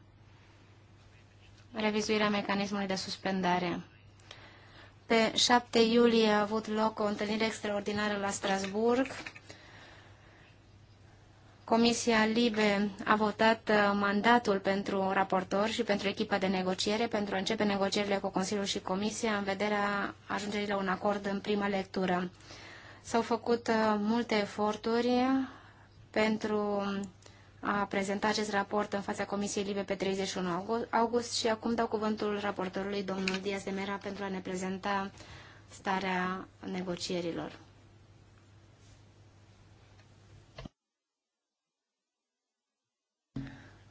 revizuirea mecanismului de suspendare. Pe 7 iulie a avut loc o întâlnire extraordinară la Strasburg. Comisia LIBE a votat uh, mandatul pentru raportor și pentru echipa de negociere pentru a începe negocierile cu Consiliul și Comisia în vederea ajungerii la un acord în prima lectură. S-au făcut uh, multe eforturi pentru a prezenta acest raport în fața Comisiei Libe pe 31 august și acum dau cuvântul raportorului domnul Diaz de Mera pentru a ne prezenta starea negocierilor.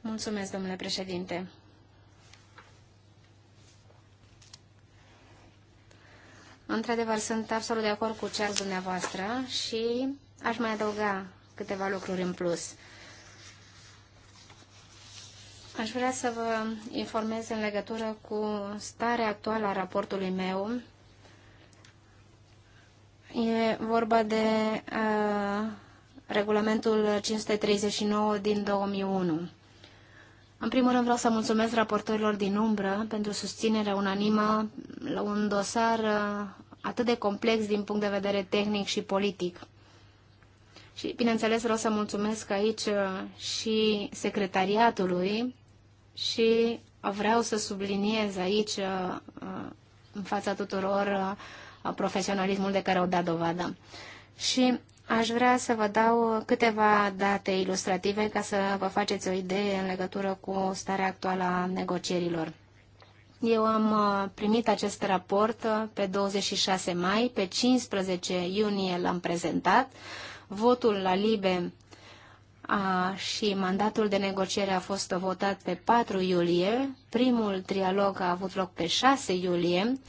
Mulțumesc, domnule președinte. Într-adevăr, sunt absolut de acord cu cel dumneavoastră și aș mai adăuga câteva lucruri în plus. Aș vrea să vă informez în legătură cu starea actuală a raportului meu. E vorba de uh, regulamentul 539 din 2001. În primul rând vreau să mulțumesc raportorilor din umbră pentru susținerea unanimă la un dosar atât de complex din punct de vedere tehnic și politic. Și, bineînțeles, vreau să mulțumesc aici și secretariatului și vreau să subliniez aici, uh, uh, în fața tuturor, uh, profesionalismul de care au dat dovadă. Și aș vrea să vă dau câteva date ilustrative ca să vă faceți o idee în legătură cu starea actuală a negocierilor. Eu am primit acest raport pe 26 mai, pe 15 iunie l-am prezentat. Votul la LIBE a, și mandatul de negociere a fost votat pe 4 iulie, primul trialog a avut loc pe 6 iulie,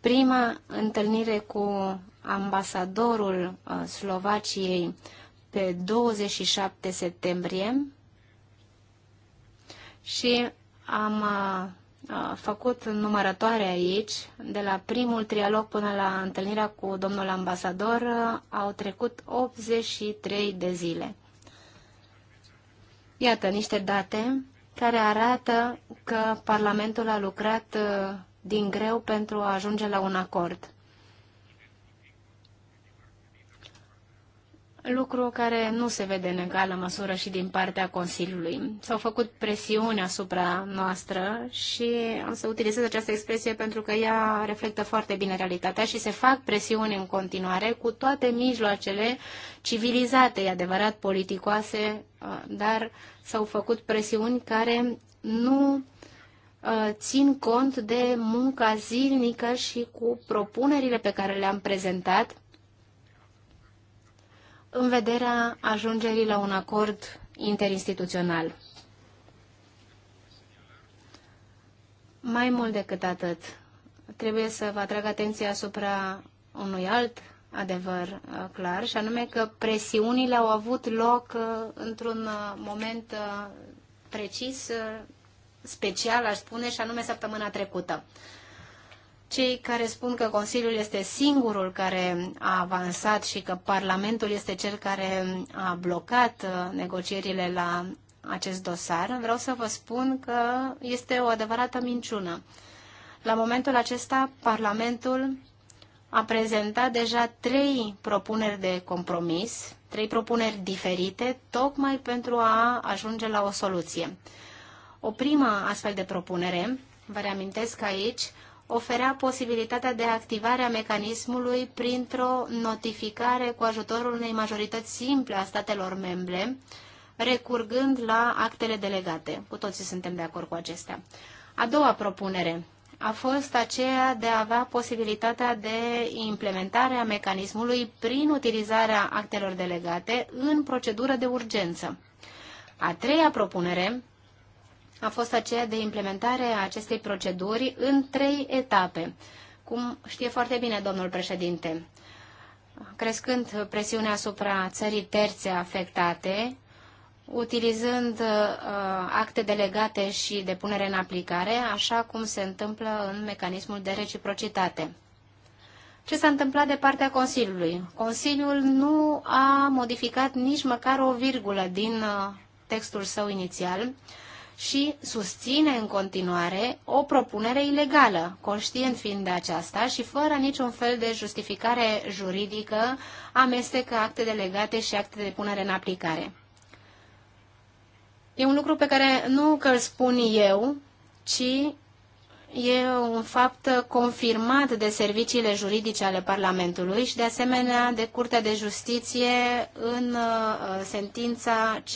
prima întâlnire cu ambasadorul uh, Slovaciei pe 27 septembrie și am a, uh, a, uh, făcut numărătoare aici, de la primul trialog până la întâlnirea cu domnul ambasador, au trecut 83 de zile. Iată niște date care arată că Parlamentul a lucrat uh, din greu pentru a ajunge la un acord. lucru care nu se vede în egală măsură și din partea Consiliului. S-au făcut presiuni asupra noastră și am să utilizez această expresie pentru că ea reflectă foarte bine realitatea și se fac presiuni în continuare cu toate mijloacele civilizate, e adevărat politicoase, uh, dar s-au făcut presiuni care nu uh, țin cont de munca zilnică și cu propunerile pe care le-am prezentat în vederea ajungerii la un acord interinstituțional. Mai mult decât atât, trebuie să vă atrag atenția asupra unui alt adevăr uh, clar, și anume că presiunile au avut loc uh, într-un uh, moment precis, special, aș spune, și anume săptămâna trecută cei care spun că Consiliul este singurul care a avansat și că Parlamentul este cel care a blocat uh, negocierile la acest dosar, vreau să vă spun că este o adevărată minciună. La momentul acesta, Parlamentul a prezentat deja trei propuneri de compromis, trei propuneri diferite, tocmai pentru a ajunge la o soluție. O primă astfel de propunere, vă reamintesc aici, oferea posibilitatea de activare a mecanismului printr-o notificare cu ajutorul unei majorități simple a statelor membre, recurgând la actele delegate. Cu toții suntem de acord cu acestea. A doua propunere a fost aceea de a avea posibilitatea de implementare a mecanismului prin utilizarea actelor delegate în procedură de urgență. A treia propunere a fost aceea de implementare a acestei proceduri în trei etape, cum știe foarte bine domnul președinte. Crescând presiunea asupra țării terțe afectate, utilizând uh, acte delegate și de punere în aplicare, așa cum se întâmplă în mecanismul de reciprocitate. Ce s-a întâmplat de partea Consiliului? Consiliul nu a modificat nici măcar o virgulă din uh, textul său inițial, uh, și susține în continuare o propunere ilegală, conștient fiind de aceasta și fără niciun fel de justificare juridică, amestecă acte delegate și acte de punere în aplicare. E un lucru pe care nu că îl spun eu, ci e un fapt confirmat de serviciile juridice ale Parlamentului și de asemenea de Curtea de Justiție în uh, sentința C88-2014.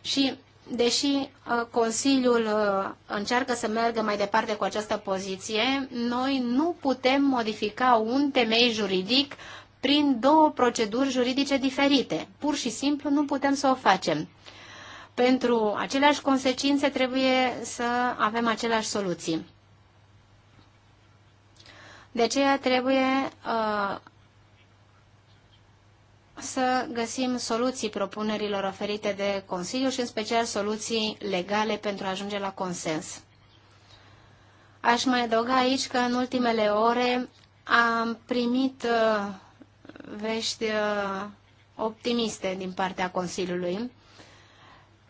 Și deși uh, Consiliul uh, încearcă să meargă mai departe cu această poziție, noi nu putem modifica un temei juridic prin două proceduri juridice diferite. Pur și simplu nu putem să o facem pentru aceleași consecințe trebuie să avem aceleași soluții. De aceea trebuie uh, să găsim soluții propunerilor oferite de Consiliu și în special soluții legale pentru a ajunge la consens. Aș mai adăuga aici că în ultimele ore am primit uh, vești uh, optimiste din partea Consiliului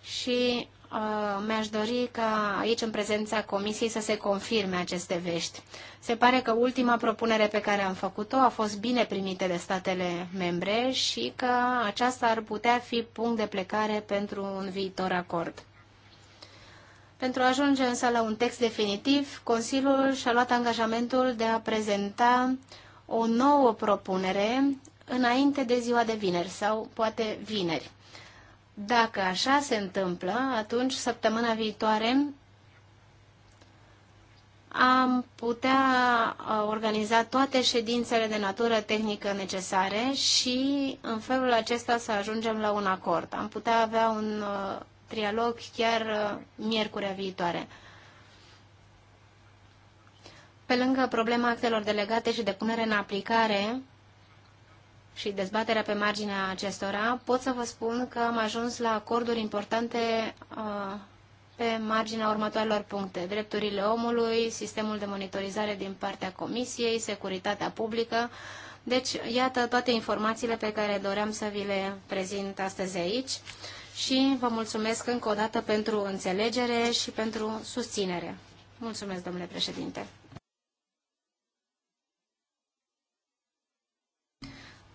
și uh, mi-aș dori ca aici, în prezența comisiei, să se confirme aceste vești. Se pare că ultima propunere pe care am făcut-o a fost bine primită de statele membre și că aceasta ar putea fi punct de plecare pentru un viitor acord. Pentru a ajunge însă la un text definitiv, Consiliul și-a luat angajamentul de a prezenta o nouă propunere înainte de ziua de vineri sau poate vineri. Dacă așa se întâmplă, atunci săptămâna viitoare am putea uh, organiza toate ședințele de natură tehnică necesare și în felul acesta să ajungem la un acord. Am putea avea un uh, trialog chiar uh, miercurea viitoare. Pe lângă problema actelor delegate și de punere în aplicare, și dezbaterea pe marginea acestora, pot să vă spun că am ajuns la acorduri importante uh, pe marginea următoarelor puncte. Drepturile omului, sistemul de monitorizare din partea Comisiei, securitatea publică. Deci, iată toate informațiile pe care doream să vi le prezint astăzi aici și vă mulțumesc încă o dată pentru înțelegere și pentru susținere. Mulțumesc, domnule președinte.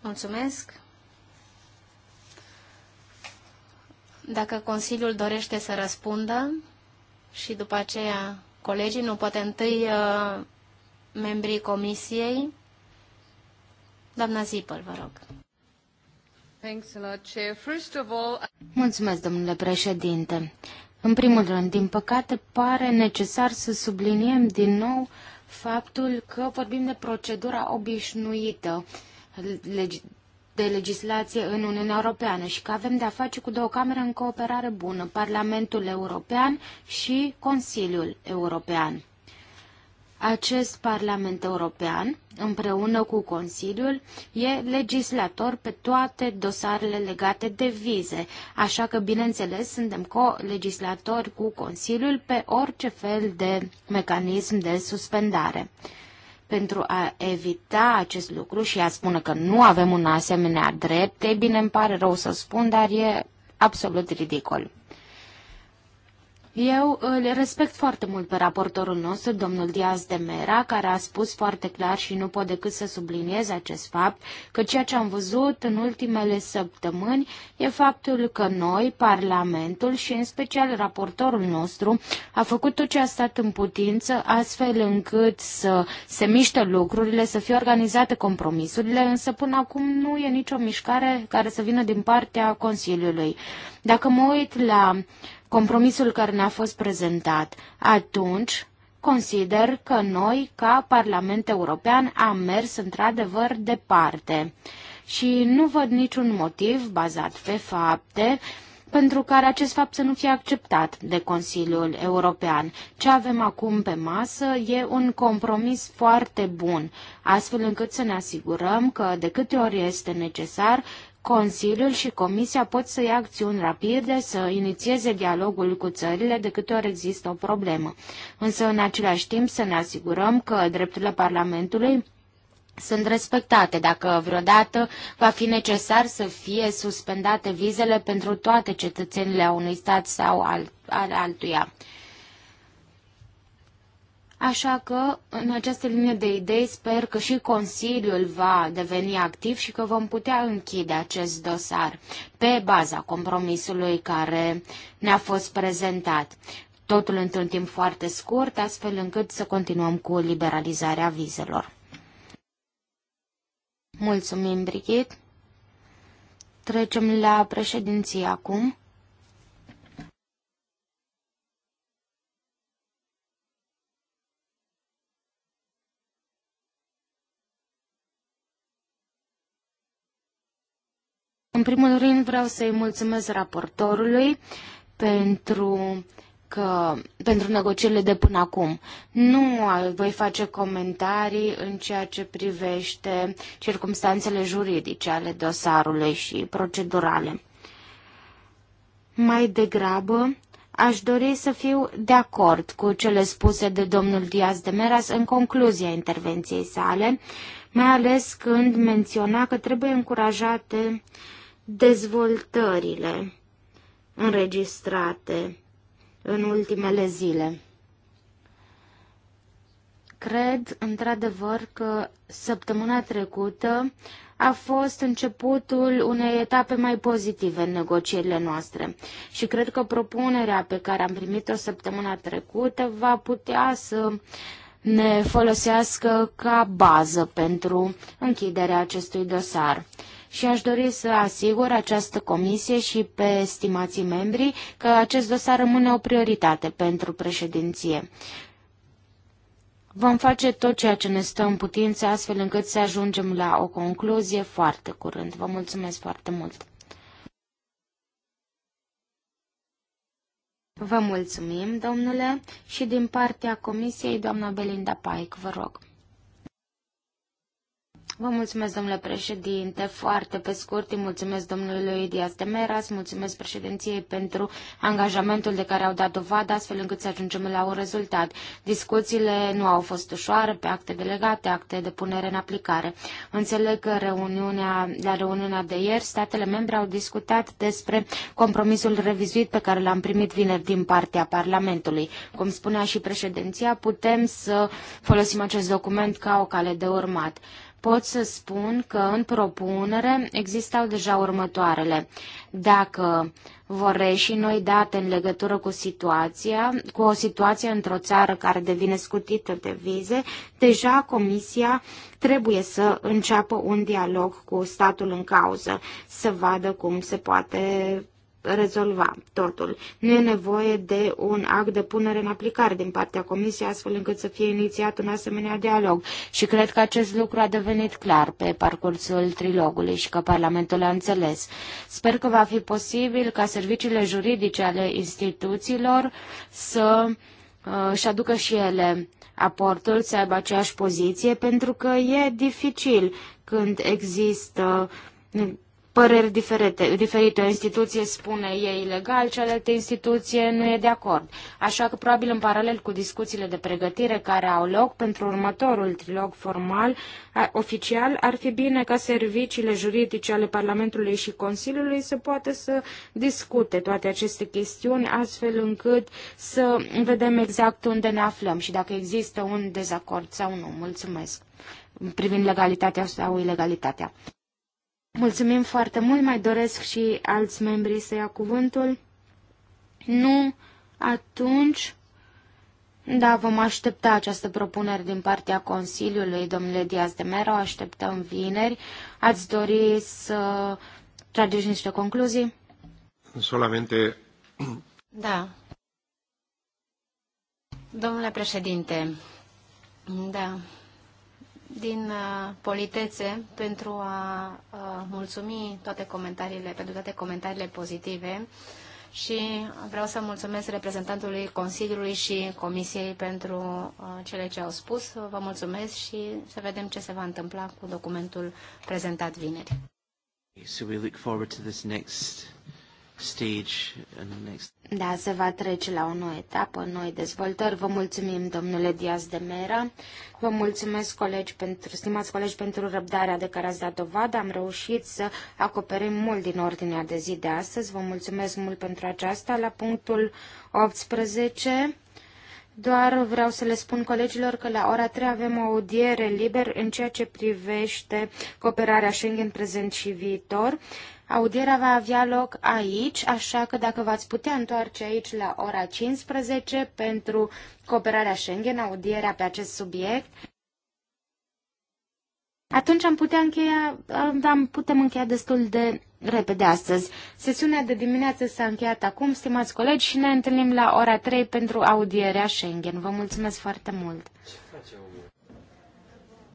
Mulțumesc. Dacă Consiliul dorește să răspundă și după aceea colegii, nu poate întâi uh, membrii comisiei. Doamna Zipăl, vă rog. Mulțumesc, domnule președinte. În primul rând, din păcate, pare necesar să subliniem din nou faptul că vorbim de procedura obișnuită de legislație în Uniunea Europeană și că avem de-a face cu două camere în cooperare bună, Parlamentul European și Consiliul European. Acest Parlament European, împreună cu Consiliul, e legislator pe toate dosarele legate de vize, așa că, bineînțeles, suntem co-legislatori cu Consiliul pe orice fel de mecanism de suspendare. Pentru a evita acest lucru și a spune că nu avem un asemenea drept, e bine, îmi pare rău să spun, dar e absolut ridicol. Eu îl respect foarte mult pe raportorul nostru, domnul Diaz de Mera, care a spus foarte clar și nu pot decât să subliniez acest fapt, că ceea ce am văzut în ultimele săptămâni e faptul că noi, Parlamentul și în special raportorul nostru, a făcut tot ce a stat în putință astfel încât să se miște lucrurile, să fie organizate compromisurile, însă până acum nu e nicio mișcare care să vină din partea Consiliului. Dacă mă uit la compromisul care ne-a fost prezentat. Atunci, consider că noi, ca Parlament European, am mers într-adevăr departe. Și nu văd niciun motiv bazat pe fapte pentru care acest fapt să nu fie acceptat de Consiliul European. Ce avem acum pe masă e un compromis foarte bun, astfel încât să ne asigurăm că de câte ori este necesar, Consiliul și Comisia pot să ia acțiuni rapide, să inițieze dialogul cu țările de câte ori există o problemă. Însă, în același timp, să ne asigurăm că drepturile Parlamentului sunt respectate. Dacă vreodată va fi necesar să fie suspendate vizele pentru toate cetățenile a unui stat sau al, al altuia. Așa că, în această linie de idei, sper că și Consiliul va deveni activ și că vom putea închide acest dosar pe baza compromisului care ne-a fost prezentat. Totul într-un timp foarte scurt, astfel încât să continuăm cu liberalizarea vizelor. Mulțumim, Brigit. Trecem la președinție acum. În primul rând vreau să-i mulțumesc raportorului pentru că, pentru negocierile de până acum. Nu voi face comentarii în ceea ce privește circumstanțele juridice ale dosarului și procedurale. Mai degrabă, aș dori să fiu de acord cu cele spuse de domnul Diaz de Meras în concluzia intervenției sale, mai ales când menționa că trebuie încurajate uh, dezvoltările înregistrate în ultimele zile. Cred, într-adevăr, că săptămâna trecută a fost începutul unei etape mai pozitive în negocierile noastre și cred că propunerea pe care am primit-o săptămâna trecută va putea să ne folosească ca bază pentru închiderea acestui dosar și aș dori să asigur această comisie și pe estimații membri că acest dosar rămâne o prioritate pentru președinție. Vom face tot ceea ce ne stă în putință astfel încât să ajungem la o concluzie foarte curând. Vă mulțumesc foarte mult! Vă mulțumim, domnule, și din partea Comisiei, doamna Belinda Paic, vă rog. Vă mulțumesc, domnule președinte. Foarte pe scurt, îi mulțumesc domnului Dias de Meras, mulțumesc președinției pentru angajamentul de care au dat dovadă, astfel încât să ajungem la un rezultat. Discuțiile nu au fost ușoare pe acte delegate, acte de punere în aplicare. Înțeleg că reuniunea, la reuniunea de ieri, statele membre au discutat despre compromisul revizuit pe care l-am primit vineri din partea Parlamentului. Cum spunea și președinția, putem să folosim acest document ca o cale de urmat pot să spun că în propunere existau deja următoarele. Dacă vor reși noi date în legătură cu situația, cu o situație într-o țară care devine scutită de vize, deja Comisia trebuie să înceapă un dialog cu statul în cauză, să vadă cum se poate rezolva totul. Nu e nevoie de un act de punere în aplicare din partea Comisiei, astfel încât să fie inițiat un asemenea dialog. Și cred că acest lucru a devenit clar pe parcursul trilogului și că Parlamentul a înțeles. Sper că va fi posibil ca serviciile juridice ale instituțiilor să uh, și aducă și ele aportul, să aibă aceeași poziție, pentru că e dificil când există păreri diferite. diferite. O instituție spune e ilegal, cealaltă instituție nu e de acord. Așa că probabil în paralel cu discuțiile de pregătire care au loc pentru următorul trilog formal, oficial, ar fi bine ca serviciile juridice ale Parlamentului și Consiliului să poată să discute toate aceste chestiuni, astfel încât să vedem exact unde ne aflăm și dacă există un dezacord sau nu. Mulțumesc privind legalitatea sau ilegalitatea. Mulțumim foarte mult, mai doresc și alți membri să ia cuvântul. Nu, atunci... Da, vom aștepta această propunere din partea Consiliului, domnule Diaz de Mero, așteptăm vineri. Ați dori să trageți niște concluzii? Solamente... Da. Domnule președinte, da, din uh, politețe pentru a uh, mulțumi toate comentariile, pentru toate comentariile pozitive și vreau să mulțumesc reprezentantului Consiliului și Comisiei pentru uh, cele ce au spus. Vă mulțumesc și să vedem ce se va întâmpla cu documentul prezentat vineri. So we look forward to this next stage in the next. Da, se va trece la o nouă etapă, noi dezvoltări. Vă mulțumim, domnule Diaz de Mera. Vă mulțumesc, colegi, pentru, stimați colegi, pentru răbdarea de care ați dat dovadă. Am reușit să acoperim mult din ordinea de zi de astăzi. Vă mulțumesc mult pentru aceasta. La punctul 18... Doar vreau să le spun colegilor că la ora 3 avem o audiere liber în ceea ce privește cooperarea Schengen prezent și viitor. Audierea va avea loc aici, așa că dacă v-ați putea întoarce aici la ora 15 pentru cooperarea Schengen, audierea pe acest subiect, atunci am putea încheia, am, putem încheia destul de repede astăzi. Sesiunea de dimineață s-a încheiat acum, stimați colegi, și ne întâlnim la ora 3 pentru audierea Schengen. Vă mulțumesc foarte mult!